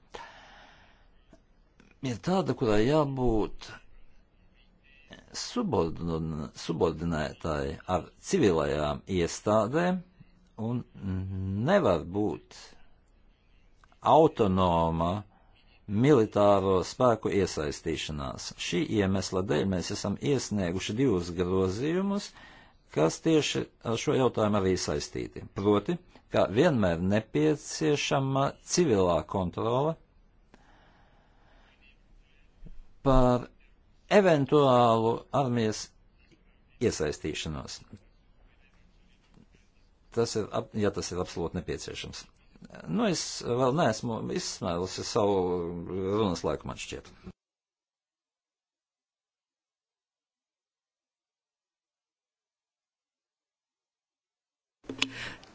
ir tāda, kurai jābūt subordin subordinētāji ar civilajām iestādēm un nevar būt autonoma uh, militāro spēku iesaistīšanās. Šī iemesla dēļ mēs esam iesnieguši divus grozījumus, kas tieši ar šo jautājumu arī saistīti. Proti, ka vienmēr nepieciešama civilā kontrola par eventuālu armijas iesaistīšanos. Tas ir, ja tas ir absolūti nepieciešams. Nu, es vēl neesmu izsmēlusi savu runas laiku, man šķiet.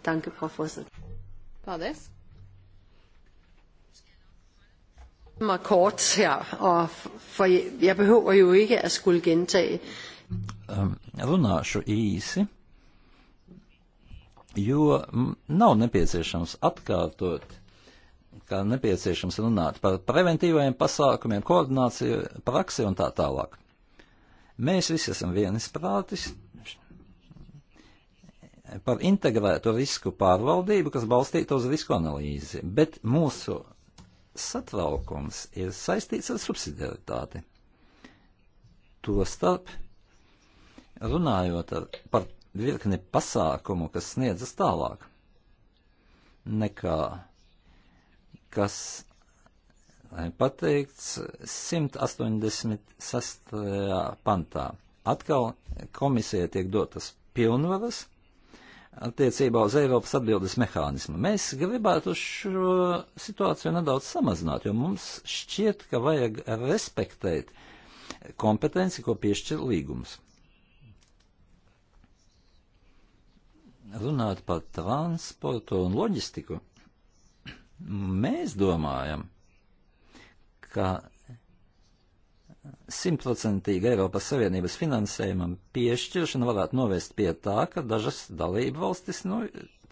Danke, Frau Vorsitz. Paldies. Mig kort her, og for jeg behøver jo ikke at skulle gentage. Um, runāšu īsi jo nav nepieciešams atkārtot, ka nepieciešams runāt par preventīvajiem pasākumiem, koordināciju, praksi un tā tālāk. Mēs visi esam vienisprātis par integrēto risku pārvaldību, kas balstīta uz risku analīzi, bet mūsu satraukums ir saistīts ar subsidiaritāti. Tostarp, runājot ar, par virkni pasākumu, kas sniedzas tālāk nekā kas pateikts 186. pantā. Atkal komisija tiek dotas pilnvaras attiecībā uz Eiropas atbildes mehānismu. Mēs gribētu šo situāciju nedaudz samazināt, jo mums šķiet, ka vajag respektēt kompetenci, ko piešķir līgums. runāt par transportu un loģistiku, mēs domājam, ka simtprocentīga Eiropas Savienības finansējumam piešķiršana varētu novest pie tā, ka dažas dalību valstis, nu,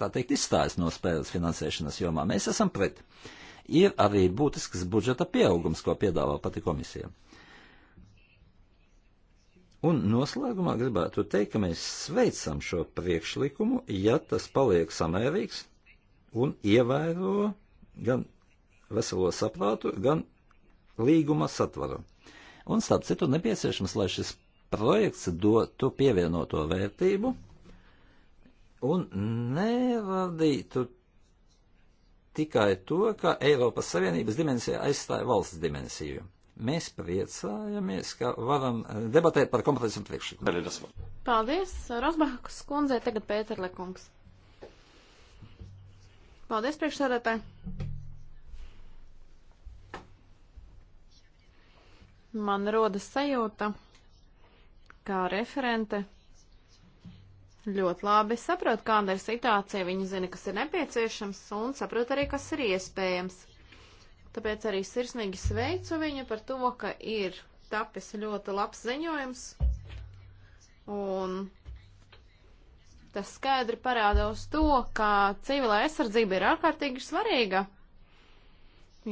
tā teikt, izstājas no spēles finansēšanas jomā. Mēs esam pret. Ir arī būtisks budžeta pieaugums, ko piedāvā pati komisija. Uh, Un noslēgumā gribētu teikt, ka mēs sveicam šo priekšlikumu, ja tas paliek samērīgs un ievēro gan veselo saprātu, gan līguma satvaru. Un starp citu nepieciešams, lai šis projekts dotu pievienoto vērtību un neradītu tikai to, ka Eiropas Savienības dimensija aizstāja valsts dimensiju. Mēs priecājamies, ka varam eh, debatēt par kompetencijām priekšlikumu. Paldies, Rosbahas kundzei, tagad Pēterlekungs. Paldies, priekšsēdētāji. Man rodas sajūta, kā referente ļoti labi saprot, kāda ir situācija, viņa zina, kas ir nepieciešams un saprot arī, kas ir iespējams. Tāpēc arī sirsnīgi sveicu viņu par to, ka ir tapis ļoti labs ziņojums. Un tas skaidri parāda uz to, ka civilā aizsardzība ir ārkārtīgi svarīga.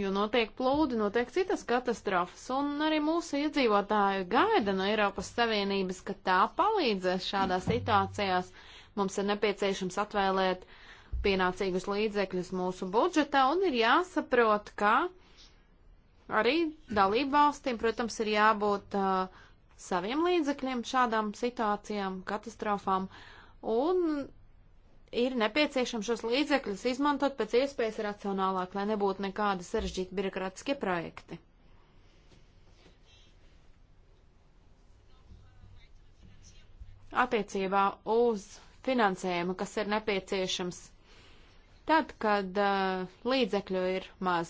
Jo notiek plūdi, notiek citas katastrofas, un arī mūsu iedzīvotāji gaida no Eiropas Savienības, ka tā palīdzēs šādās situācijās. Mums ir nepieciešams atvēlēt uh, pienācīgus līdzekļus mūsu budžetā un ir jāsaprot, ka arī dalību valstīm, protams, ir jābūt uh, saviem līdzekļiem šādām situācijām, katastrofām un ir nepieciešams šos līdzekļus izmantot pēc iespējas racionālāk, lai nebūtu nekādi sarežģīti birokrātiskie projekti. Attiecībā uz finansējumu, kas ir nepieciešams tad, kad uh, līdzekļu ir maz.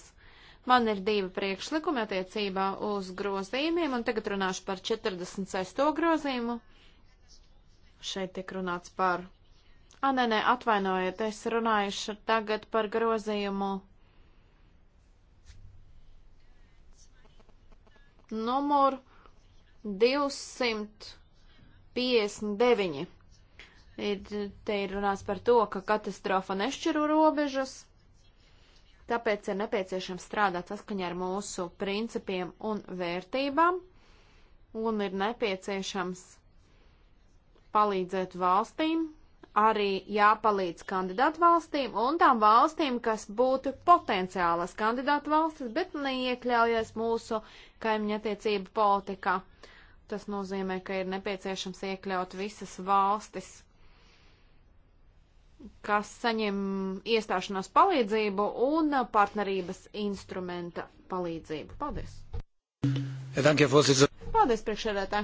Man ir divi priekšlikumi attiecībā uz grozījumiem, un tagad runāšu par 46. grozījumu. Šeit tiek runāts par. A, nē, nē, atvainojiet, es runājuši tagad par grozījumu numuru 259. Te ir runāts par to, ka katastrofa nešķiro robežas, tāpēc ir nepieciešams strādāt saskaņā ar mūsu principiem un vērtībām, un ir nepieciešams palīdzēt valstīm, arī jāpalīdz kandidātu valstīm un tām valstīm, kas būtu potenciālas kandidātu valstis, bet neiekļaujas mūsu kaimiņa attiecību politikā. Tas nozīmē, ka ir nepieciešams iekļaut visas valstis kas saņem iestāšanās palīdzību un partnerības instrumenta palīdzību. Paldies! Paldies, priekšsēdētā!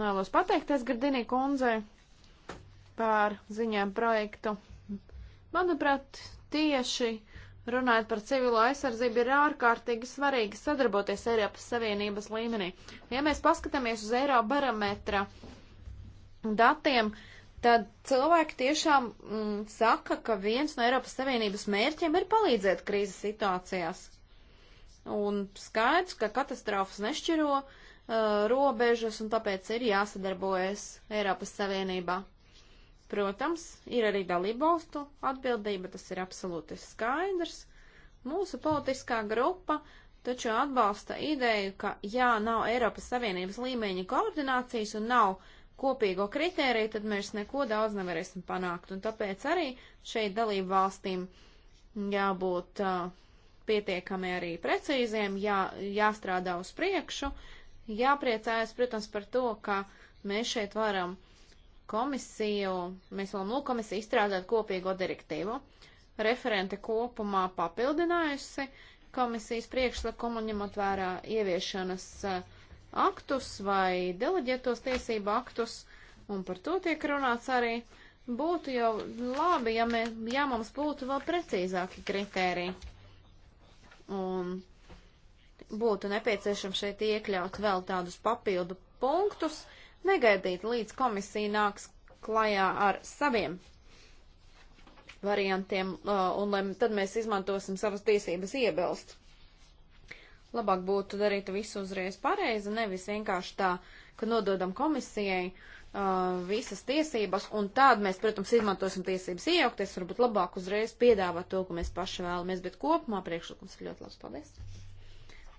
Vēlos pateikties Gardinī kundzei par ziņām projektu. Manuprāt, tieši runājot par civilo aizsardzību, ir ārkārtīgi svarīgi sadarboties Eiropas Savienības līmenī. Ja mēs paskatāmies uz Eirobarometra datiem, tad cilvēki tiešām mm, saka, ka viens no Eiropas Savienības mērķiem ir palīdzēt krīzes situācijās. Un skaidrs, ka katastrofas nešķiro uh, robežas un tāpēc ir jāsadarbojas Eiropas Savienībā. Protams, ir arī dalībvalstu atbildība, tas ir absolūti skaidrs. Mūsu politiskā grupa taču atbalsta ideju, ka jā, nav Eiropas Savienības līmeņa koordinācijas un nav uh, kopīgo kritēriju, tad mēs neko daudz nevarēsim panākt. Un tāpēc arī šeit dalību valstīm jābūt uh, pietiekami arī precīziem, jā, jāstrādā uz priekšu, jāpriecājas, protams, par to, ka mēs šeit varam komisiju, mēs varam lūk komisiju izstrādāt kopīgo direktīvu. Referente kopumā papildinājusi komisijas priekšlikumu, ņemot vērā ieviešanas uh, aktus vai deleģētos tiesību aktus, un par to tiek runāts arī. Būtu jau labi, ja, mē, ja mums būtu vēl precīzāki kriteriji. Un būtu nepieciešams šeit iekļaut vēl tādus papildu punktus, negaidīt līdz komisija nāks klajā ar saviem variantiem, uh, un lai tad mēs izmantosim savas tiesības iebilst. Labāk būtu darīt visu uzreiz pareizi, nevis vienkārši tā, ka nododam komisijai uh, visas tiesības, un tād mēs, protams, izmantosim tiesības iejaukties, varbūt labāk uzreiz piedāvāt to, ko mēs paši vēlamies, bet kopumā priekšlikums ir ļoti labs. Paldies!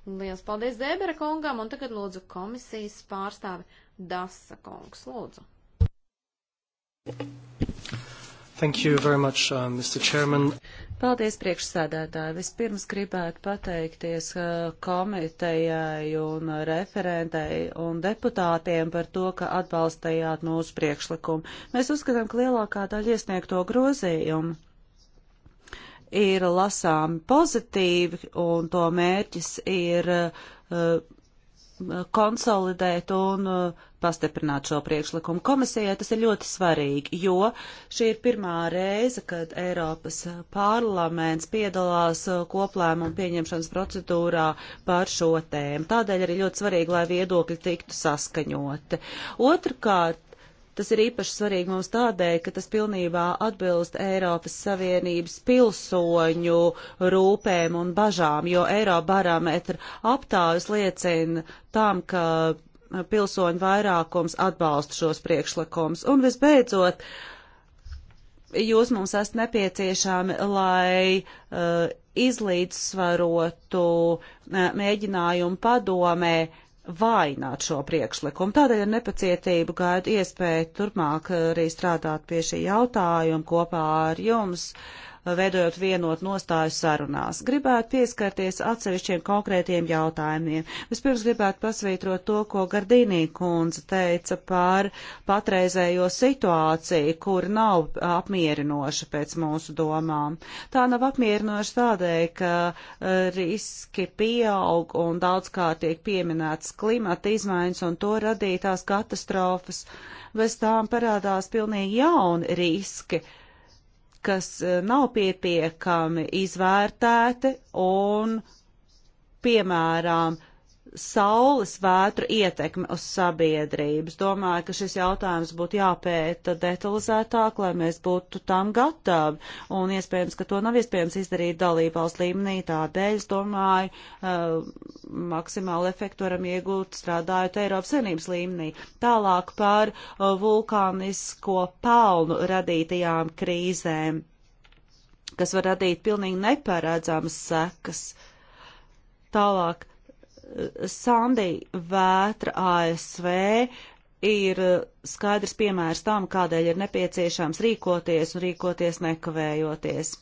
Liels paldies Dēbera kungam, un tagad lūdzu komisijas pārstāvi Dasa kungs. Lūdzu! Thank you very much, uh, Mr. Chairman. Paldies, priekšsēdētāji. Vispirms gribētu pateikties uh, komitejai un referentei un deputātiem par to, ka atbalstījāt mūsu priekšlikumu. Mēs uzskatām, ka lielākā daļa iesniegto grozījumu ir lasāmi pozitīvi un to mērķis ir uh, uh konsolidēt un uh, pastiprināt šo priekšlikumu. Komisijai tas ir ļoti svarīgi, jo šī ir pirmā reize, kad Eiropas parlaments piedalās uh, koplēmumu pieņemšanas procedūrā par šo tēmu. Tādēļ arī ļoti svarīgi, lai viedokļi tiktu saskaņoti. Otrkārt, Tas ir īpaši svarīgi mums tādēļ, ka tas pilnībā atbilst Eiropas Savienības pilsoņu rūpēm un bažām, jo Eirobarometra aptājas liecina tam, ka pilsoņu vairākums atbalsta šos priekšlikumus. Un visbeidzot, jūs mums esat nepieciešami, lai uh, izlīdzsvarotu uh, mēģinājumu padomē vainot šo priekšlikumu. Tādēļ ar nepacietību gaidu iespēju turpmāk uh, arī strādāt pie šī jautājuma kopā ar jums. Uh, veidojot vienot nostāju sarunās. Gribētu pieskarties atsevišķiem konkrētiem jautājumiem. Vispirms gribētu pasvītrot to, ko Gardīnī kundze teica par patreizējo situāciju, kur nav apmierinoša pēc mūsu domām. Tā nav apmierinoša tādēļ, ka e, riski pieaug un daudzkārt tiek pieminētas klimata izmaiņas un to radītās katastrofas. Bez tām parādās pilnīgi jauni riski kas e, nav pietiekami izvērtēti un, piemēram, saules vētru ietekme uz sabiedrības. Domāju, ka šis jautājums būtu jāpēta detalizētāk, lai mēs būtu tam gatavi. Un iespējams, ka to nav iespējams izdarīt dalībvalsts līmenī. Tādēļ, es domāju, uh, maksimāli efektu varam iegūt strādājot Eiropas Savienības līmenī. Tālāk par uh, vulkānisko pelnu radītajām krīzēm, kas var radīt pilnīgi neparedzamas sekas. Tālāk Sandī vētra ASV ir skaidrs piemērs tam, kādēļ ir nepieciešams rīkoties un rīkoties nekavējoties.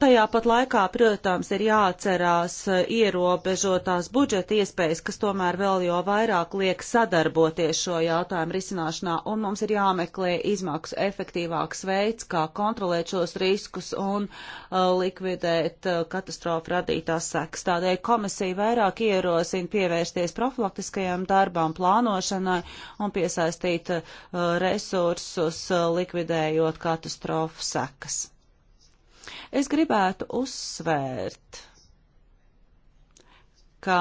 Tajā pat laikā, protams, ir jāatcerās e, ierobežotās budžeta iespējas, kas tomēr vēl jo vairāk liek sadarboties šo jautājumu risināšanā, un mums ir jāmeklē izmaksu efektīvāks veids, kā kontrolēt šos riskus un uh, likvidēt uh, katastrofu radītās sekas. Tādēļ komisija vairāk ierosina pievērsties profilaktiskajam darbām, plānošanai un piesaistīt uh, resursus, uh, likvidējot katastrofu sekas. Es gribētu uzsvērt, ka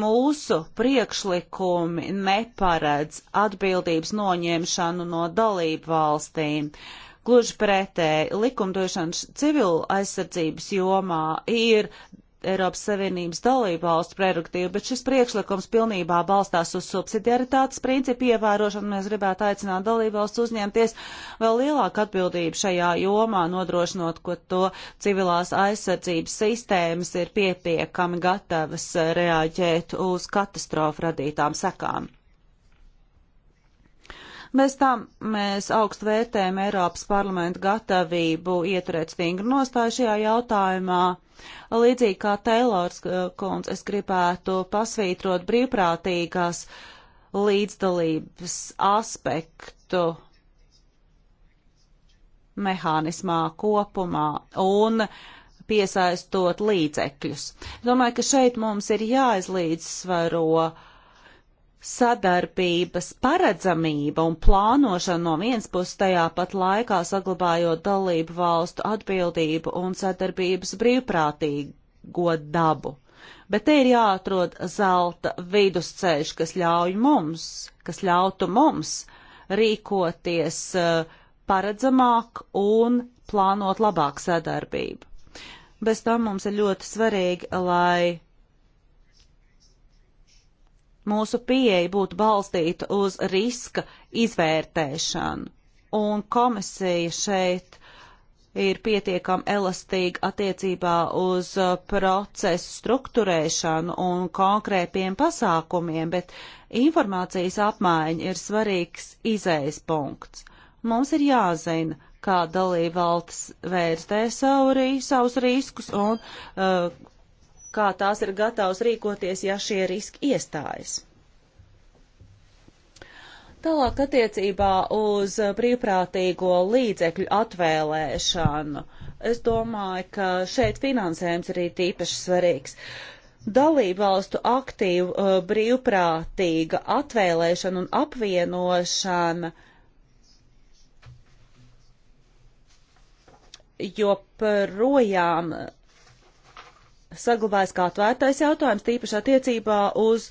mūsu priekšlikumi neparedz atbildības noņemšanu no dalību valstīm. Gluži pretēji, likumdošana civil aizsardzības jomā ir Eiropas Savienības dalību valstu prerogatīva, bet šis priekšlikums pilnībā balstās uz subsidiaritātes principu ievērošanu. Mēs gribētu aicināt dalību valsts uzņemties vēl lielāku atbildību šajā jomā, nodrošinot, ko to civilās aizsardzības sistēmas ir piepiekami gatavas reaģēt uz katastrofu radītām sekām. Bez tam mēs augstu vērtējam Eiropas parlamentu gatavību ieturēt stingru nostāju šajā jautājumā. Līdzīgi kā Teilors eh, kundze, es gribētu pasvītrot brīvprātīgās līdzdalības aspektu mehānismā kopumā un piesaistot līdzekļus. Domāju, ka šeit mums ir jāizlīdzsvaro uh, sadarbības paredzamība un plānošana no vienas puses tajā pat laikā saglabājot dalību valstu atbildību un sadarbības brīvprātīgo dabu. Bet te ir jāatrod zelta vidusceļš, kas ļauj mums, kas ļautu mums rīkoties eh, paredzamāk un plānot labāk sadarbību. Bez tam mums ir ļoti svarīgi, lai mūsu pieeja būtu balstīta uz riska izvērtēšanu. Un komisija šeit ir pietiekami elastīga attiecībā uz uh, procesu struktūrēšanu un konkrētiem pasākumiem, bet informācijas apmaiņa ir svarīgs izējas punkts. Mums ir jāzina, kā dalībvalsts vērtē savu, savus riskus un uh, kā tās ir gatavas rīkoties, ja šie riski iestājas. Tālāk attiecībā uz brīvprātīgo līdzekļu atvēlēšanu. Es domāju, ka šeit finansējums arī tīpaši svarīgs. Dalībvalstu aktīvu uh, brīvprātīga atvēlēšana un apvienošana joprojām saglabājas kā atvērtais jautājums, tīpaši attiecībā uz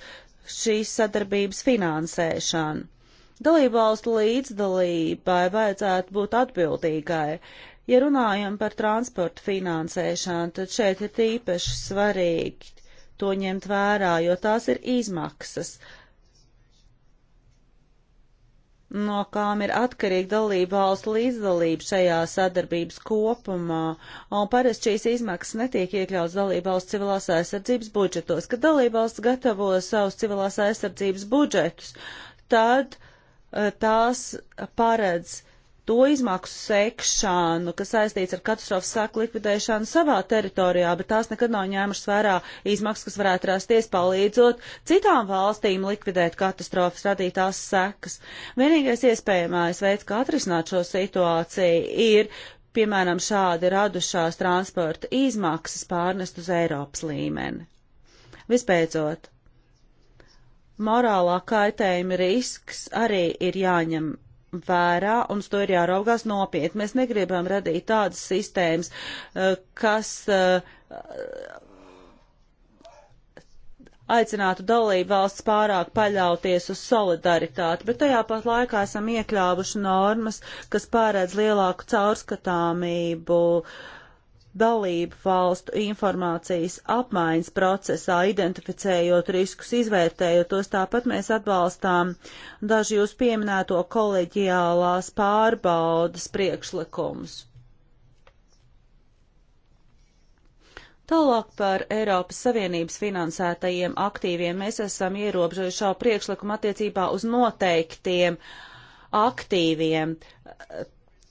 šīs sadarbības finansēšanu. Dalībvalstu līdzdalībai vajadzētu būt atbildīgai. Ja runājam par transportu finansēšanu, tad šeit ir tīpaši svarīgi to ņemt vērā, jo tās ir izmaksas. Uh, no kām ir atkarīga dalība valstu līdzdalība šajā sadarbības kopumā, un parasti šīs izmaksas netiek iekļauts dalība valsts civilās aizsardzības budžetos. Kad dalība valsts gatavo savus civilās aizsardzības budžetus, tad eh, tās paredz uh, to izmaksu sekšanu, kas saistīts ar katastrofu saku likvidēšanu savā teritorijā, bet tās nekad nav ņēmušas vērā izmaksas, kas varētu rasties palīdzot citām valstīm likvidēt katastrofas radītās sekas. Vienīgais iespējamais veids, kā atrisināt šo situāciju, ir, piemēram, šādi radušās transporta izmaksas pārnest uz Eiropas līmeni. Vispēcot, morālā kaitējuma risks arī ir jāņem vērā un uz to ir jāraugās nopietni. Mēs negribam radīt tādas sistēmas, eh, kas eh, aicinātu dalību valsts pārāk paļauties uz solidaritāti, bet tajā pat laikā esam iekļāvuši normas, kas pārēdz lielāku caurskatāmību uh, dalību valstu informācijas apmaiņas procesā, identificējot riskus, izvērtējot tos. Tāpat mēs atbalstām dažu jūs pieminēto koleģiālās pārbaudas priekšlikumus. Tālāk par Eiropas Savienības finansētajiem aktīviem mēs esam ierobežojuši šo priekšlikumu attiecībā uz noteiktiem aktīviem.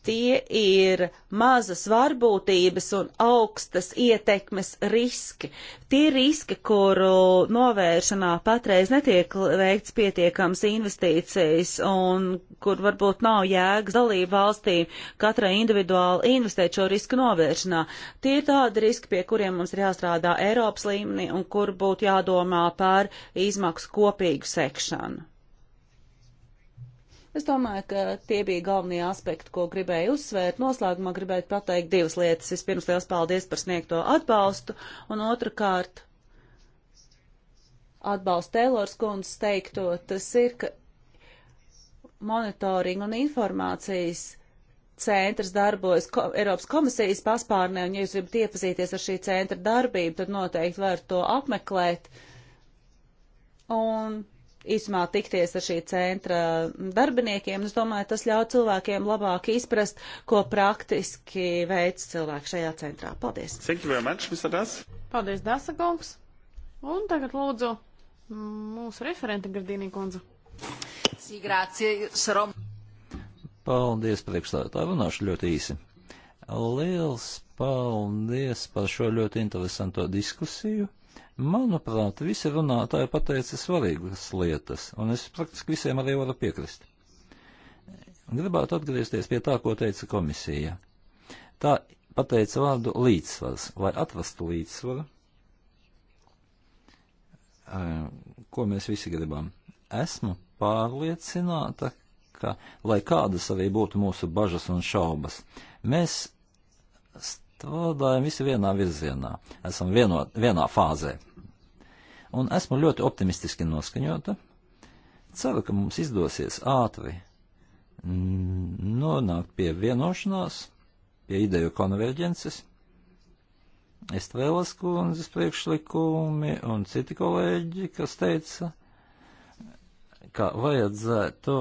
Tie ir mazas varbūtības un augstas ietekmes riski. Tie riski, kuru novēršanā patreiz netiek veikts pietiekams investīcijas un kur varbūt nav jēgas dalību valstīm katrai individuāli investēt šo risku novēršanā. Tie ir tādi riski, pie kuriem mums ir jāstrādā Eiropas līmenī un kur būtu jādomā par izmaksu kopīgu sekšanu. Es domāju, ka tie bija galvenie aspekti, ko gribēju uzsvērt. Noslēgumā gribētu pateikt divas lietas. Vispirms liels paldies par sniegto atbalstu, un otrkārt atbalstu Teilors kundzes teikto, tas ir, ka monitoringa un informācijas centrs darbojas ko, Eiropas komisijas paspārnē, un ja jūs gribat iepazīties ar šī centra darbību, tad noteikti var to apmeklēt. Un īsumā tikties ar šī centra darbiniekiem. Es domāju, tas ļauj cilvēkiem labāk izprast, ko praktiski veic cilvēki šajā centrā. Paldies! Thank you very much, Mr. Das. Paldies, Dasa Gongs! Un tagad lūdzu mūsu referenta Gardīnī kundze. Sī, grācie, sarom. Paldies, priekšstādātāji, runāšu ļoti īsi. Liels paldies par šo ļoti interesanto diskusiju. Manuprāt, visi runātāji pateica svarīgas lietas, un es praktiski visiem arī varu piekrist. Gribētu atgriezties pie tā, ko teica komisija. Tā pateica vārdu līdzsvars, lai atrastu līdzsvaru, eh, ko mēs visi gribam. Esmu pārliecināta, ka, lai kādas arī būtu mūsu bažas un šaubas, mēs to dājam visi vienā virzienā. Esam vieno, vienā fāzē. Un esmu ļoti optimistiski noskaņota. Ceru, ka mums izdosies ātri nonākt pie vienošanās, pie ideju konverģences. Estvēlas kundzes priekšlikumi un citi kolēģi, kas teica, ka vajadzētu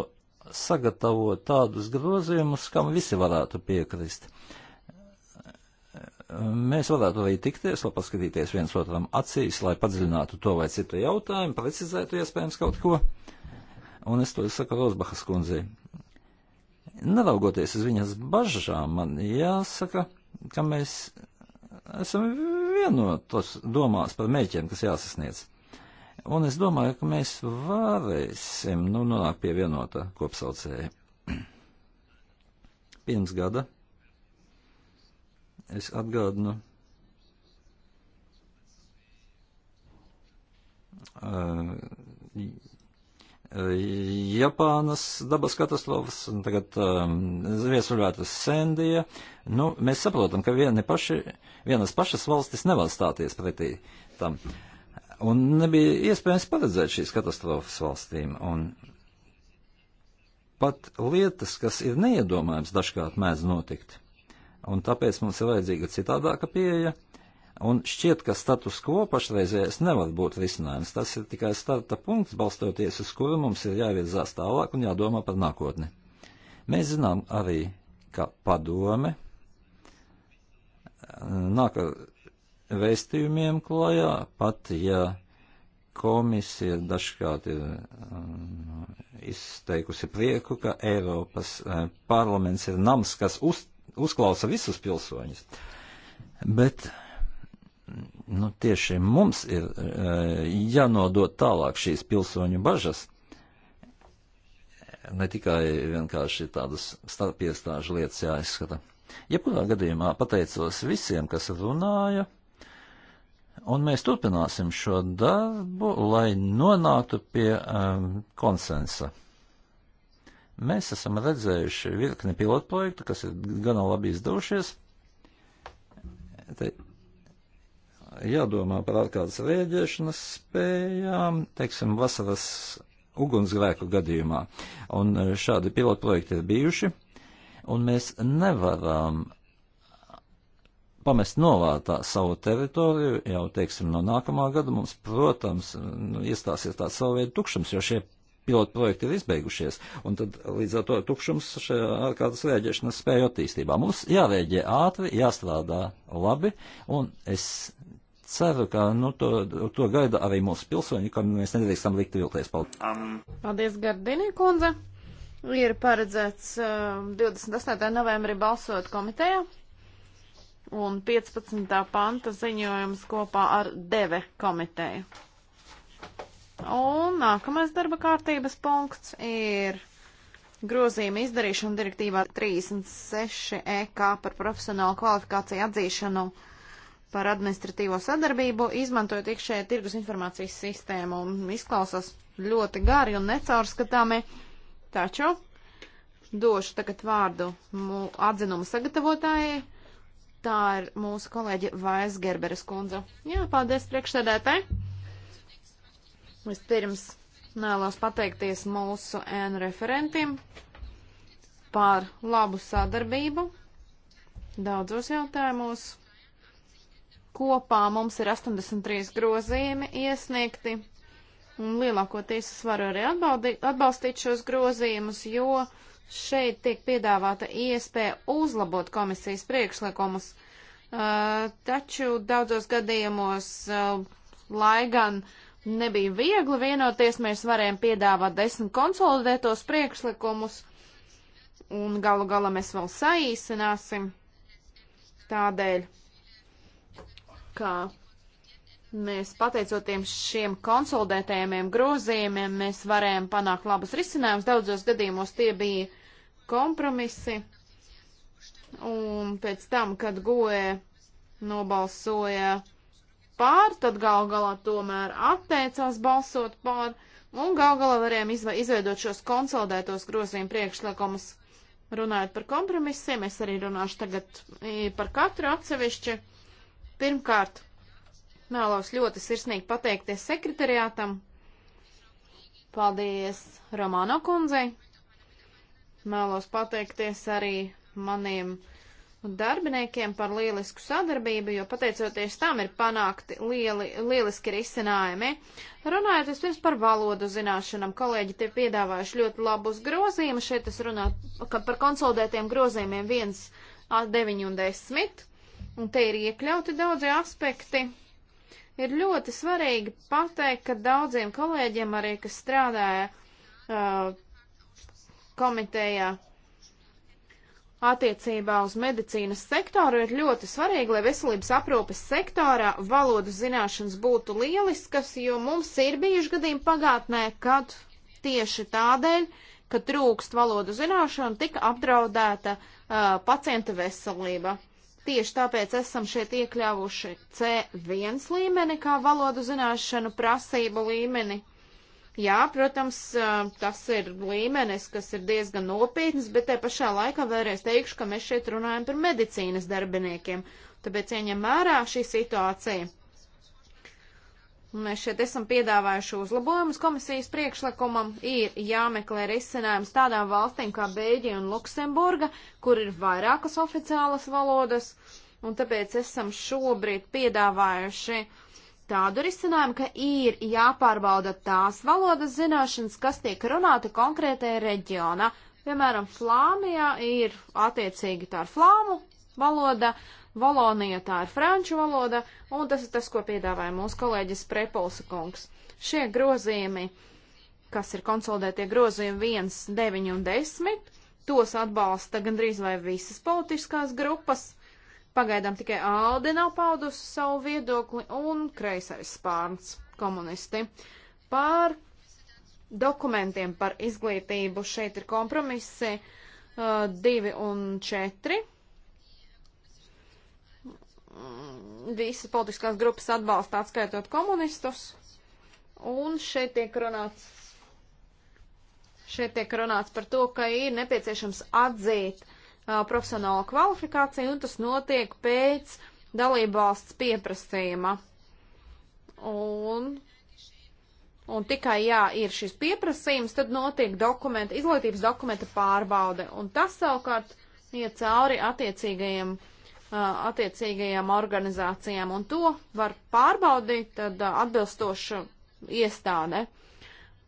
sagatavot tādus grozījumus, kam visi varētu piekrist. Uh, mēs varētu arī tikties, lai paskatīties viens otram acīs, lai padziļinātu to vai citu jautājumu, precizētu iespējams kaut ko. Un es to saku Rozbahas kundzei. Neraugoties uz viņas bažām, man jāsaka, ka mēs esam vienotos domās par mērķiem, kas jāsasniedz. Un es domāju, ka mēs varēsim nu, nonākt pie vienota kopsaucēja. Pirms gada Es atgādinu uh, Japānas dabas katastrofas, un tagad um, viesuļvētas Sendija. Nu, mēs saprotam, ka vieni paši, vienas pašas valstis nevar stāties pretī tam. Un nebija iespējams paredzēt šīs katastrofas valstīm. Un pat lietas, kas ir neiedomājams, dažkārt mēdz notikt un tāpēc mums ir vajadzīga citādāka pieeja. Un šķiet, ka status quo pašreizējais nevar būt risinājums. Tas ir tikai starta punkts, balstoties uz kuru mums ir jāvirzās tālāk un jādomā par nākotni. Mēs zinām arī, ka padome eh, nāk ar vēstījumiem klajā, pat ja komisija dažkārt ir um, izteikusi prieku, ka Eiropas um, parlaments ir nams, kas uz, uzklausa visus pilsoņus. Bet nu, tieši mums ir eh, jānodot tālāk šīs pilsoņu bažas. Ne tikai vienkārši tādas starpiestāžu lietas jāizskata. Jebkurā gadījumā pateicos visiem, kas runāja, un mēs turpināsim šo darbu, lai nonāktu pie um, konsensa. Mēs esam redzējuši virkni pilotprojektu, kas ir gana labi izdevušies. Te jādomā par ārkārtas rēģēšanas spējām, teiksim, vasaras ugunsgrēku gadījumā. Un e, šādi pilotprojekti ir bijuši, un mēs nevaram pamest novārtā savu teritoriju, jau teiksim, no nākamā gada mums, protams, nu, iestāsies tāds savu veidu tukšums, jo šie pilotu projekti ir izbeigušies, un tad līdz ar to tukšums šajā ārkārtas rēģēšanas spēju attīstībā. Mums jārēģē ātri, jāstrādā labi, un es ceru, ka nu, to, to gaida arī mūsu pilsoņi, kam mēs nedrīkstam likt vilties. Paldies, um. Paldies Gardini kundze! Ir paredzēts uh, um, 28. novembrī balsot komitejā un 15. panta ziņojums kopā ar deve komiteju. Un nākamais darba kārtības punkts ir grozījuma izdarīšana direktīvā 36 EK par profesionālu kvalifikāciju atzīšanu par administratīvo sadarbību, izmantojot iekšējā tirgus informācijas sistēmu. Izklausās ļoti gari un necaurskatāmi, taču došu tagad vārdu atzinumu sagatavotājai. Tā ir mūsu kolēģe Vaisgerberes kundze. Jā, paldies priekšsēdētāji! Vispirms vēlos pateikties mūsu ēnu referentiem par labu sadarbību daudzos jautājumos. Kopā mums ir 83 grozījumi iesniegti, un lielākoties es varu arī atbaldi, atbalstīt šos grozījumus, jo šeit tiek piedāvāta iespēja uzlabot komisijas priekšlikumus. Uh, taču daudzos gadījumos, uh, lai gan uh, nebija viegli vienoties, mēs varējām piedāvāt desmit konsolidētos priekšlikumus, un galu galā mēs vēl saīsināsim tādēļ, ka mēs pateicotiem šiem konsolidētajiem grozījumiem, mēs varējām panākt labus risinājumus, daudzos gadījumos tie bija kompromisi, un pēc tam, kad goja nobalsoja pār, tad gal galā tomēr atteicās balsot pār, un gal galā varējām izveidot šos konsolidētos grozījumu priekšlikumus. Runājot par kompromisiem, es arī runāšu tagad par katru atsevišķi. Pirmkārt, vēlos ļoti sirsnīgi pateikties sekretariātam. Paldies Romano kundzei. Mēlos pateikties arī maniem uh, un darbiniekiem par lielisku sadarbību, jo pateicoties tam ir panākti lieli, lieliski risinājumi. Runājot vispirms par valodu zināšanām, kolēģi te piedāvājuši ļoti labus grozījumus. Šeit es runāju par konsolidētiem grozījumiem 1, 9 un 10, un te ir iekļauti daudzi aspekti. Ir ļoti svarīgi pateikt, ka daudziem kolēģiem arī, kas strādāja uh, komitejā attiecībā uz medicīnas sektoru ir ļoti svarīgi, lai veselības aprūpes sektorā valodu zināšanas būtu lieliskas, jo mums ir bijuši gadījumi pagātnē, kad tieši tādēļ, ka trūkst valodu zināšanu, tika apdraudēta uh, pacienta veselība. Tieši tāpēc esam šeit iekļāvuši C1 līmeni kā valodu zināšanu prasību līmeni. Jā, protams, tas ir līmenis, kas ir diezgan nopietns, bet te pašā laikā vēlreiz teikšu, ka mēs šeit runājam par medicīnas darbiniekiem. Tāpēc ieņem vērā šī situācija. Mēs šeit esam piedāvājuši uzlabojumus komisijas priekšlikumam. Ir jāmeklē risinājums tādām valstīm kā Beļģija un Luksemburga, kur ir vairākas oficiālas valodas, un tāpēc esam šobrīd piedāvājuši uh, tādu risinājumu, ka ir jāpārbauda tās valodas zināšanas, kas tiek runāta konkrētajā reģionā. Piemēram, Flāmijā ir attiecīgi tā ir flāmu valoda, Valonijā tā ir franču valoda, un tas ir tas, ko piedāvāja mūsu kolēģis Prepulsa kungs. Šie grozījumi, kas ir konsolidētie grozījumi 1, 9 un 10, tos atbalsta gandrīz vai visas politiskās grupas. Pagaidām tikai Alde nav paudusi savu viedokli un kreisais spārns komunisti. Pār dokumentiem par izglītību šeit ir kompromisi 2 uh, un 4 mm, visas politiskās grupas atbalsta, atskaitot komunistus. Un šeit tiek runāts, šeit tiek runāts par to, ka ir nepieciešams atzīt uh, profesionālo kvalifikāciju, un tas notiek pēc dalībvalsts pieprasījuma. Un, un tikai, jā, ir šis pieprasījums, tad notiek dokumenta, izglītības dokumenta pārbaude, un tas savukārt iet cauri attiecīgajiem uh, attiecīgajām organizācijām, un to var pārbaudīt tad uh, atbilstoša iestāde.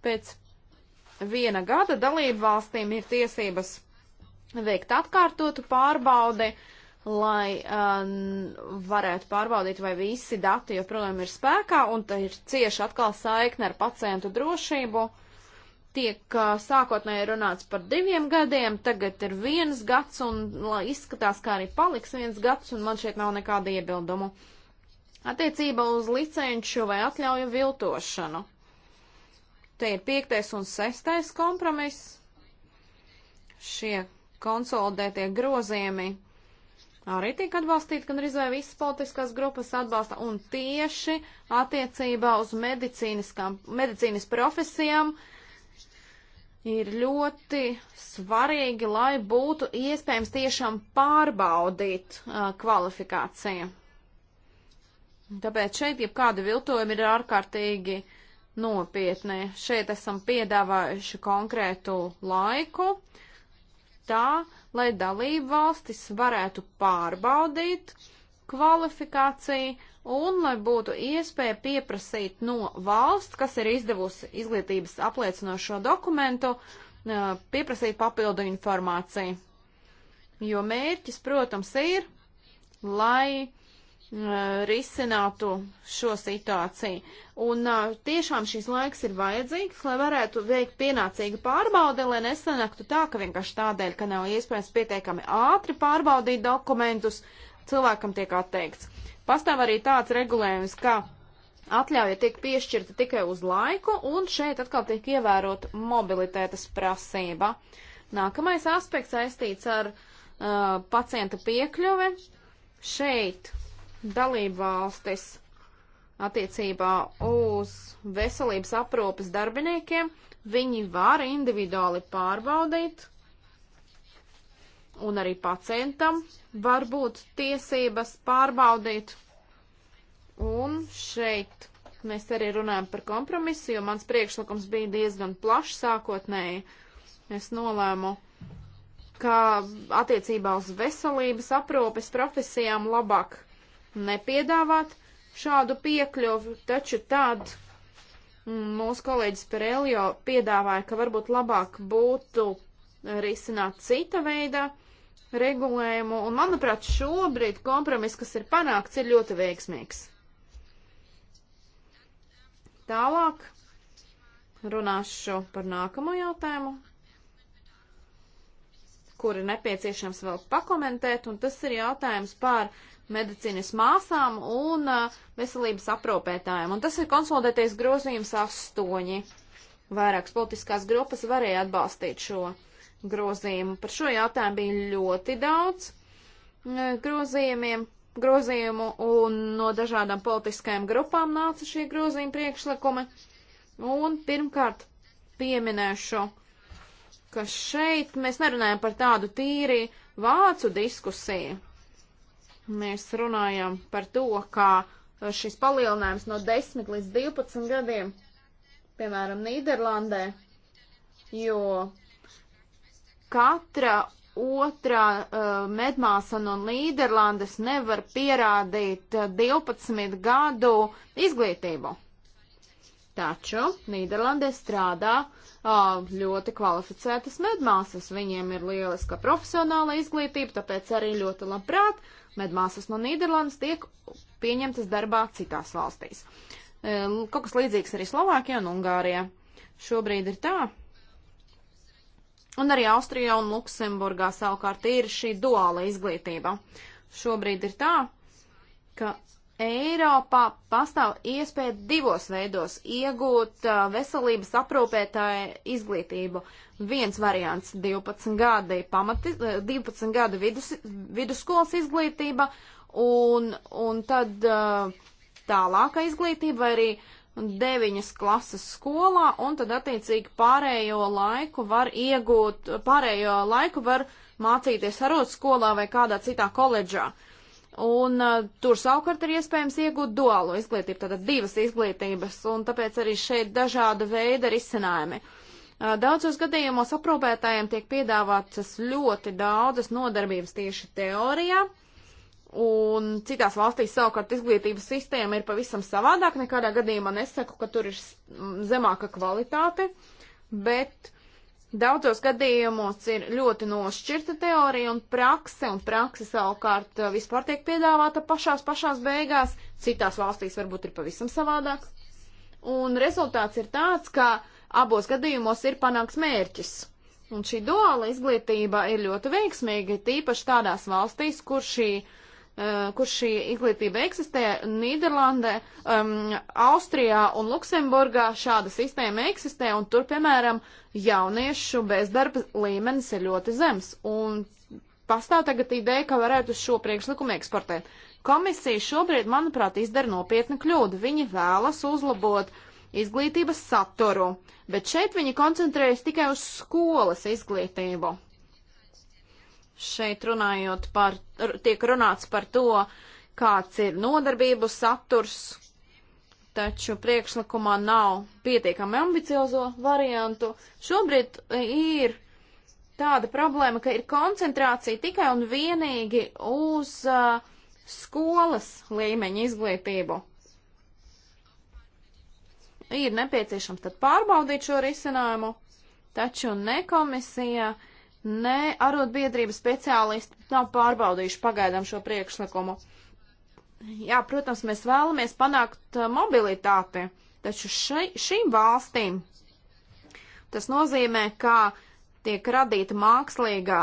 Pēc viena gada dalību valstīm ir tiesības veikt atkārtotu pārbaudi, lai uh, varētu pārbaudīt, vai visi dati joprojām ir spēkā, un tā ir cieši atkal saikne ar pacientu drošību. Tiek uh, sākotnēji runāts par diviem gadiem, tagad ir viens gads, un lai izskatās, kā arī paliks viens gads, un man šeit nav nekāda iebildumu. Attiecībā uz licenču vai atļauju viltošanu. Te ir piektais un sestais kompromiss. Šie konsolidētie grozījumi arī tika atbalstīti, gan arī visas politiskās grupas atbalsta, un tieši attiecībā uz medicīnas profesijām ir ļoti svarīgi, lai būtu iespējams tiešām pārbaudīt uh, kvalifikāciju. Tāpēc šeit jebkāda viltojuma ir ārkārtīgi nopietni. Šeit esam piedāvājuši konkrētu laiku. Uh, tā, lai dalību valstis varētu pārbaudīt kvalifikāciju un lai būtu iespēja pieprasīt no valsts, kas ir izdevusi izglītības apliecinošo dokumentu, pieprasīt papildu informāciju. Jo mērķis, protams, ir, lai Eh, risinātu šo situāciju. Un eh, tiešām šis laiks ir vajadzīgs, lai varētu veikt pienācīgu pārbaudi, lai nesanāktu tā, ka vienkārši tādēļ, ka nav iespējams pietiekami ātri pārbaudīt dokumentus, cilvēkam tiek atteikts. Pastāv arī tāds regulējums, ka atļauja tiek piešķirta tikai uz laiku, un šeit atkal tiek ievērot mobilitātes prasība. Nākamais aspekts saistīts ar uh, pacienta piekļuvi. Šeit dalību valstis attiecībā uz veselības aprūpas darbiniekiem, viņi var individuāli pārbaudīt, un arī pacientam var būt tiesības pārbaudīt. Un šeit mēs arī runājam par kompromisu, jo mans priekšlikums bija diezgan plašs sākotnēji. Es nolēmu, ka attiecībā uz veselības aprūpes profesijām labāk nepiedāvāt šādu piekļuvu, taču tad mūsu kolēģis Perelio piedāvāja, ka varbūt labāk būtu risināt cita veida regulējumu, un manuprāt, šobrīd kompromiss, kas ir panākts, ir ļoti veiksmīgs. Tālāk runāšu par nākamo jautājumu, kuri nepieciešams vēl pakomentēt, un tas ir jautājums par uh, medicīnas māsām un uh, veselības aprūpētājiem. Un tas ir konsolidētais grozījums astoņi. Vairākas politiskās grupas varēja atbalstīt šo grozījumu. Par šo jautājumu bija ļoti daudz grozījumiem, grozījumu, un no dažādām politiskajām grupām nāca šie grozījuma priekšlikumi. Un pirmkārt pieminēšu, ka šeit mēs nerunājam par tādu tīri vācu diskusiju, Mēs runājam par to, kā uh, šis palielinājums no 10 līdz 12 gadiem, piemēram, Nīderlandē, jo katra otrā uh, medmāsa no Nīderlandes nevar pierādīt 12 uh, gadu izglītību. Taču Nīderlandē strādā uh, ļoti kvalificētas medmāsas. Viņiem ir lieliska profesionāla izglītība, tāpēc arī ļoti labprāt uh, medmāsas no Nīderlandes tiek pieņemtas darbā citās valstīs. E, kaut kas līdzīgs arī Slovākijā un Ungārijā. Šobrīd ir tā. Un arī Austrijā un Luksemburgā savukārt ir šī duāla izglītība. Šobrīd ir tā, ka Eiropā pastāv iespēja divos veidos iegūt veselības aprūpētāju izglītību. Viens variants - 12 gadi, pamati, 12 gadi vidus, vidusskolas izglītība, un, un tad tālāka izglītība vai arī 9 klases skolā, un tad attiecīgi pārējo laiku var iegūt, pārējo laiku var mācīties arotskolā vai kādā citā koledžā. Uh, Un uh, tur savukārt ir iespējams iegūt duālo izglītību, tātad divas izglītības, un tāpēc arī šeit dažāda veida risinājumi. Uh, daudzos gadījumos aprūpētājiem tiek piedāvātas ļoti daudzas nodarbības tieši teorijā, un citās valstīs savukārt izglītības sistēma ir pavisam savādāk. Nekādā gadījumā nesaku, ka tur ir zemāka kvalitāte, bet uh, Daudzos gadījumos ir ļoti nošķirta teorija un prakse, un prakse savukārt eh, vispār tiek piedāvāta pašās pašās beigās, citās valstīs varbūt ir pavisam savādāk. Un rezultāts ir tāds, ka abos gadījumos ir panāks mērķis. Un šī duāla izglītība ir ļoti veiksmīga, tīpaši tādās valstīs, kur šī uh, Eh, kur šī izglītība eksistē, Nīderlandē, um, Austrijā un Luksemburgā šāda sistēma eksistē, un tur, piemēram, jauniešu bezdarba līmenis ir ļoti zems. Un pastāv tagad ideja, ka varētu šo priekšlikumu eksportēt. Komisija šobrīd, manuprāt, izdara nopietnu kļūdu. Viņi vēlas uzlabot izglītības saturu, bet šeit viņi koncentrējas tikai uz skolas izglītību. Šeit runājot par, tiek runāts par to, kāds ir nodarbību saturs, taču priekšlikumā nav pietiekami ambiciozo variantu. Šobrīd e, ir tāda problēma, ka ir koncentrācija tikai un vienīgi uz uh, skolas līmeņa izglītību. Ir nepieciešams tad pārbaudīt šo risinājumu, taču ne komisija, uh, Nē, arotbiedrības speciālisti nav pārbaudījuši pagaidām šo priekšlikumu. Jā, protams, mēs vēlamies panākt uh, mobilitāti, taču šai, šīm valstīm tas nozīmē, ka tiek radīta mākslīgā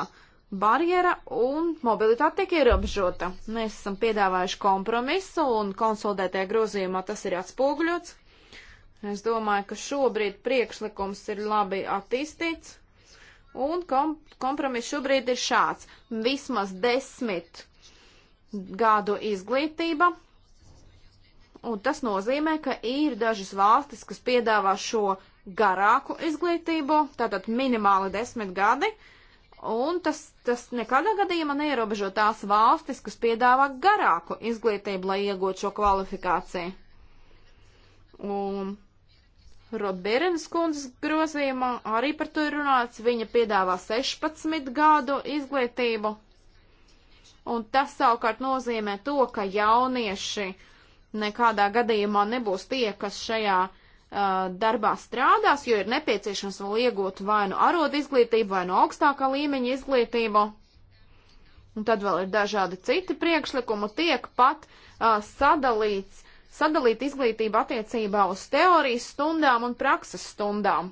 barjera un mobilitāte tiek ierobežota. Mēs esam piedāvājuši kompromisu un konsolidētajā grozījumā tas ir atspoguļots. Es domāju, ka šobrīd priekšlikums ir labi attīstīts Un kom kompromiss šobrīd ir šāds. Vismaz desmit gadu izglītība. Un tas nozīmē, ka ir dažas valstis, kas piedāvā šo garāku izglītību, tātad minimāli desmit gadi. Un tas, tas nekādā gadījumā neierobežo tās valstis, kas piedāvā garāku izglītību, lai iegūtu šo kvalifikāciju. Un Robirenas kundzes grozījumā arī par to ir runāts. Viņa piedāvā 16 gadu izglītību. Un tas savukārt nozīmē to, ka jaunieši nekādā gadījumā nebūs tie, kas šajā uh, darbā strādās, jo ir nepieciešams vēl iegūt vai nu arodu izglītību, vai nu augstākā līmeņa izglītību. Un tad vēl ir dažādi citi priekšlikumi, tiek pat uh, sadalīts sadalīt izglītību attiecībā uz teorijas stundām un prakses stundām.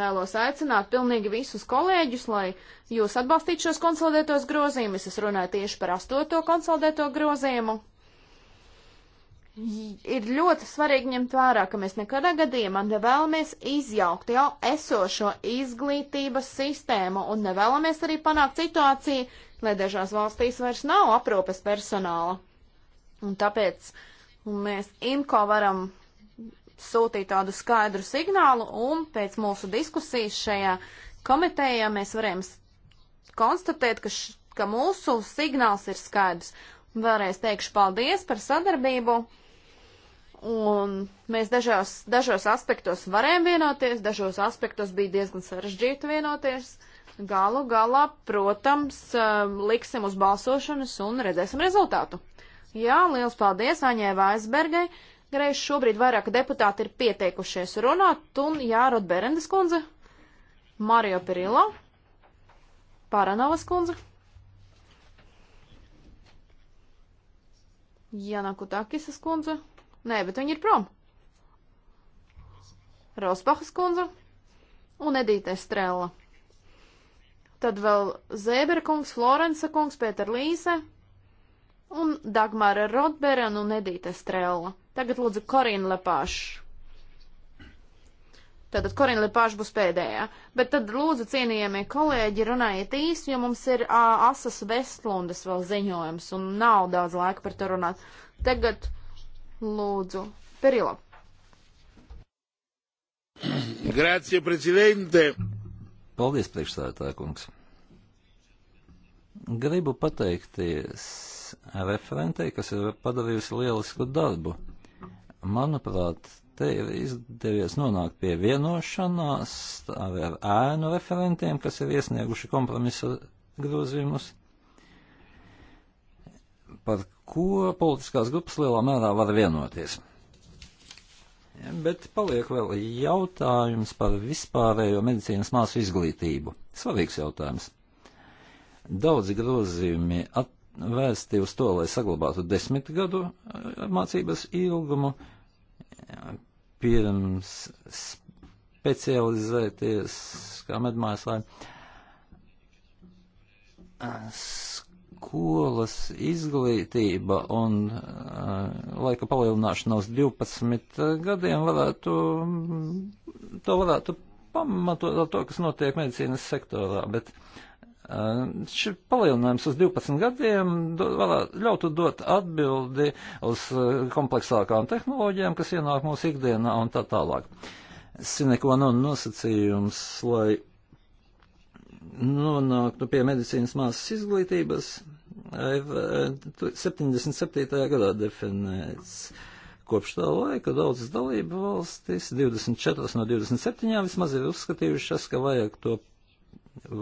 Vēlos aicināt pilnīgi visus kolēģus, lai jūs atbalstītu šos konsolidētos grozījumus. Es runāju tieši par astoto konsolidēto grozījumu. Ir ļoti svarīgi ņemt vērā, ka mēs nekadā gadījumā nevēlamies izjaukt jau esošo izglītības sistēmu un nevēlamies arī panākt situāciju, lai dažās valstīs vairs nav aprūpes personāla. Un tāpēc uh, Un mēs IMCO varam sūtīt tādu skaidru signālu, un pēc mūsu diskusijas šajā komitejā mēs varējām konstatēt, ka, š, ka mūsu signāls ir skaidrs. Vēlreiz teikšu paldies par sadarbību, un mēs dažos, dažos aspektos varējām vienoties, dažos aspektos bija diezgan sarežģīti vienoties. Galu galā, protams, eh, liksim uz balsošanas un redzēsim rezultātu. Jā, liels paldies Aņē Vaisbergai. Greiz šobrīd vairāk deputāti ir pieteikušies runāt, un Jārod Berendes kundze, Mario Pirilo, Paranovas kundze, Janaku Takisas kundze, nē, bet viņi ir prom, Rosbachas kundze un Edīte Strella. Tad vēl Zēberkungs, Florence kungs, Pēter Līse, un Dagmara Rodberena un nu Edīte Strela. Tagad lūdzu Korina Lepāša. Tātad Korina Lepāša būs pēdējā. Bet tad lūdzu, cienījamie kolēģi, runājiet īsi, jo mums ir uh, Asas Vestlundes vēl ziņojums un nav daudz laika par to runāt. Tagad lūdzu Perilo. Grācie, prezidente! Paldies, priekšstādātā kungs! Gribu pateikties referentei, kas ir padarījusi lielisku darbu. Manuprāt, te ir izdevies nonākt pie vienošanās ar ēnu referentiem, kas ir iesnieguši kompromisa grozījumus, par ko politiskās grupas lielā mērā var vienoties. Bet paliek vēl jautājums par vispārējo medicīnas māsu izglītību. Svarīgs jautājums. Daudzi grozījumi at, vērsti uz to, lai saglabātu desmit gadu eh, mācības ilgumu, pirms specializēties kā medmājaslēm. Skolas izglītība un eh, laika palielināšana uz 12 gadiem varētu, to varētu pamatot ar to, kas notiek medicīnas sektorā, bet uh, Šis palielinājums uz 12 gadiem do, ļautu dot atbildi uz kompleksākām tehnoloģijām, kas ienāk mūsu ikdienā un tā tālāk. Sineko nav nosacījums, lai nonāktu pie medicīnas māsas izglītības. 77. gadā definēts. Kopš tā laika daudzas dalība valstis, 24 no 27, vismaz ir uzskatījušas, ka vajag to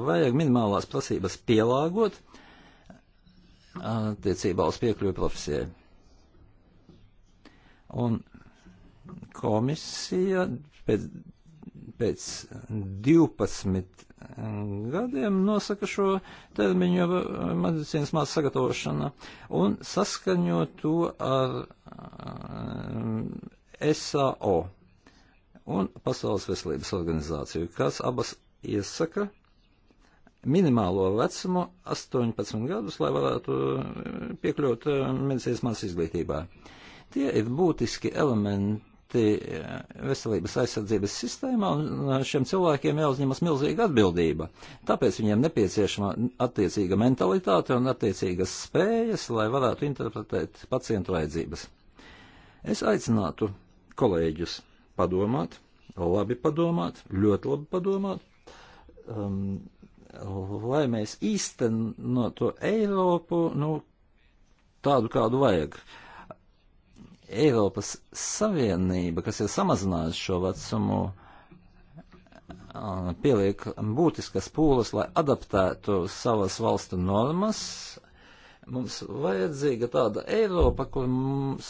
vajag minimālās prasības pielāgot attiecībā uz piekļuvi profesijai. Un komisija pēc, pēc 12 gadiem nosaka šo termiņu medicīnas mācas sagatavošana un saskaņo to ar SAO un Pasaules veselības organizāciju, kas abas iesaka minimālo vecumu 18 gadus, lai varētu eh, piekļūt eh, medicīnas mācas izglītībā. Tie ir būtiski elementi eh, veselības aizsardzības sistēmā, un šiem cilvēkiem jāuzņemas milzīga atbildība. Tāpēc viņiem nepieciešama attiecīga mentalitāte un attiecīgas spējas, lai varētu interpretēt pacientu vajadzības. Es aicinātu kolēģus padomāt, labi padomāt, ļoti labi padomāt, um, lai mēs īstenotu Eiropu, nu, tādu kādu vajag. Eiropas Savienība, kas ir samazinājusi šo vecumu, pieliek būtiskas pūles, lai adaptētu savas valstu normas. Mums vajadzīga tāda Eiropa, kur mums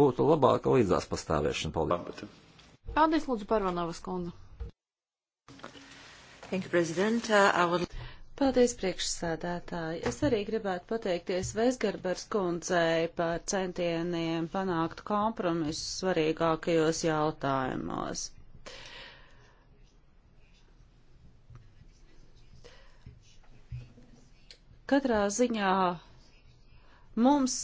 būtu labāka līdzās pastāvēšana. Paldies! Paldies, Lūdzu, Parvanovas kundze! Thank you, President. Uh, would... Paldies, priekšsēdētāji. Es arī gribētu pateikties Vesgarbers kundzei par centieniem panākt kompromisu svarīgākajos jautājumos. Katrā ziņā mums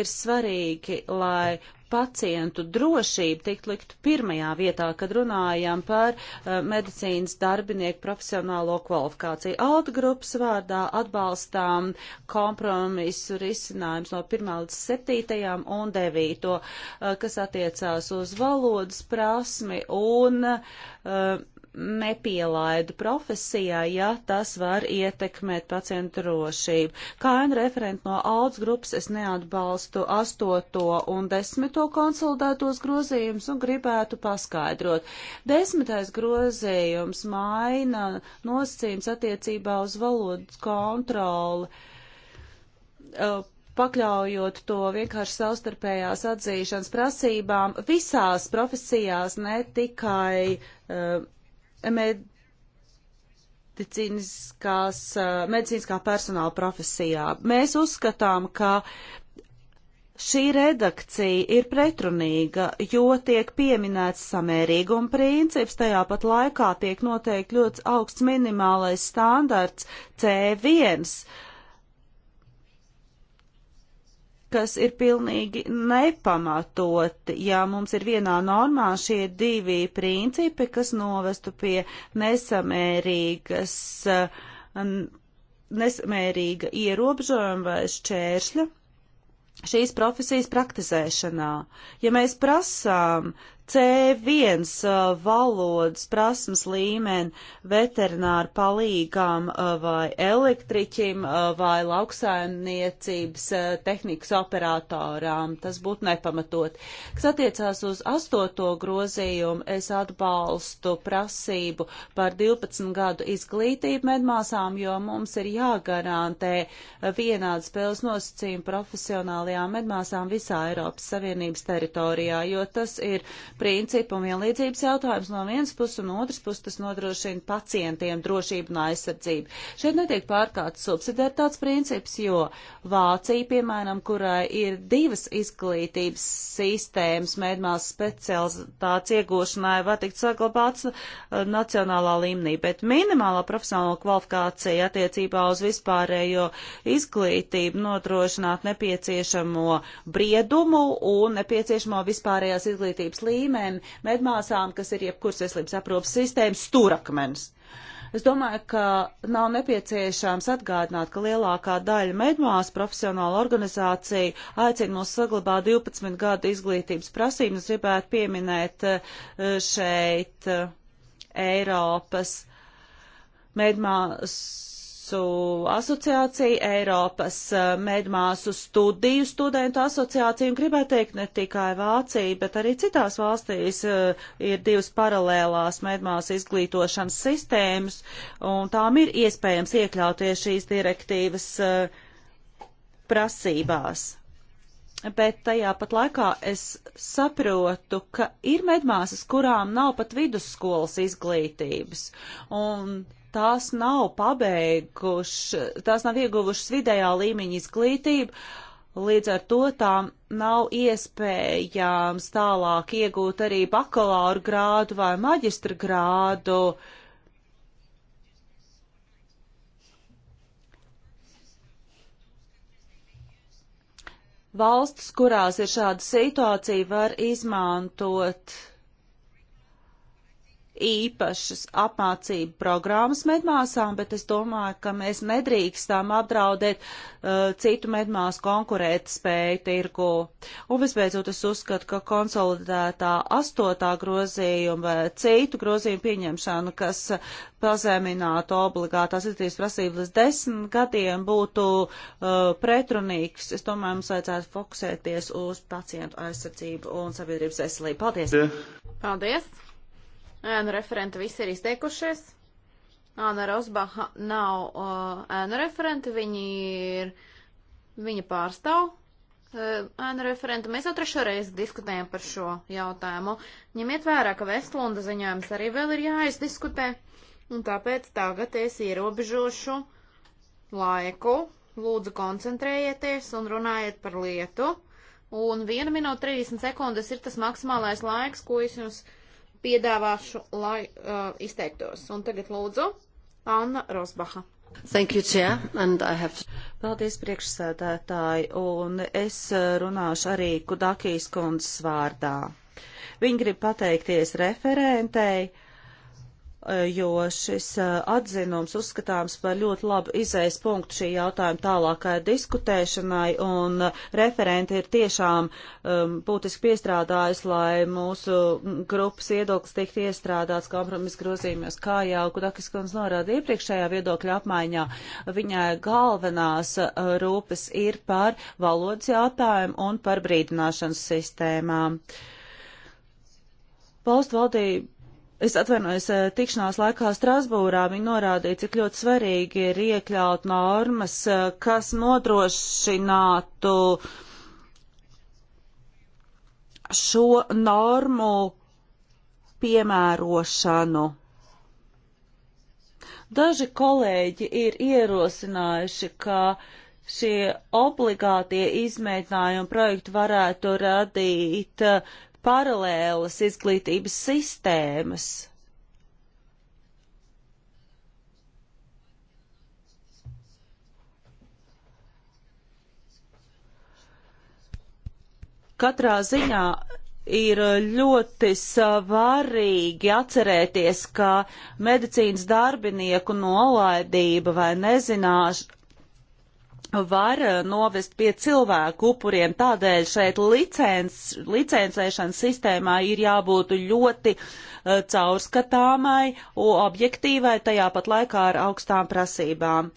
ir svarīgi, lai pacientu drošība tikt likt pirmajā vietā, kad runājam par uh, medicīnas darbinieku profesionālo kvalifikāciju. Alta grupas vārdā atbalstām kompromisu risinājums no 1 līdz 7 un 9, uh, eh, kas attiecās uz valodas prasmi un uh, nepielaidu profesijā, ja tas var ietekmēt pacientu drošību. Kā N referenti no Alts grupas es neatbalstu astoto un desmito konsolidētos grozījumus un gribētu paskaidrot. Desmitais grozījums maina nosacījums attiecībā uz valodas kontroli. Uh, pakļaujot to vienkārši savstarpējās atzīšanas prasībām visās profesijās, ne tikai uh, medicīniskās, eh, medicīniskā personāla profesijā. Mēs uzskatām, ka šī redakcija ir pretrunīga, jo tiek pieminēts samērīguma princips, tajā pat laikā tiek noteikti ļoti augsts minimālais standarts C1. Uh, kas ir pilnīgi nepamatoti, ja mums ir vienā normā šie divi principi, kas novestu pie nesamērīgas, nesamērīga ierobežojuma vai šķēršļa šīs profesijas praktizēšanā. Ja mēs prasām C1 uh, valodas prasmes līmeni veterināru palīgām uh, vai elektriķim uh, vai lauksaimniecības tehnikas operatorām. Tas būtu nepamatot. Kas attiecās uz astoto grozījumu, es atbalstu prasību par 12 gadu izglītību medmāsām, jo mums ir jāgarantē vienādas spēles nosacījumi profesionālajām medmāsām visā Eiropas Savienības teritorijā, jo tas ir principu un vienlīdzības jautājums no vienas puses, un otras puses tas nodrošina pacientiem drošību un aizsardzību. Šeit netiek pārkārts subsidiaritāts princips, jo Vācija, piemēram, kurai ir divas izglītības sistēmas mēdmās specialitātes iegūšanai, var tikt saglabāts uh, nacionālā līmenī, bet minimālā profesionāla kvalifikācija attiecībā uz vispārējo izglītību nodrošināt nepieciešamo briedumu un nepieciešamo vispārējās izglītības līmeni ģimēm, medmāsām, kas ir jebkuras veselības aprūpas sistēmas stūrakmenis. Es domāju, ka nav nepieciešams atgādināt, ka lielākā daļa medmās profesionāla organizācija aicina mūs saglabāt 12 gadu izglītības prasības. Gribētu pieminēt eh, šeit eh, Eiropas medmās medmāsu asociācija, Eiropas eh, medmāsu studiju studentu asociācija, un gribētu teikt, ne tikai Vācija, bet arī citās valstīs eh, ir divas paralēlās medmāsu izglītošanas sistēmas, un tām ir iespējams iekļauties šīs direktīvas eh, prasībās. Bet tajā pat laikā es saprotu, ka ir medmāsas, kurām nav pat vidusskolas izglītības. Un tās nav pabeigušas, tās nav ieguvušas vidējā līmeņa izglītību, līdz ar to tām nav iespējams tālāk iegūt arī bakalauru grādu vai maģistra grādu. Valsts, kurās ir šāda situācija, var izmantot īpašas apmācību programmas medmāsām, bet es domāju, ka mēs nedrīkstam apdraudēt uh, citu medmāsu konkurēt spēju tirgu. Un visbeidzot, es uzskatu, ka konsolidētā astotā grozījuma vai citu grozījumu pieņemšana, kas pazeminātu obligātās izglītības prasības līdz desmit gadiem, būtu uh, pretrunīgs. Es domāju, mums vajadzētu fokusēties uz pacientu aizsardzību un sabiedrības veselību. Paldies! Paldies! Ēnu referenti visi ir izteikušies. Āna Rosbaha nav uh, ēnu referenti, viņi ir, viņa pārstāv uh, ēnu referentu. Mēs jau trešo reizi diskutējam par šo jautājumu. Ņemiet vērā, ka Vestlunda ziņojums arī vēl ir jāizdiskutē, un tāpēc tagad es ierobežošu laiku. Lūdzu, koncentrējieties un runājiet par lietu. Un 1 minūte 30 sekundes ir tas maksimālais laiks, ko es jums. Jūs piedāvāšu, lai uh, izteiktos. Un tagad lūdzu Anna Rosbaha. Thank you, Chair, and I have... Paldies, priekšsēdētāji, un es uh, runāšu arī Kudakijas kundzes vārdā. Viņa grib pateikties referentei jo šis atzinums uzskatāms par ļoti labu izējas punktu šī jautājuma tālākai diskutēšanai, un referenti ir tiešām um, būtiski piestrādājis, lai mūsu grupas viedoklis tiktu iestrādāts kompromisa grozījumos, kā jau Kudakis kundze norāda iepriekšējā viedokļa apmaiņā. Viņai galvenās rūpes ir par valodas jautājumu un par brīdināšanas sistēmām. Valstu valdība Es atvainojos, eh, tikšanās laikā Strasbūrā viņi norādīja, cik ļoti svarīgi ir iekļaut normas, eh, kas nodrošinātu šo normu piemērošanu. Daži kolēģi ir ierosinājuši, ka šie obligātie izmēģinājumi projekti varētu radīt uh, paralēlas izglītības sistēmas. Katrā ziņā ir ļoti svarīgi atcerēties, ka medicīnas darbinieku nolaidība vai nezināšana var eh, novest pie cilvēku upuriem. Tādēļ šeit licens, licencēšanas sistēmā ir jābūt ļoti uh, caurskatāmai, objektīvai, tajā pat laikā ar augstām prasībām.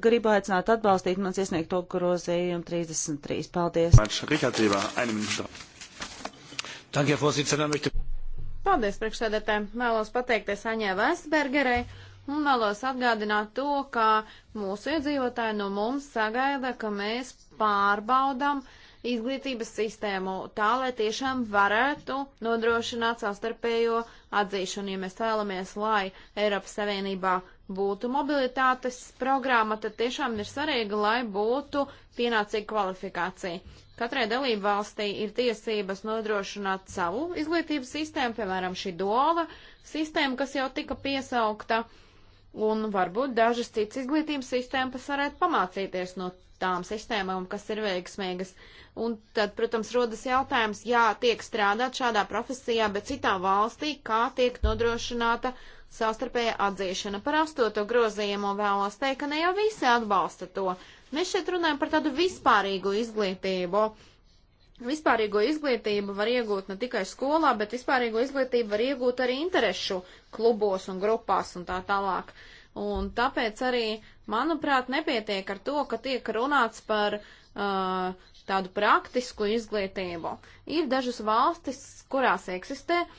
Gribu aicināt atbalstīt mans iesniegto grozījumu 33. Paldies. Paldies, priekšsēdētāji. Vēlos pateikties Aņē Vēstbergerai Un vēlos atgādināt to, ka mūsu iedzīvotāji no mums sagaida, ka mēs pārbaudam izglītības sistēmu tā, lai tiešām varētu nodrošināt savstarpējo atzīšanu. Ja mēs vēlamies, lai Eiropas Savienībā būtu mobilitātes programma, tad tiešām ir svarīgi, lai būtu pienācīga kvalifikācija. Katrai dalību valstī ir tiesības nodrošināt savu izglītības sistēmu, piemēram, šī dola sistēma, kas jau tika piesaukta. Uh, Un varbūt dažas citas izglītības sistēmas varētu pamācīties no tām sistēmām, kas ir veiksmīgas. Un tad, protams, rodas jautājums, jā, tiek strādāt šādā profesijā, bet citā valstī, kā tiek nodrošināta savstarpēja atzīšana. Par astoto grozījumu vēlos teikt, ka ne jau visi atbalsta to. Mēs šeit runājam par tādu vispārīgu izglītību. Uh, Vispārīgo izglītību var iegūt ne tikai skolā, bet vispārīgo izglītību var iegūt arī interešu klubos un grupās un tā tālāk. Un tāpēc arī, manuprāt, nepietiek ar to, ka tiek runāts par uh, tādu praktisku izglītību. Ir dažas valstis, kurās eksistē uh,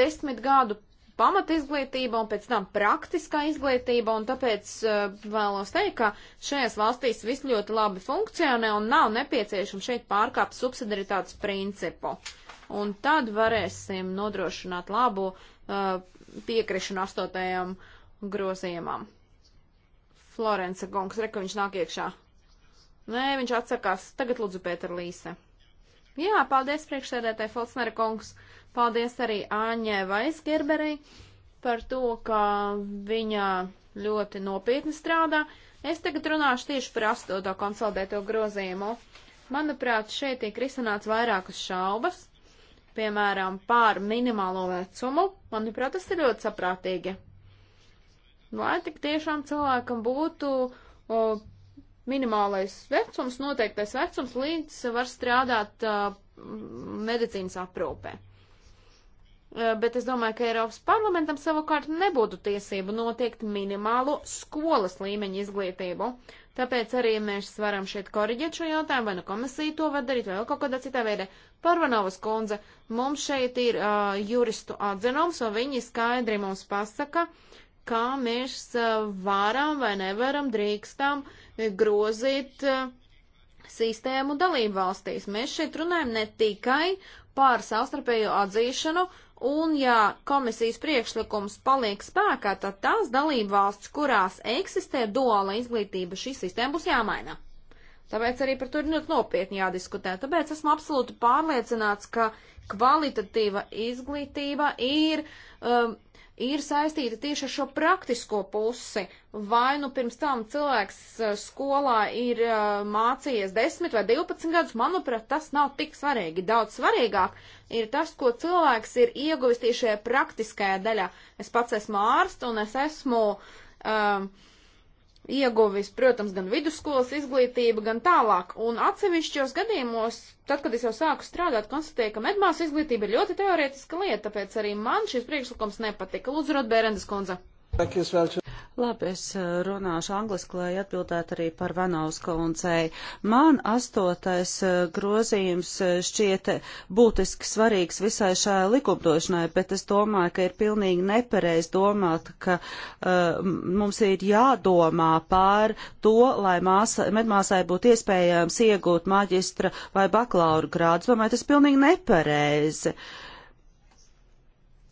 desmit gadu pamatizglītība un pēc tam praktiskā izglītība, un tāpēc uh, vēlos teikt, ka šajās valstīs viss ļoti labi funkcionē un nav nepieciešams šeit pārkāpt subsidaritātes principu. Un tad varēsim nodrošināt labu uh, piekrišanu astotajam grozījumam. Florence Gongs, reka viņš nāk iekšā. Nē, viņš atsakās. Tagad lūdzu Pēter Līse. Jā, paldies priekšsēdētāji Folsnera Kongs. Uh, Paldies arī Āņē Vaisgerberei par to, ka viņa ļoti nopietni strādā. Es tagad runāšu tieši par astoto konsolidēto grozījumu. Manuprāt, šeit tiek risināts vairākas šaubas, piemēram, pār minimālo vecumu. Manuprāt, tas ir ļoti saprātīgi. Lai tik tiešām cilvēkam būtu o, minimālais vecums, noteiktais vecums, līdz var strādāt o, medicīnas aprūpē. Eh, bet es domāju, ka Eiropas parlamentam savukārt nebūtu tiesību noteikt minimālo skolas līmeņa izglītību. Tāpēc arī mēs varam šeit koriģēt šo jautājumu, vai nu komisija to var darīt, vai vēl kaut kādā citā veidā. Parvanovas kundze, mums šeit ir uh, juristu atzinums, un viņi skaidri mums pasaka, kā mēs uh, varam vai nevaram drīkstam grozīt uh, sistēmu dalību valstīs. Mēs šeit runājam ne tikai par savstarpēju atzīšanu Un ja komisijas priekšlikums paliek spēkā, tad tās dalība valsts, kurās eksistē duāla izglītība, šī sistēma būs jāmaina. Tāpēc arī par to ir ļoti nopietni jādiskutē. Tāpēc esmu absolūti pārliecināts, ka kvalitatīva izglītība ir um, ir saistīta tieši ar šo praktisko pusi. Vai nu pirms tam cilvēks eh, skolā ir eh, mācījies 10 vai 12 gadus, manuprāt, tas nav tik svarīgi. Daudz svarīgāk ir tas, ko cilvēks ir ieguvis tieši šajā praktiskajā daļā. Es pats esmu ārsts un es esmu. Um, uh, ieguvis, protams, gan vidusskolas izglītība, gan tālāk. Un atsevišķos gadījumos, tad, kad es jau sāku strādāt, konstatēju, ka medmās izglītība ir ļoti teorētiska lieta, tāpēc arī man šis priekšlikums nepatika. Lūdzu, Rotbērendes kundze. Labi, es eh, runāšu angliski, lai atbildētu arī par Vanaus koncei. Man astotais eh, grozījums eh, šķiet būtiski svarīgs visai šajā likumdošanai, bet es domāju, ka ir pilnīgi nepareiz domāt, ka uh, mums ir jādomā par to, lai māsa, medmāsai būtu iespējams iegūt maģistra vai baklaura grādus. Domāju, tas ir pilnīgi nepareizi. Uh,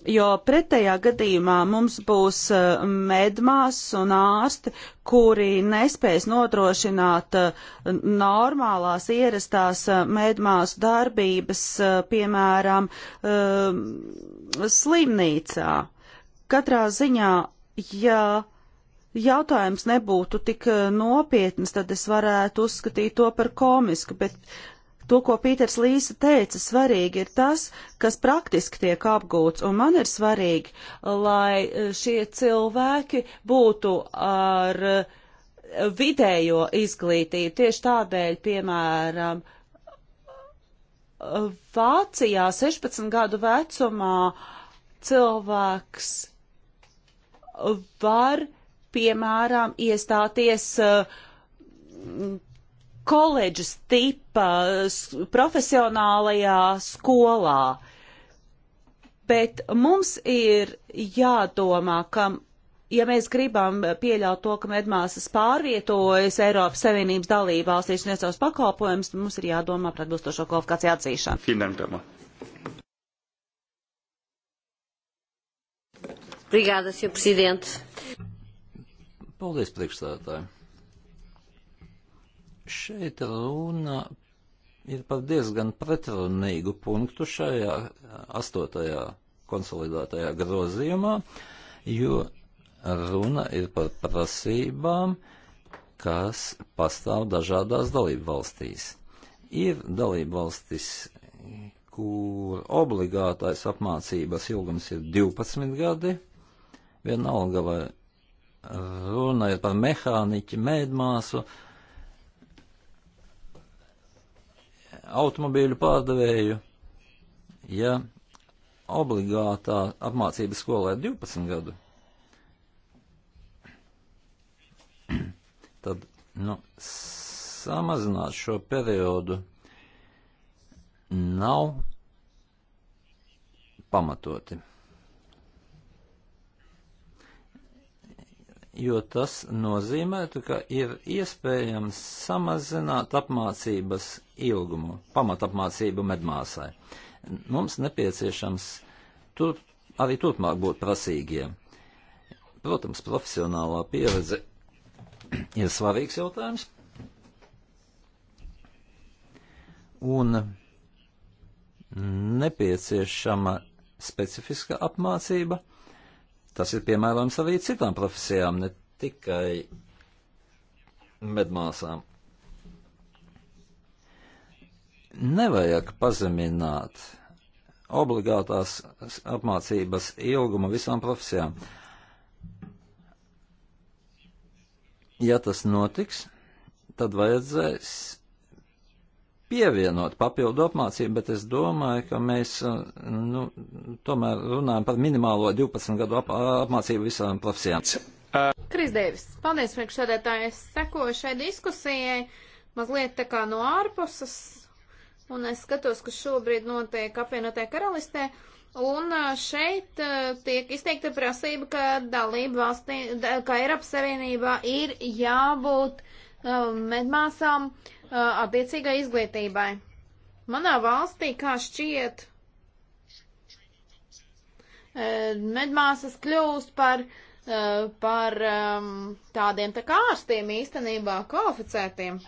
jo pretējā gadījumā mums būs eh, medmās un ārsti, kuri nespēs nodrošināt eh, normālās ierastās eh, medmās darbības, piemēram, slimnīcā. Katrā ziņā, ja jautājums nebūtu tik nopietns, tad es varētu uzskatīt to par komisku, bet to, ko Pīters Līsa teica, svarīgi ir tas, kas praktiski tiek apgūts, un man ir svarīgi, lai eh, šie cilvēki būtu ar eh, vidējo izglītību. Tieši tādēļ, piemēram, Vācijā 16 gadu vecumā cilvēks var, piemēram, iestāties eh, koledžas tipa profesionālajā skolā. Bet mums ir jādomā, ka, ja mēs gribam pieļaut to, ka medmāsas pārvietojas Eiropas Savienības dalība valstīs un savus pakalpojumus, mums ir jādomā par atbilstošo kvalifikāciju atzīšanu. Finantamā. Obrigada, Sr. Presidente. Paldies, priekšstādātāji. Šeit runa ir par diezgan pretrunīgu punktu šajā astotajā konsolidētajā grozījumā, jo runa ir par prasībām, kas pastāv dažādās dalību valstīs. Ir dalību valstis, kur obligātais apmācības ilgums ir 12 gadi, vienalga vai runa ir par mehāniķi, mēdmāsu, uh, automobīļu pārdevēju, ja obligātā apmācība skolē 12 gadu, tad nu, samazināt šo periodu nav pamatoti. jo tas nozīmētu, ka ir iespējams samazināt apmācības ilgumu pamatapmācību medmāsai. Mums nepieciešams tur, arī turpmāk būt prasīgiem. Protams, profesionālā pieredze ir svarīgs jautājums. Un nepieciešama specifiska apmācība. Tas ir piemērojams arī citām profesijām, ne tikai medmāsām. Nevajag pazemināt obligātās apmācības ilguma visām profesijām. Ja tas notiks, tad vajadzēs pievienot papildu apmācību, bet es domāju, ka mēs uh, nu, tomēr runājam par minimālo 12 gadu ap apmācību visām profesijām. Kris Dēvis, paldies priekšsēdētāji, es sekoju šai diskusijai mazliet tā kā no ārpuses un es skatos, kas šobrīd notiek apvienotē karalistē, un šeit tiek izteikta prasība, ka dalība valstī, ka Eiropas Savienībā ir jābūt medmāsām attiecīgai izglītībai. Manā valstī, kā šķiet, medmāsas kļūst par, par tādiem tā kā ārstiem īstenībā kvalificētiem.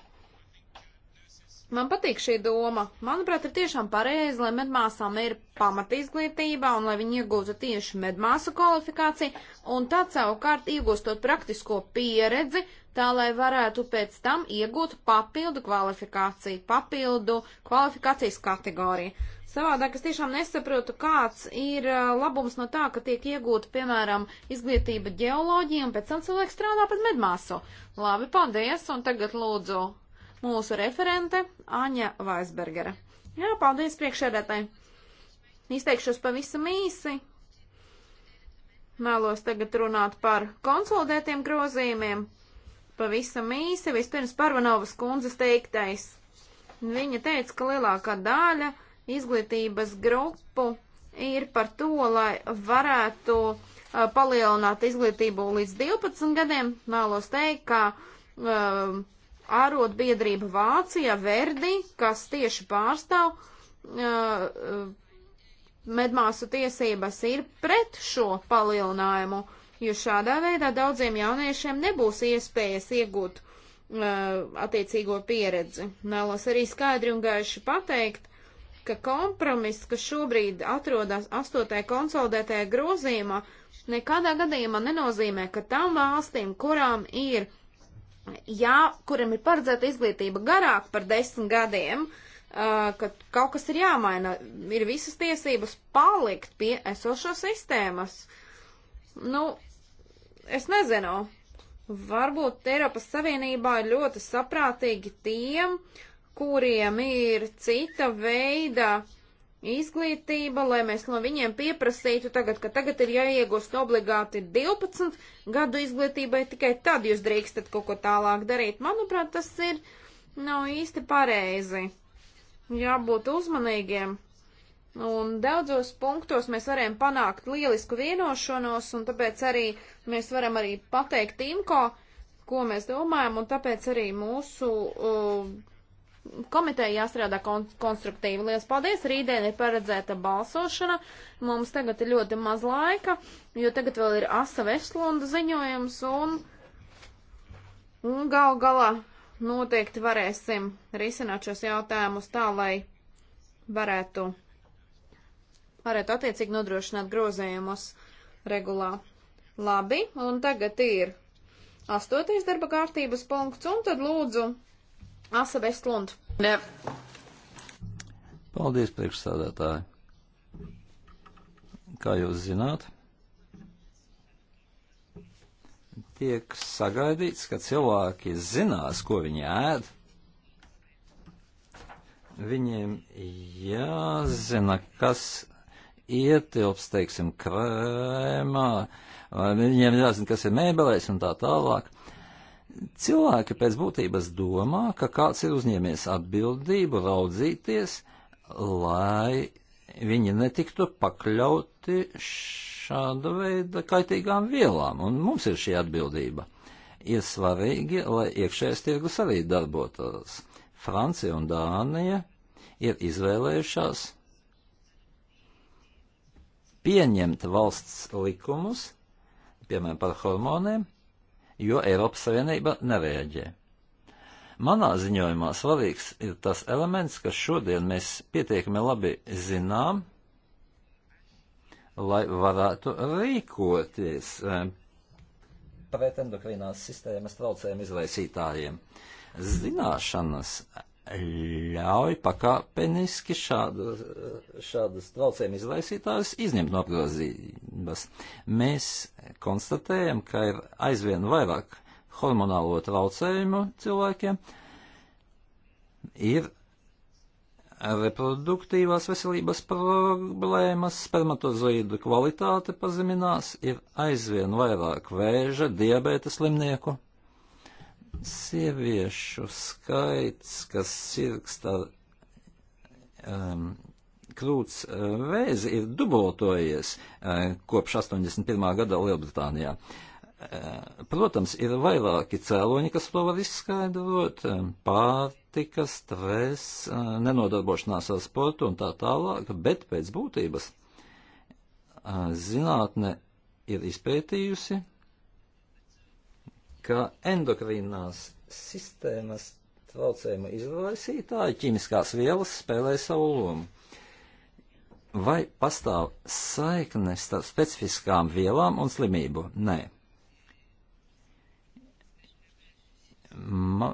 Man patīk šī doma. Manuprāt, ir tiešām pareizi, lai medmāsām ir pamatizglītība un lai viņi iegūtu tieši medmāsu kvalifikāciju un tad savukārt iegūstot praktisko pieredzi, tā lai varētu pēc tam iegūt papildu kvalifikāciju, papildu kvalifikācijas kategoriju. Savādāk es tiešām nesaprotu, kāds ir labums no tā, ka tiek iegūta, piemēram, izglītība ģeoloģija un pēc tam cilvēks strādā pēc medmāsu. Labi, paldies, un tagad lūdzu mūsu referente Aņa Vaisbergere. Jā, paldies priekšēdētāji. Izteikšos pavisam īsi. Mēlos tagad runāt par konsolidētiem grozījumiem. Pavisam īsi vispirms Parvanovas kundzes teiktais. Viņa teica, ka lielākā daļa izglītības grupu ir par to, lai varētu uh, palielināt izglītību līdz 12 gadiem. Mēlos teikt, ka uh, ārotbiedrība Vācija, Verdi, kas tieši pārstāv uh, uh, medmāsu tiesības, ir pret šo palielinājumu, jo šādā veidā daudziem jauniešiem nebūs iespējas iegūt uh, attiecīgo pieredzi. Nēlos arī skaidri un gaiši pateikt, ka kompromiss, kas šobrīd atrodas 8. konsolidētajā grozījumā, nekādā gadījumā nenozīmē, ka tām valstīm, kurām ir uh, ja kuram ir paredzēta izglītība garāk par desmit gadiem, uh, ka kaut kas ir jāmaina, ir visas tiesības palikt pie esošo sistēmas. Nu, es nezinu, varbūt Eiropas Savienībā ir ļoti saprātīgi tiem, kuriem ir cita veida uh, izglītība, lai mēs no viņiem pieprasītu tagad, ka tagad ir jāiegūst obligāti 12 gadu izglītībai, tikai tad jūs drīkstat kaut ko tālāk darīt. Manuprāt, tas ir nav nu, īsti pareizi. Jābūt uzmanīgiem. Un daudzos punktos mēs varējām panākt lielisku vienošanos, un tāpēc arī mēs varam arī pateikt Imko, ko mēs domājam, un tāpēc arī mūsu uh, komiteja jāstrādā kon konstruktīvi. Lielas paldies! Rītdien ir paredzēta balsošana. Mums tagad ir ļoti maz laika, jo tagad vēl ir asa veslunda ziņojums un, un gal galā noteikti varēsim risināt šos jautājumus tā, lai varētu, varētu attiecīgi nodrošināt grozējumus regulā. Labi, un tagad ir astotais darba kārtības punkts, un tad lūdzu Asa Vestlund. Jā. Paldies, priekšsādātāji. Kā jūs zināt, tiek sagaidīts, ka cilvēki zinās, ko viņi ēd. Viņiem jāzina, kas ietilps, teiksim, krēmā, viņiem jāzina, kas ir mēbelēs un tā tālāk. Cilvēki pēc būtības domā, ka kāds ir uzņēmies atbildību raudzīties, lai viņi netiktu pakļauti šāda veida kaitīgām vielām, un mums ir šī atbildība. Ir svarīgi, lai iekšējais tirgus arī darbotos. Francija un Dānija ir izvēlējušās pieņemt valsts likumus, piemēram, par hormoniem, jo Eiropas Savienība nereaģē. Manā ziņojumā svarīgs ir tas elements, kas šodien mēs pietiekami labi zinām, lai varētu rīkoties eh, pret endokrīnās sistēmas traucējumu izraisītājiem. Zināšanas ļauj pakāpeniski šāda, šādas traucējuma izraisītājas izņemt no apgrozības. Mēs konstatējam, ka ir aizvien vairāk hormonālo traucējumu cilvēkiem, ir reproduktīvās veselības problēmas, spermatozoīdu kvalitāte pazeminās, ir aizvien vairāk vēža, diabēta slimnieku, sieviešu skaits, kas sirgsta um, krūts uh, vēzi, ir dubultojies uh, kopš 81. gada Lielbritānijā. Uh, protams, ir vairāki cēloņi, kas to var izskaidrot um, - pārtika, stress, uh, nenodarbošanās ar sportu un tā tālāk, bet pēc būtības uh, zinātne ir izpētījusi ka endokrīnās sistēmas traucējuma izraisītāji ķīmiskās vielas spēlē savu lomu. Vai pastāv saikne starp specifiskām vielām un slimību? Nē. Ma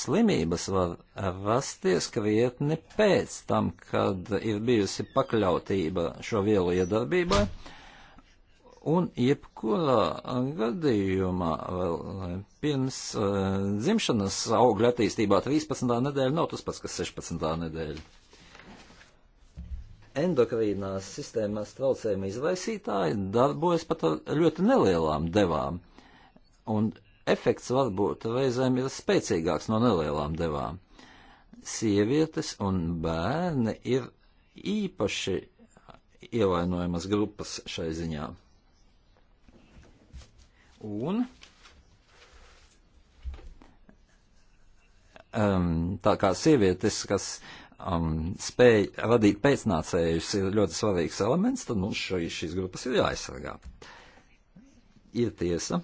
slimības var rasties krietni pēc tam, kad ir bijusi pakļautība šo vielu iedarbībai. Uh, Un jebkurā gadījumā vēl pirms uh, dzimšanas augļa attīstībā 13. nedēļa nav tas pats, kas 16. nedēļa. Endokrīnās sistēmās traucējumi izraisītāji darbojas pat ar ļoti nelielām devām, un efekts varbūt reizēm ir spēcīgāks no nelielām devām. Sievietes un bērni ir īpaši ievainojamas grupas šai ziņā. Un um, tā kā sievietes, kas um, spēj radīt pēcnācējus, ir ļoti svarīgs elements, tad mums nu, šī, šīs grupas ir jāaizsargā. Ir tiesa,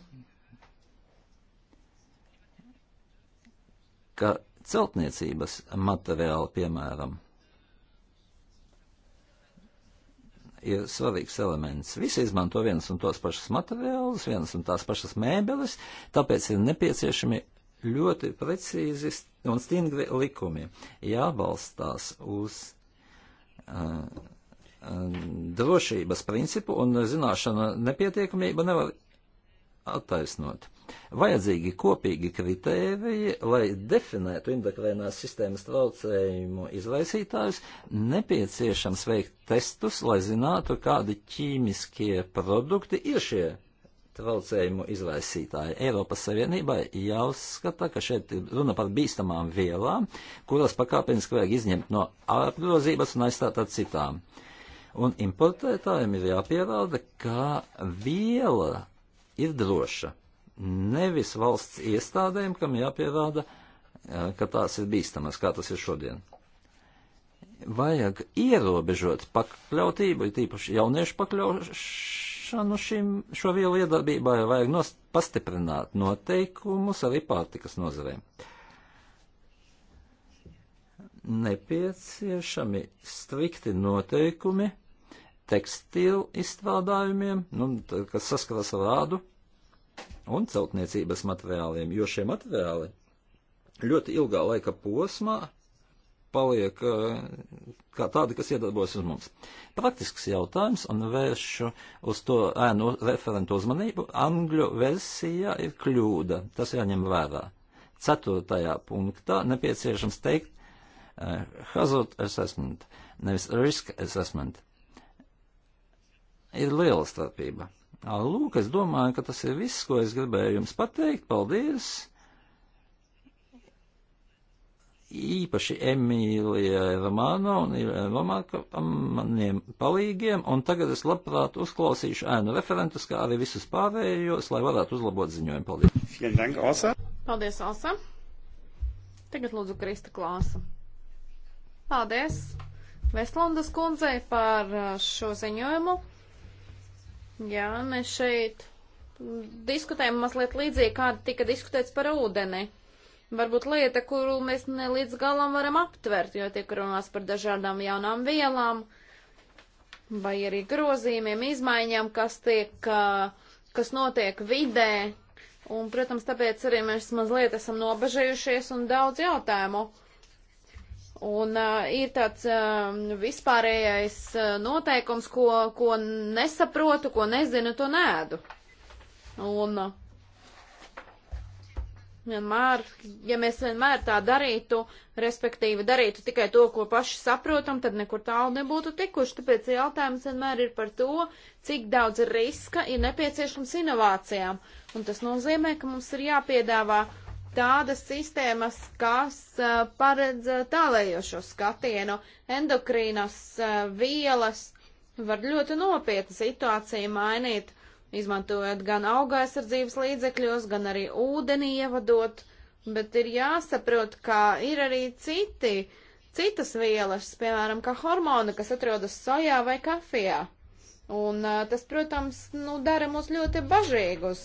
ka celtniecības materiāli, piemēram, ir svarīgs elements. Visi izmanto vienas un tos pašus materiālus, vienas un tās pašas mēbeles, tāpēc ir nepieciešami ļoti precīzi un stingri likumi. Jābalstās uz uh, drošības principu un zināšana nepietiekamība nevar attaisnot. Vajadzīgi kopīgi kritēriji, lai definētu endokrēnās sistēmas traucējumu izraisītājus, nepieciešams veikt testus, lai zinātu, kādi ķīmiskie produkti ir šie traucējumu izraisītāji. Eiropas Savienībai jāuzskata, ka šeit runa par bīstamām vielām, kuras pakāpeniski vajag izņemt no apgrozības un aizstāt ar citām. Un importētājiem ir jāpierāda, ka viela ir droša. Nevis valsts iestādēm, kam jāpierāda, ka tās ir bīstamas, kā tas ir šodien. Vajag ierobežot pakļautību, ir tīpaši jauniešu pakļaušanu šim, šo vielu iedarbībai, vajag nost, pastiprināt noteikumus arī pārtikas nozarēm nepieciešami strikti noteikumi tekstilu izstrādājumiem, nu, kas saskaras ar ādu un celtniecības materiāliem, jo šie materiāli ļoti ilgā laika posmā paliek eh, kā tādi, kas iedarbojas uz mums. Praktisks jautājums, un vēršu uz to ēnu referentu uzmanību. Angļu versijā ir kļūda, tas jāņem vērā. Ceturtajā punktā nepieciešams teikt uh, hazard assessment, nevis risk assessment ir liela starpība. Lūk, es domāju, ka tas ir viss, ko es gribēju jums pateikt. Paldies! Īpaši Emīlijai Romano un Romarkam maniem palīgiem, un tagad es labprāt uzklausīšu ēnu referentus, kā arī visus pārējos, lai varētu uzlabot ziņojumu. Paldies! Dank, Osa. Paldies, Osa! Tagad lūdzu Krista Klāsa. Paldies Vestlundas kundzei par šo ziņojumu. Jā, mēs šeit diskutējam mazliet līdzīgi, kāda tika diskutēts par ūdeni. Varbūt lieta, kuru mēs ne līdz galam varam aptvert, jo tiek runās par dažādām jaunām vielām vai arī grozījumiem, izmaiņām, kas tiek, kas notiek vidē. Un, protams, tāpēc arī mēs mazliet esam nobežējušies un daudz jautājumu. Uh, Un uh, ir tāds uh, vispārējais uh, noteikums, ko, ko nesaprotu, ko nezinu, to nēdu. Un uh, vienmēr, ja mēs vienmēr tā darītu, respektīvi darītu tikai to, ko paši saprotam, tad nekur tālu nebūtu tikuši. Tāpēc jautājums vienmēr ir par to, cik daudz riska ir nepieciešams inovācijām. Un tas nozīmē, ka mums ir jāpiedāvā tādas sistēmas, kas paredz tālējošo skatienu, endokrīnas vielas var ļoti nopietni situāciju mainīt, izmantojot gan augaisardzības līdzekļos, gan arī ūdenī ievadot, bet ir jāsaprot, ka ir arī citi, citas vielas, piemēram, kā hormoni, kas atrodas sojā vai kafijā. Un tas, protams, nu, dara mūs ļoti bažīgus,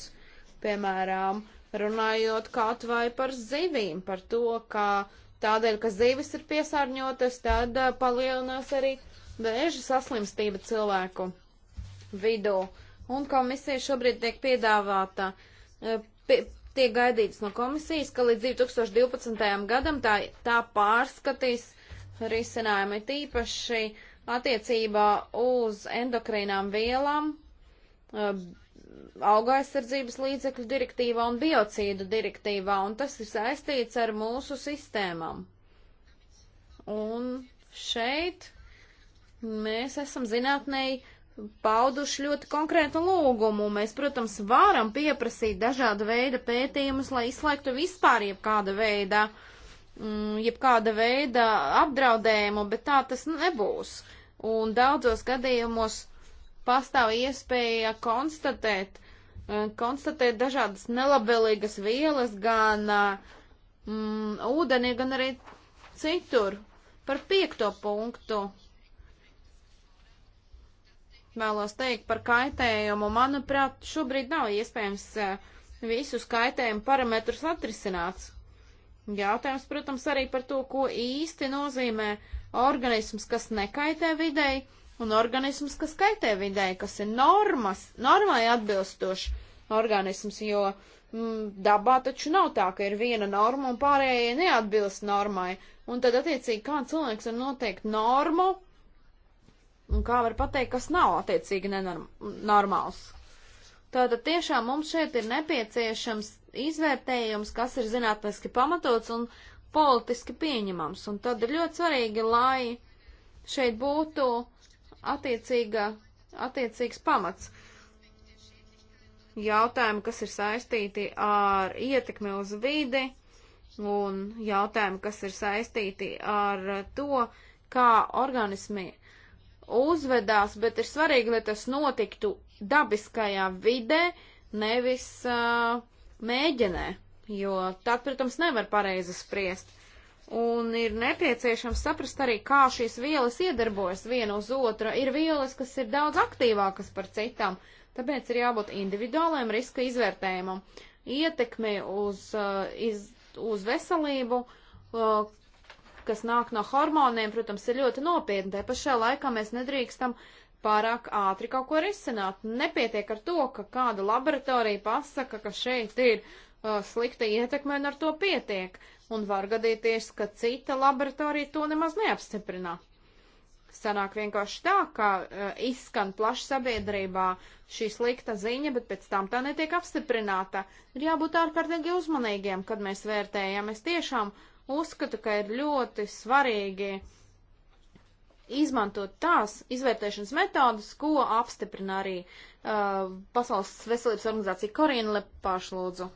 piemēram, uh, runājot kaut vai par zivīm, par to, ka tādēļ, ka zivis ir piesārņotas, tad uh, palielinās arī vēža saslimstība cilvēku vidū. Un komisija šobrīd tiek piedāvāta, uh, pie, tiek gaidīts no komisijas, ka līdz 2012. gadam tā, tā pārskatīs risinājumi tīpaši attiecībā uz endokrīnām vielām, uh, auga aizsardzības līdzekļu direktīvā un biocīdu direktīvā, un tas ir saistīts ar mūsu sistēmām. Un šeit mēs esam zinātnēji pauduši ļoti konkrētu lūgumu. Mēs, protams, varam pieprasīt dažāda veida pētījumus, lai izslēgtu vispār jebkāda veida, mm, jebkāda veida apdraudējumu, bet tā tas nebūs. Un daudzos gadījumos pastāv iespēja konstatēt, eh, konstatēt dažādas nelabvēlīgas vielas gan eh, mm, ūdenī, gan arī citur. Par piekto punktu vēlos teikt par kaitējumu. Manuprāt, šobrīd nav iespējams eh, visus kaitējumu parametrus atrisināt. Jautājums, protams, arī par to, ko īsti nozīmē organisms, kas nekaitē videi un organisms, kas kaitē vidē, kas ir normas, normai atbilstošs organisms, jo m, mm, dabā taču nav tā, ka ir viena norma un pārējie neatbilst normai. Un tad, attiecīgi, kā cilvēks var noteikt normu un kā var pateikt, kas nav attiecīgi nenormāls. Tātad tiešām mums šeit ir nepieciešams izvērtējums, kas ir zinātniski pamatots un politiski pieņemams. Un tad ir ļoti svarīgi, lai šeit būtu uh, attiecīga, attiecīgs pamats. Jautājumi, kas ir saistīti ar ietekmi uz vidi un jautājumi, kas ir saistīti ar to, kā organismi uzvedās, bet ir svarīgi, lai tas notiktu dabiskajā vidē, nevis uh, mēģinē, jo tad, protams, nevar pareizi spriest. Un ir nepieciešams saprast arī, kā šīs vielas iedarbojas viena uz otra. Ir vielas, kas ir daudz aktīvākas par citām, tāpēc ir jābūt individuālajam riska izvērtējumam. Ietekme uz, uh, iz, uz veselību, uh, kas nāk no hormoniem, protams, ir ļoti nopietna. Te pašā laikā mēs nedrīkstam pārāk ātri kaut ko risināt. Nepietiek ar to, ka kāda laboratorija pasaka, ka šeit ir uh, slikta ietekme un ar to pietiek un var gadīties, ka cita laboratorija to nemaz neapstiprinā. Sanāk vienkārši tā, ka uh, izskan plaši sabiedrībā šī slikta ziņa, bet pēc tam tā netiek apstiprināta. Ir jābūt ārkārtīgi uzmanīgiem, kad mēs vērtējam. Es tiešām uzskatu, ka ir ļoti svarīgi izmantot tās izvērtēšanas metodas, ko apstiprina arī uh, Pasaules veselības organizācija Korina Lepāša lūdzu.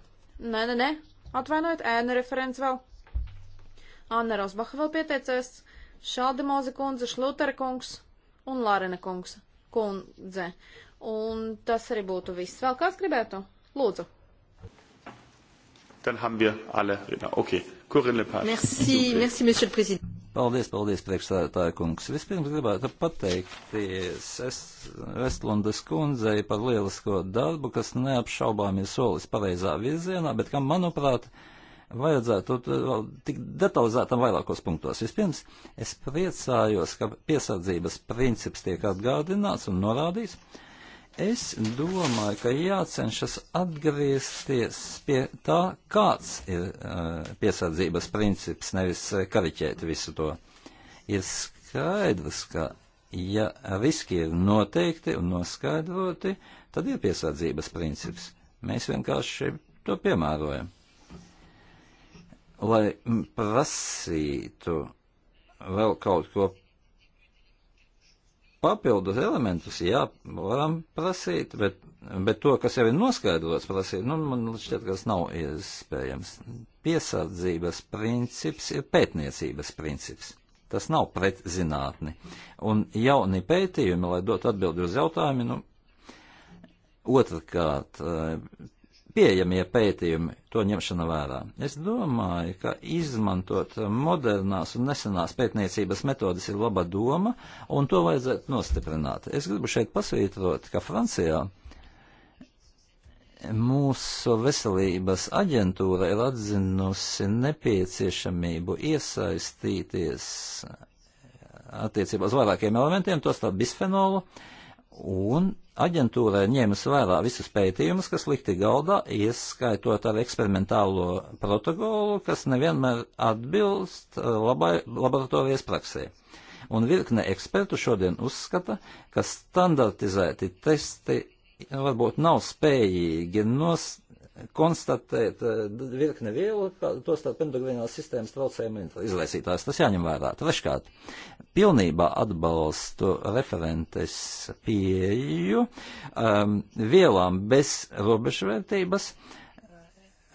Nē, nē, nē, Atvainojiet, ēna referents vēl. Anna Rosbacha vēl pieteicies, Šalda Moza kundze, Šlutera kungs un Lārena kungs, kundze. Un tas arī būtu viss. Vēl kāds gribētu? Lūdzu. Dann haben wir alle Redner. Okay. Corinne Lepage. Merci, merci, Monsieur le Président. Paldies, paldies, priekšstādātāja kungs. Vispirms gribētu pateikties Vestlundas kundzei par lielisko darbu, kas neapšaubām ir solis pareizā virzienā, bet kam, manuprāt, vajadzētu vēl tik detalizētam vairākos punktos. Vispirms, es priecājos, ka piesardzības princips tiek atgādināts un norādīts. Es domāju, ka jācenšas atgriezties pie tā, kāds ir uh, piesardzības princips, nevis eh, kariķēt visu to. Ir skaidrs, ka ja riski ir noteikti un noskaidroti, tad ir piesardzības princips. Mēs vienkārši to piemērojam. Lai prasītu vēl kaut ko papildus elementus, jā, varam prasīt, bet, bet to, kas jau ir noskaidrots, prasīt, nu, man šķiet, kas nav iespējams. Piesardzības princips ir pētniecības princips. Tas nav pret zinātni. Un jauni pētījumi, lai dotu atbildi uz jautājumi, nu, otrkārt, pieejamie pētījumi to ņemšana vērā. Es domāju, ka izmantot modernās un nesenās pētniecības metodas ir laba doma, un to vajadzētu nostiprināt. Es gribu šeit pasvītrot, ka Francijā mūsu veselības aģentūra ir atzinusi nepieciešamību iesaistīties attiecībā uz vairākiem elementiem, tostarp bisfenolu, uh, un aģentūrai ņēmas vērā visus pētījumus, kas likti galdā, ieskaitot ar eksperimentālo protokolu, kas nevienmēr atbilst eh, labai, laboratorijas praksē. Un virkne ekspertu šodien uzskata, ka standartizēti testi varbūt nav spējīgi nos, konstatēt eh, virkni vielu, tostarp endogrinās sistēmas traucējumu izraisītājs. Tas jāņem vērā. Treškārt, pilnībā atbalstu referentes pieju um, ehm, vielām bez robežvērtības.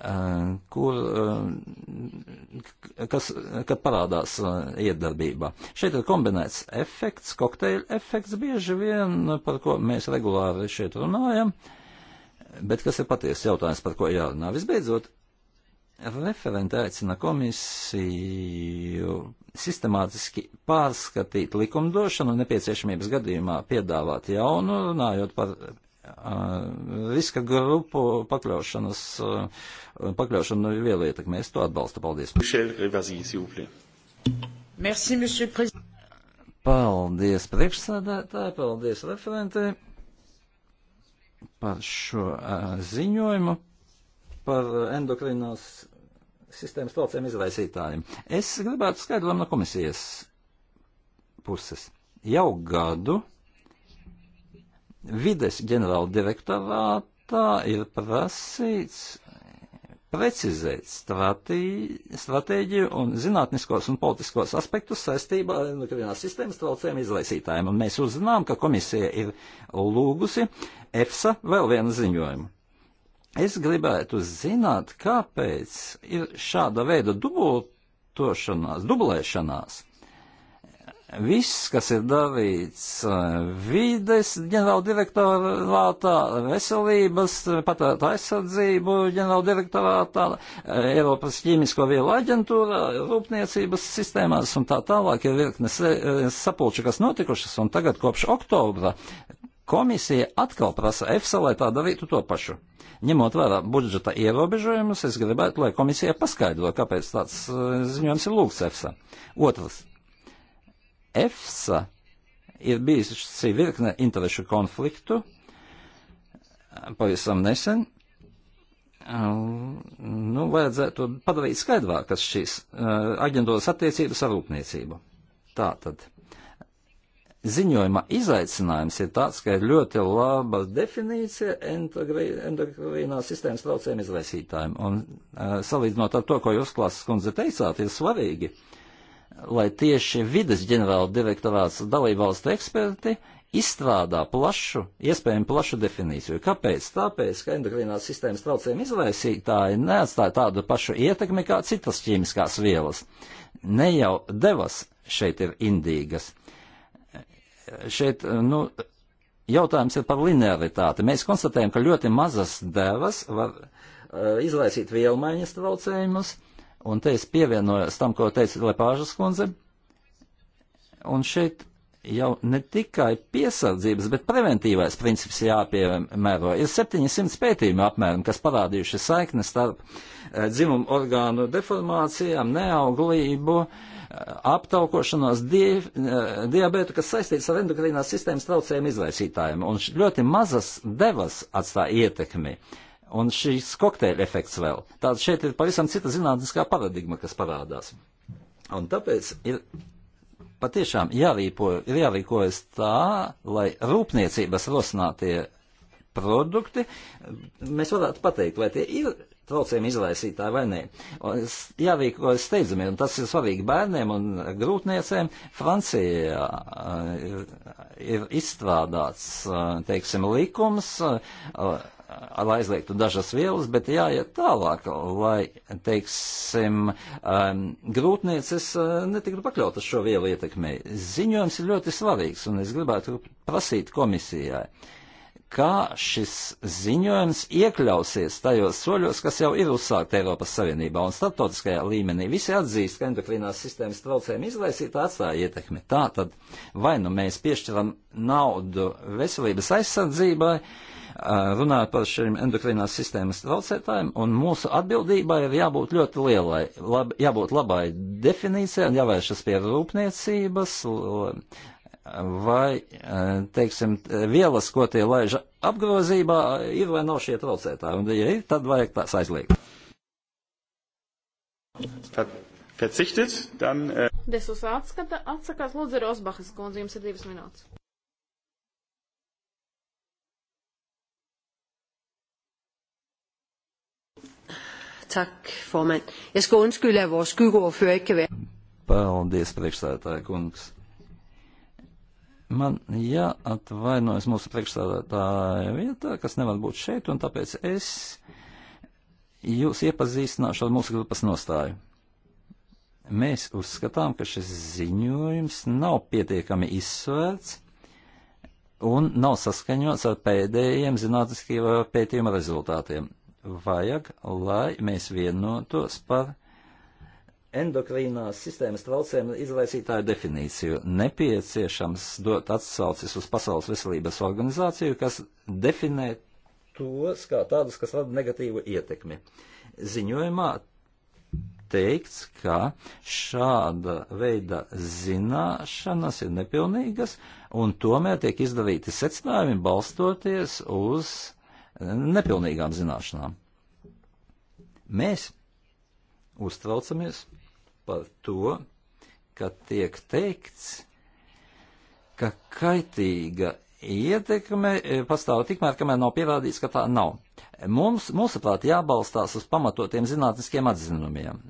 Uh, kur, uh, kas, kad parādās uh, eh, iedarbībā. Šeit ir kombinēts efekts, kokteļa efekts bieži vien, par ko mēs regulāri šeit runājam. Uh, Bet kas ir patiesi jautājums, par ko jārunā? Visbeidzot, referente aicina komisiju sistemātiski pārskatīt likumdošanu nepieciešamības gadījumā piedāvāt jaunu, runājot par uh, riska grupu pakļaušanas, uh, pakļaušanu vielietekmē. Es to atbalstu. Paldies. Merci, Paldies priekšsēdētāji, paldies referentei par šo ziņojumu par endokrinās sistēmas traucējumu izraisītājiem. Es gribētu skaidrojumu no komisijas puses. Jau gadu vides ģenerāla direktorātā ir prasīts precizēt stratēģiju un zinātniskos un politiskos aspektus saistībā ar endokrinās sistēmas traucējumu izraisītājiem. Un mēs uzzinām, ka komisija ir lūgusi EFSA vēl vienu ziņojumu. Es gribētu zināt, kāpēc ir šāda veida dubultošanās, dublēšanās Viss, kas ir darīts eh, vides ģenerāldirektorātā, veselības, eh, patērta aizsardzību ģenerāldirektorātā, eh, Eiropas ķīmisko vielu aģentūrā, rūpniecības sistēmās un tā tālāk ir virknes sapulču, kas notikušas, un tagad kopš oktobra Komisija atkal prasa EFSA, lai tā darītu to pašu. Ņemot vērā budžeta ierobežojumus, es gribētu, lai komisija paskaidro, kāpēc tāds ziņojums ir lūgts EFSA. Otrs. EFSA ir bijusi virkne interešu konfliktu eh, pavisam nesen. Eh, nu, vajadzētu padarīt skaidrākas šīs eh, aģentūras attiecības ar rūpniecību. Tā tad ziņojuma izaicinājums ir tāds, ka ir ļoti laba definīcija endokrīnās sistēmas traucējuma izraisītājiem. Un uh, salīdzinot ar to, ko jūs klāsas kundze teicāt, ir svarīgi, lai tieši vides ģenerāla direktorāts dalībvalstu eksperti izstrādā plašu, iespējami plašu definīciju. Kāpēc? Tāpēc, ka endokrinās sistēmas traucējumi izraisītāji neatstāja tādu pašu ietekmi kā citas ķīmiskās vielas. Ne jau devas šeit ir indīgas. Šeit, nu, jautājums ir par linearitāti. Mēs konstatējam, ka ļoti mazas devas var uh, izraisīt vielmaiņas traucējumus. Uh, Un te es pievienojos tam, ko teica Lepāžas kundze. Un šeit jau ne tikai piesardzības, bet preventīvais princips jāpiemēro. Ir 700 pētījumi apmēram, kas parādījuši saikni starp eh, dzimumu orgānu deformācijām, neauglību, eh, aptaukošanos, di eh, diabetu, kas saistīts ar endokrīnās sistēmas traucējumu izraisītājiem. Un ļoti mazas devas atstāja ietekmi. Uh, un šīs kokteļa efekts vēl. Tāda šeit ir pavisam cita zinātniskā paradigma, kas parādās. Un tāpēc ir patiešām jārīpo, ir jārīkojas tā, lai rūpniecības rosinātie produkti, mēs varētu pateikt, vai tie ir traucējumi izraisītāji vai nē. Jārīkojas steidzami, un tas ir svarīgi bērniem un grūtniecēm. Francijā uh, ir, ir izstrādāts, uh, teiksim, likums uh, lai aizliegtu dažas vielas, bet jāiet tālāk, lai, teiksim, um, grūtniecis uh, netiktu pakļautas šo vielu ietekmei. Ziņojums ir ļoti svarīgs, un es gribētu prasīt komisijai, kā šis ziņojums iekļausies tajos soļos, kas jau ir uzsākt Eiropas Savienībā un starptautiskajā līmenī. Visi atzīst, ka endokrinās sistēmas traucējumi izraisīta atstāja ietekmi. Tā tad vai nu mēs piešķiram naudu veselības aizsardzībai, uh, runāt par šiem endokrinās sistēmas traucētājiem, un mūsu atbildībai ir jābūt ļoti lielai, lab, jābūt labai definīcijai un jāvēršas pie rūpniecības vai, teiksim, vielas, ko tie laiž apgrozībā, ir vai nav šie traucētāji, un ja ir, tad vajag tās aizliegt. Verzichtet, dann. Äh, Desus atskata, atsakās Lūdzu Rosbachas kundze, jums ir divas minūtes. tak, formand. Jeg skal undskylde, at vores skyggeordfører ikke kan være. Paldies, priekšstādātāja kungs. Man jāatvainojas mūsu priekšstādātāja vietā, kas nevar būt šeit, un tāpēc es jūs iepazīstināšu ar mūsu grupas nostāju. Mēs uzskatām, ka šis ziņojums nav pietiekami izsvērts un nav saskaņots ar pēdējiem zinātniskajiem pētījuma rezultātiem vajag, lai mēs vienotos par endokrīnās sistēmas traucējumu izraisītāju definīciju. Nepieciešams dot atsaucis uz Pasaules veselības organizāciju, kas definē tos kā tādus, kas rada negatīvu ietekmi. Ziņojumā teikts, ka šāda veida zināšanas ir nepilnīgas, un tomēr tiek izdarīti secinājumi balstoties uz nepilnīgām zināšanām. Mēs uztraucamies par to, ka tiek teikts, ka kaitīga ietekme e, pastāv tikmēr, kamēr nav pierādīts, ka tā nav. Mums, mūsuprāt, jābalstās uz pamatotiem zinātniskiem atzinumiem.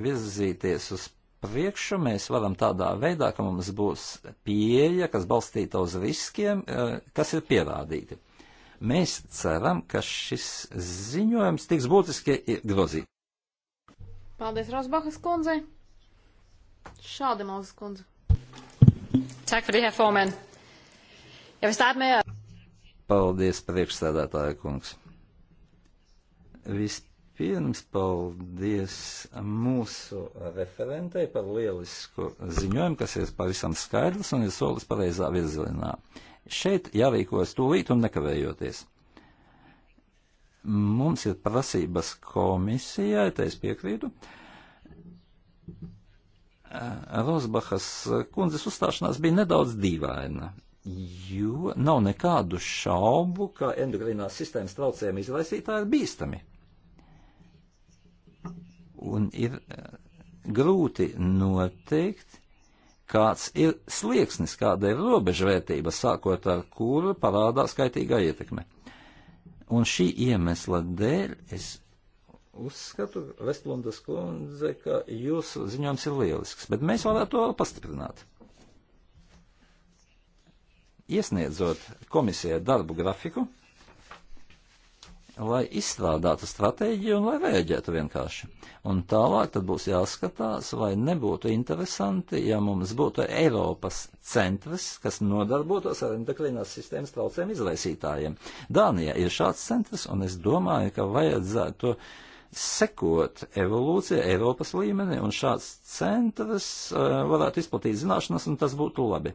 Virzīties uz priekšu mēs varam tādā veidā, ka mums būs pieeja, kas balstīta uz riskiem, e, kas ir pierādīti. Mēs ceram, ka šis ziņojums tiks būtiski grozīts. Paldies, Rosbachas kundze. Šāda mazas kundze. Tak for det her, formand. Jeg vil starte med at... Paldies, priekšstādātāja kungs. Vispirms paldies mūsu referentei par lielisku ziņojumu, kas ir pavisam skaidrs un ir solis pareizā virzienā. Uh, Šeit jārīkojas tūlīt un nekavējoties. Mums ir prasības komisijai, tā es piekrītu. Eh, Rozbahas kundzes uzstāšanās bija nedaudz dīvaina, jo nav nekādu šaubu, ka endokrinās sistēmas traucējumi izraisītāji ir bīstami. Un ir eh, grūti noteikt, kāds ir slieksnis, kāda ir robežvērtība, sākot ar kuru parādās kaitīgā ietekme. Un šī iemesla dēļ es uzskatu, Vestlundas kundze, ka jūsu ziņojums ir lielisks, bet mēs varētu to vēl pastiprināt. Iesniedzot komisijai darbu grafiku, lai izstrādātu stratēģiju un lai rēģētu vienkārši. Un tālāk tad būs jāskatās, vai nebūtu interesanti, ja mums būtu Eiropas centrs, kas nodarbotos ar endokrinās sistēmas traucēm izraisītājiem. Dānijā ir šāds centrs, un es domāju, ka vajadzētu sekot evolūcijai Eiropas līmenī, un šāds centrs uh, varētu izplatīt zināšanas, un tas būtu labi.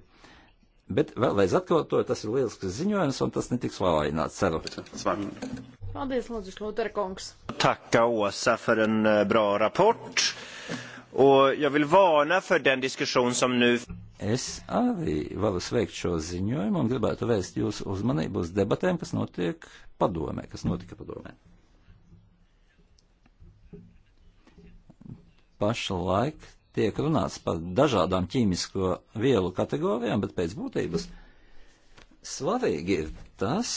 Bet vēlreiz atkārtoju, tas ir lielisks ziņojums, un tas netiks vājināts, ceru. Paldies, Lūdzu, Šlūter kungs. Taka Åsa par en eh, bra rapport. Un jag vill varna för den diskussion som nu... Es arī varu sveikt šo ziņojumu un gribētu vēst jūsu uzmanību uz debatēm, kas notiek padomē, kas notika padomē. Pašlaik tiek runāts par dažādām ķīmisko vielu kategorijām, bet pēc būtības svarīgi ir tas,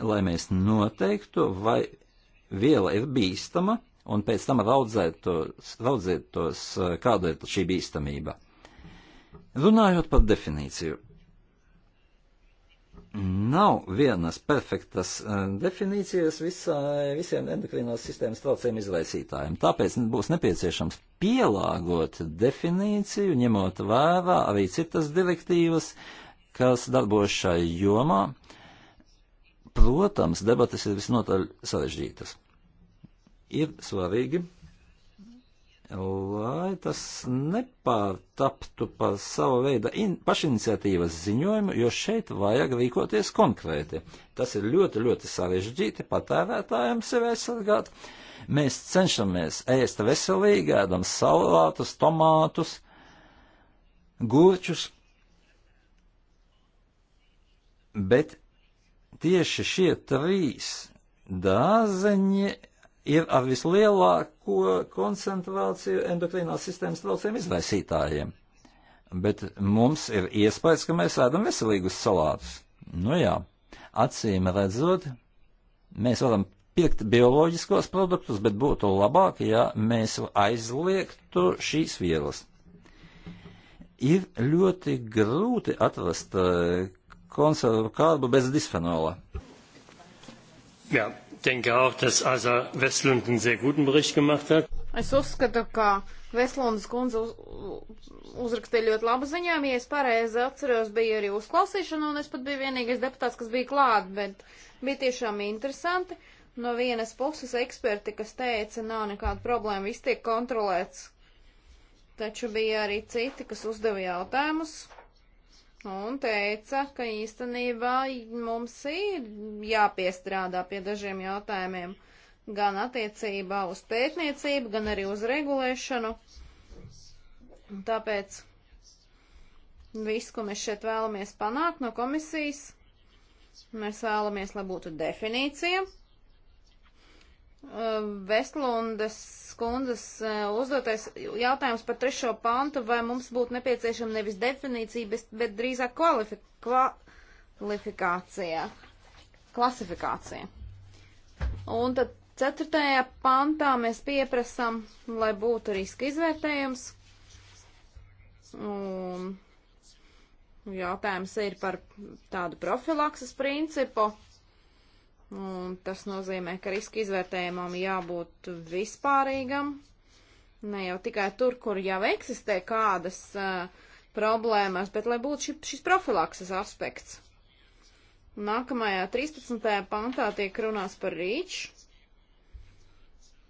lai mēs noteiktu, vai viela ir bīstama, un pēc tam raudzētos, raudzētos eh, kāda ir šī bīstamība. Runājot par definīciju. Nav vienas perfektas eh, definīcijas visai, visiem endokrinās sistēmas traucējiem izraisītājiem. Tāpēc būs nepieciešams pielāgot definīciju, ņemot vērā arī citas direktīvas, kas darbojas šai jomā, Protams, debatas ir visnotaļ sarežģītas. Ir svarīgi, lai tas nepārtaptu par savu veidu in, pašiniciatīvas ziņojumu, jo šeit vajag rīkoties konkrēti. Tas ir ļoti, ļoti sarežģīti patērētājiem sevi aizsargāt. Mēs cenšamies ēst veselīgi, ēdam salātus, tomātus, gurķus, bet tieši šie trīs dārzeņi ir ar vislielāko koncentrāciju endokrīnās sistēmas traucējumu izraisītājiem. Bet mums ir iespējas, ka mēs ēdam veselīgus salātus. Nu jā, acīm redzot, mēs varam pirkt bioloģiskos produktus, bet būtu labāk, ja mēs aizliegtu šīs vielas. Ir ļoti grūti atrast eh, konservu kārbu bez disfenola. Jā, denke auch, dass Asa Westlund einen sehr guten Bericht gemacht hat. Es uzskatu, ka Veslundas kundze uz, uzrakstīja ļoti labu ziņojumu, ja es pareizi atceros, bija arī uzklausīšana, un es pat biju vienīgais deputāts, kas bija klāt, bet bija tiešām interesanti. No vienas puses eksperti, kas teica, nav nekāda problēma, viss tiek kontrolēts, taču bija arī citi, kas uzdeva jautājumus, un teica, ka īstenībā mums ir jāpiestrādā pie dažiem jautājumiem gan attiecībā uz pētniecību, gan arī uz regulēšanu. Un tāpēc viss, ko mēs šeit vēlamies panākt no komisijas, mēs vēlamies, lai būtu definīcija. Uh, Vestlundas kundzes eh, uzdotais jautājums par trešo pantu, vai mums būtu nepieciešama nevis definīcija, bet, bet drīzāk kvalifi kvalifikācija, klasifikācija. Un tad ceturtajā pantā mēs pieprasam, lai būtu riska izvērtējums. Un jautājums ir par tādu profilakses principu. Un tas nozīmē, ka riska izvērtējumam jābūt vispārīgam, ne jau tikai tur, kur jau eksistē kādas uh, problēmas, bet lai būtu šis, šis profilakses aspekts. Nākamajā 13. pantā tiek runās par rīču.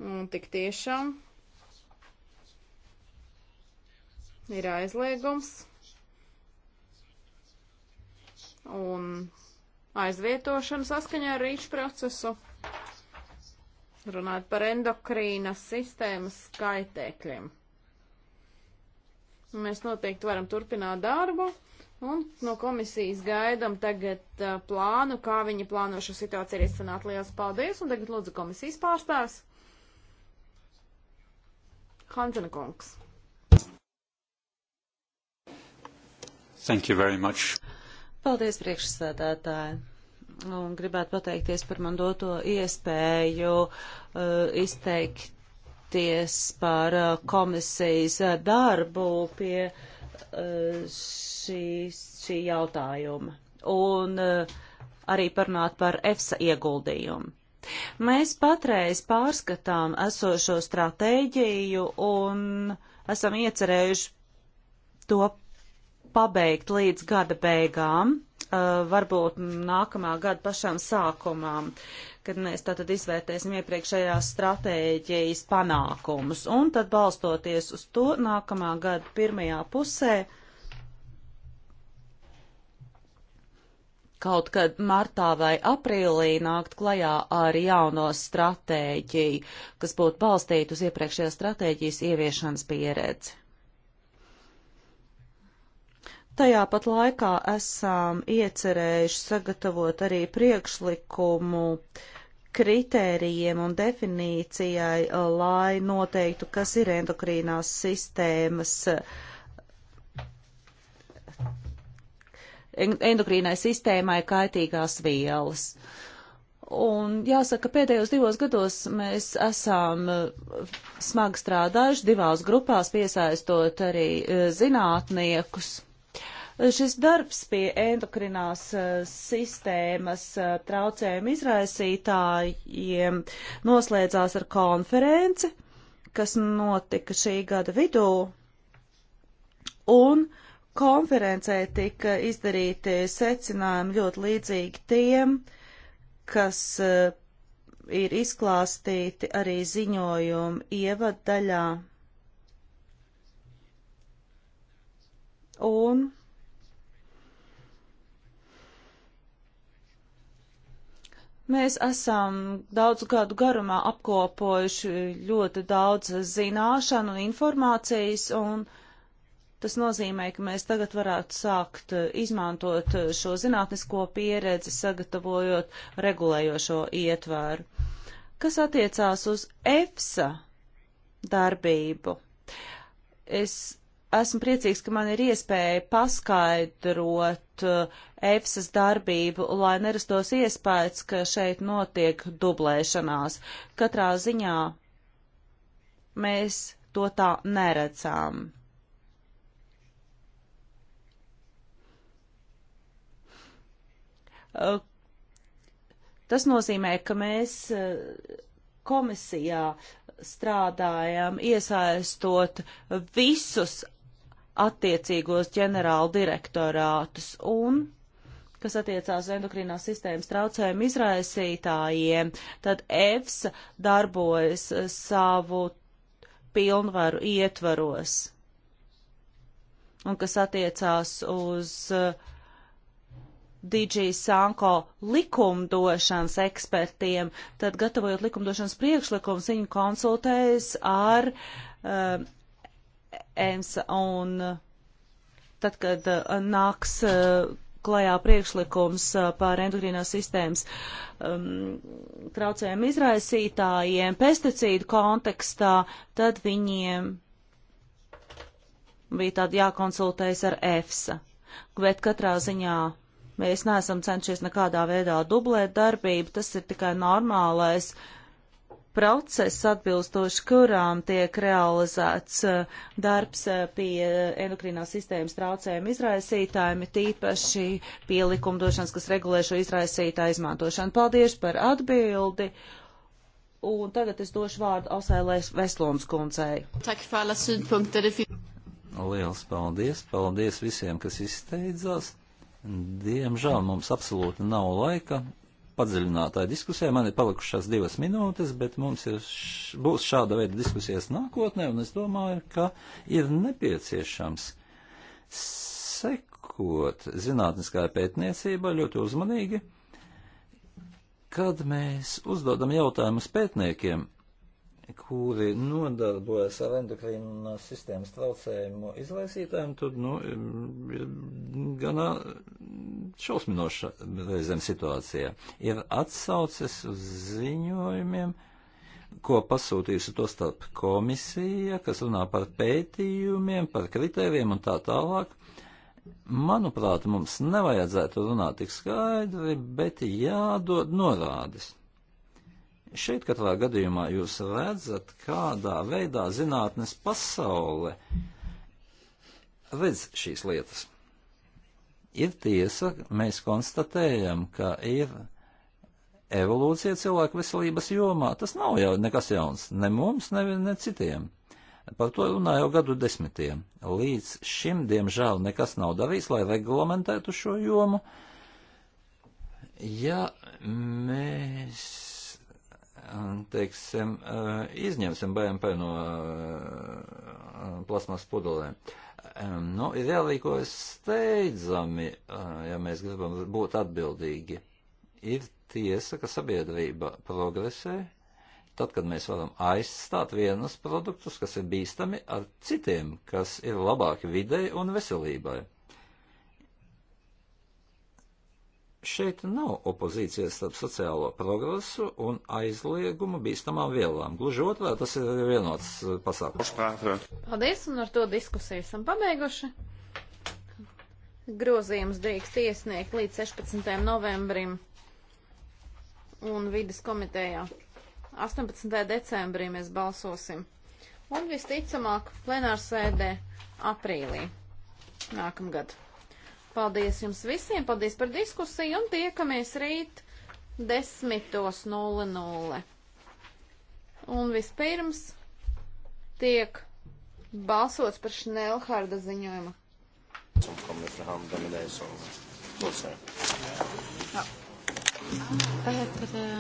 Un tik tiešām ir aizliegums. Un aizvietošanu saskaņā ar rīču procesu. Runājot par endokrīnas sistēmas skaitēkļiem. Mēs noteikti varam turpināt darbu un no komisijas gaidam tagad uh, plānu, kā viņi plāno šo situāciju arī sanāt. Lielas paldies un tagad lūdzu komisijas pārstāvs. Hansen kungs. Thank you very much. Paldies, priekšsēdētāji! Un gribētu pateikties par man doto iespēju uh, izteikties par uh, komisijas uh, darbu pie uh, šīs, šī jautājuma un uh, arī parunāt par EFSA ieguldījumu. Mēs patreiz pārskatām esošo stratēģiju un esam iecerējuši to pabeigt līdz gada beigām, uh, varbūt nākamā gada pašām sākumām, kad mēs tātad izvērtēsim iepriekšējās stratēģijas panākumus. Un tad balstoties uz to nākamā gada pirmajā pusē, kaut kad martā vai aprīlī nākt klajā ar jauno stratēģiju, kas būtu balstīta uz iepriekšējās stratēģijas ieviešanas pieredzi. Tajā pat laikā esam iecerējuši sagatavot arī priekšlikumu kritērijiem un definīcijai, lai noteiktu, kas ir endokrīnās sistēmas, endokrīnai sistēmai kaitīgās vielas. Un jāsaka, pēdējos divos gados mēs esam eh, smagi strādājuši divās grupās, piesaistot arī eh, zinātniekus. Šis darbs pie endokrinās eh, sistēmas eh, traucējumu izraisītājiem noslēdzās ar konferenci, kas notika šī gada vidū. Un konferencē tika izdarīti secinājumi ļoti līdzīgi tiem, kas eh, ir izklāstīti arī ziņojuma ievaddaļā. Un Mēs esam daudzu gadu garumā apkopojuši ļoti daudz zināšanu un informācijas, un tas nozīmē, ka mēs tagad varētu sākt izmantot šo zinātnisko pieredzi, sagatavojot regulējošo ietvēru. Kas attiecās uz EFSA darbību? Es esmu priecīgs, ka man ir iespēja paskaidrot uh, EFSAS darbību, lai nerastos iespējas, ka šeit notiek dublēšanās. Katrā ziņā mēs to tā neredzām. Uh, tas nozīmē, ka mēs uh, komisijā strādājam, iesaistot visus attiecīgos ģenerāla direktorātus un kas attiecās endokrinās sistēmas traucējumu izraisītājiem, tad EFSA darbojas savu pilnvaru ietvaros. Un kas attiecās uz uh, DG Sanko likumdošanas ekspertiem, tad gatavojot likumdošanas priekšlikums, viņu konsultējas ar um, uh, EMS un uh, tad, kad uh, nāks uh, klajā priekšlikums uh, par endokrīnās sistēmas um, traucējumu izraisītājiem pesticīdu kontekstā, tad viņiem bija tāda jākonsultējas ar EFSA. Bet katrā ziņā mēs neesam cenšies nekādā veidā dublēt darbību, tas ir tikai normālais uh, process, atbilstoši kurām tiek realizēts eh, darbs eh, pie endokrinās sistēmas traucējumu izraisītājiem, tīpaši pie likumdošanas, kas regulē šo izraisītāju izmantošanu. Paldies par atbildi! Un tagad es došu vārdu Osēlēs Veslons kundzei. Liels paldies! Paldies visiem, kas izteicās! Diemžēl mums absolūti nav laika padziļinātāja diskusijā. Man ir palikušās divas minūtes, bet mums ir, š, būs šāda veida diskusijas nākotnē, un es domāju, ka ir nepieciešams sekot zinātniskā pētniecība ļoti uzmanīgi, kad mēs uzdodam jautājumus pētniekiem kuri nodarbojas ar endokrīnās sistēmas traucējumu izraisītājiem, tad, nu, ir ganā šausminoša reizēm situācija. Ir atsauces uz ziņojumiem, ko pasūtījusi to starp komisija, kas runā par pētījumiem, par kritērijiem un tā tālāk. Manuprāt, mums nevajadzētu runāt tik skaidri, bet jādod norādes. Šeit katrā gadījumā jūs redzat, kādā veidā zinātnes pasaule redz šīs lietas. Ir tiesa, mēs konstatējam, ka ir evolūcija cilvēku veselības jomā. Tas nav jau nekas jauns, ne mums, ne, ne citiem. Par to runā jau gadu desmitiem. Līdz šim, diemžēl, nekas nav darīts, lai reglamentētu šo jomu. Ja mēs teiksim, eh, izņemsim BMP no eh, plasmas pudelēm. Nu, ir jālīkojas steidzami, eh, ja mēs gribam būt atbildīgi. Ir tiesa, ka sabiedrība progresē, tad, kad mēs varam aizstāt vienus produktus, kas ir bīstami, ar citiem, kas ir labāki videi un veselībai. Šeit nav opozīcijas starp sociālo progresu un aizliegumu bīstamām vielām. Gluži otrā, tas ir vienots eh, pasākums. Paldies, un ar to diskusiju esam pabeiguši. Grozījums drīkst iesniegt līdz 16. novembrim un vidas komitejā. 18. decembrī mēs balsosim. Un visticamāk plenārsēdē aprīlī nākamgad. Paldies jums visiem, paldies par diskusiju un tiekamies rīt 10.00. Un vispirms tiek balsots par Šnelharda ziņojumu. Som kommer förhandla med dig som... Ja. Vad eh, heter det?